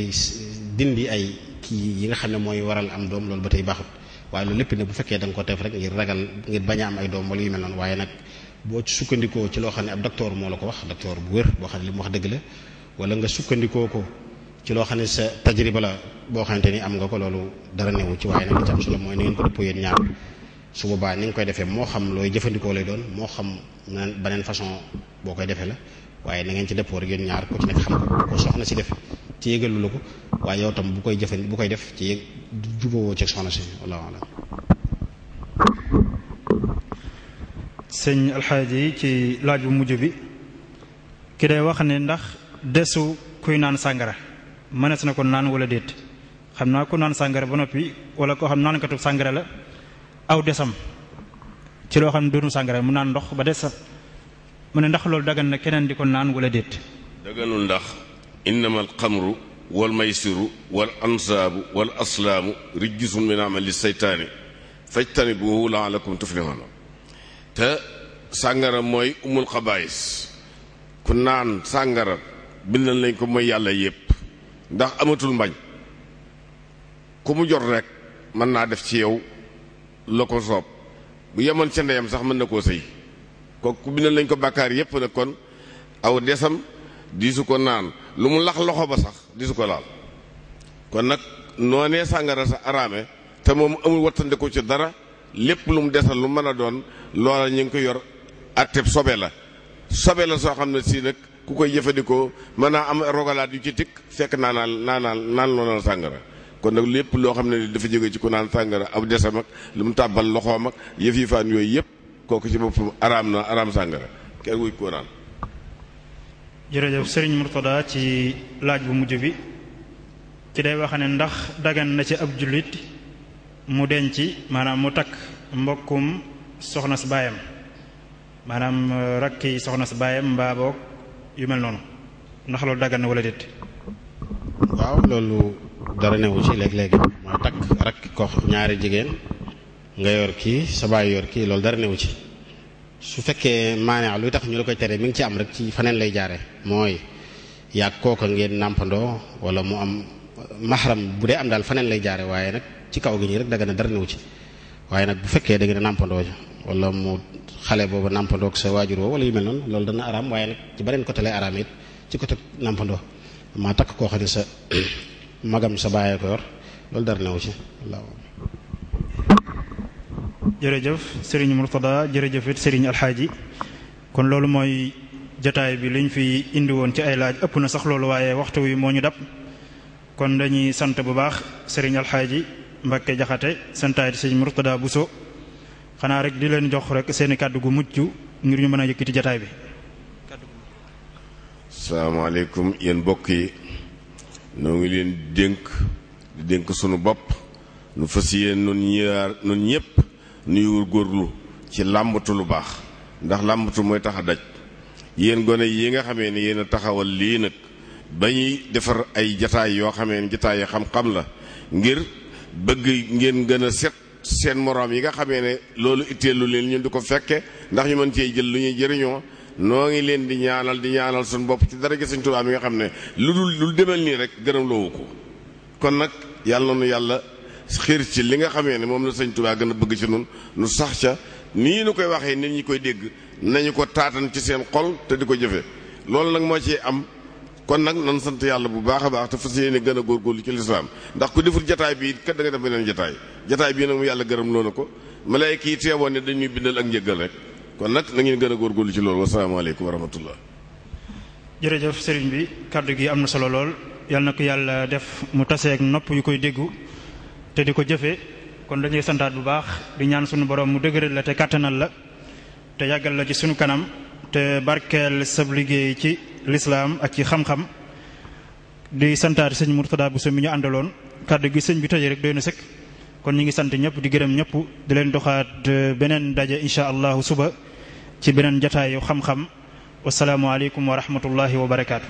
dindi ay kii yi nga xam ne mooy waral am doom loolu ba tey baaxut waaye loolu lépp ne bu fekkee da nga ko def rek ngir ragal ngir bañ am ay doom wala yu mel noonu waaye nag boo ci sukkandikoo ci loo xam ne ab docteur moo la ko wax docteur bu wér boo xam ne li mu wax dëgg la wala nga sukkandikoo ko ci loo xam ne sa tajriba la boo xamante ni am nga ko loolu dara newu ci ci am solo mooy ni ngeen ko dëppoo yéen ñaar su boobaa ni nga koy defee moo xam looy jëfandikoo lay doon moo xam beneen façon boo koy defee la waaye na ngeen ci dëppoo rek yéen ñaar ku ci nekk xam ko ko soxna si def ci yëgalu la ko waaye yow tam bu koy jëfandi bu koy def ci yëg jubóowoo ci soxna si wallahu alam sëñ alxaaji ci laaj bu mujj bi ki day wax ne ndax desu kuy naan sàngara mënees na ko naan wala déet xam naa ku naan sàngara ba noppi wala koo xam naankatu sàngara la aw desam ci loo xam ne doonu sàngara mu naan ndox ba desam mu ne ndax loolu dagan na keneen di ko naan wala déet daganul ndax innama alxamru wal maysiru wal ansaabu wal aslaamu rijjusun min amali seytaani fajtanibuhu laalakum tuflihuuna te sàngara mooy umul xabaayis ku naan sàngara bindal nañ ko mooy yàlla yépp ndax amatul mbañ ku mu jot rek mën naa def ci yow la ko soob bu yemoon ca ndeyam sax mën na koo sëy ko ku bindal nañ ko bàkkaar yépp nag kon aw desam diisu ko naan lu mu lax loxo ba sax diisu ko laal kon nag noonee sàngara sa araame te moom amul wattandiku ci dara lépp lu mu desal lu mën a doon loola ñu ngi ko yor atteb sobe la sobe la soo xam ne si nag ku koy jëfandikoo mën naa am rogalaat yu ci tikk fekk naanaal naanaal naan loonal sàngara kon nag lépp loo xam ne dafa jóge ci ku naan sàngara ab desam ak lu mu tàbbal loxoo ak yëf yi yooyu yëpp kooku ci bopp araam na araam sàngara kenn wuy ko naan jërëjëf sëriñ Murtada ci laaj bu mujj bi ci day wax ne ndax dagan na ci ab jullit mu denc maanaam mu takk mbokkum soxna si baayam maanaam euh, rakki soxna si baayam mbaa boog yu mel noonu ndax loolu daggan na wala déet waaw loolu dara newu ci léeg-léeg mooy takk rakk ko ñaari jigéen nga yor kii sa baay yor kii loolu dara newu ci su fekkee maanaam luy tax ñu la koy tere mi ngi ci am rek ci faneen lay jaare mooy yàgg kooka ngeen nàmpandoo wala mu am maxaram bu dee am daal faneen lay jaare waaye nag ci kaw gi nii rek daga dara newu ci waaye nag bu fekkee da ngeen a nàmpandoo ja wala mu xale boobu nàmpandoo ak sa waajur woo wala yu mel noonu loolu dana araam waaye nag ci beneen côté lay araam it ci côté nàmpandoo maa takk koo xam sa magam sa bàyyee ko yor loolu dara newu ci wallaahu jërëjëf Serigne Mourtada jërëjëf it Serigne Alxaaji kon loolu mooy jotaay bi liñ fi indi woon ci ay laaj ëpp na sax loolu kon dañuy sant bu baax sëriñ alxaaji Mbakke Jaxate santaay sëriñ Murtada Buso xanaa rek di leen jox rek seeni kàddu gu mucc ngir ñu mën a yëkkati jataay bi salaamaaleykum yéen mbokk yi noo ngi leen dénk di dénk sunu bopp nu fas yéen nun ñaar nun ñëpp nuy góorlu ci làmbatu lu baax ndax làmbatu mooy tax a daj yéen gone yi nga xamee ni yéen taxawal lii nag dañuy defar ay jataay yoo xamee ne jataay xam-xam la ngir bëgg ngeen gën a set seen moroom yi nga xamee ne loolu itteelu leen ñun di ko fekke ndax ñu mën cee jël lu ñuy jëriñoo noo ngi leen di ñaanal di ñaanal suñu bopp ci dara gi Sëñ Tuubaa mi nga xam ne lu dul lu demel nii rek gërëm loowu ko kon nag yàlla nu yàlla xiir ci li nga xamee ne moom la Sëñ Tuubaa gën a bëgg ci nun nu sax ca nii nu koy waxee nit ñi koy dégg nañu ko taatan ci seen xol te di ko jëfe kon nag nan sant yàlla bu baax a baax te fas yéene gën a góorgóorlu ci lislaam ndax ku deful jataay bii kat da nga def beneen jataay jataay bii nag mu yàlla gërëm loo na ko malaayka yi teewoon ne dañuy bindal ak njëggal rek kon nag na ngeen gën a góorgóorlu ci loolu wasalaamaaleykum wa rahmatullah jërëjëf sëriñ bi kàddu gi am na solo lool yal na ko yàlla def mu taseeg nopp yu koy déggu te di ko jëfee kon dañuy santaat bu baax di ñaan suñu borom mu dëgëral la te kàttanal la te ci suñu kanam te barkeel sab liggéey ci lislaam ak ci xam-xam di santaar sëñ Mourtada Bousso mi ñu àndaloon kàddu gi sëñ bi tëjee rek doy na sëkk kon ñu ngi sant ñëpp di gërëm ñëpp di leen doxaat euh, beneen daje incha allahu suba ci beneen jataayu xam-xam wasalaamualeykum wa rahmatullahi wa barakaatu.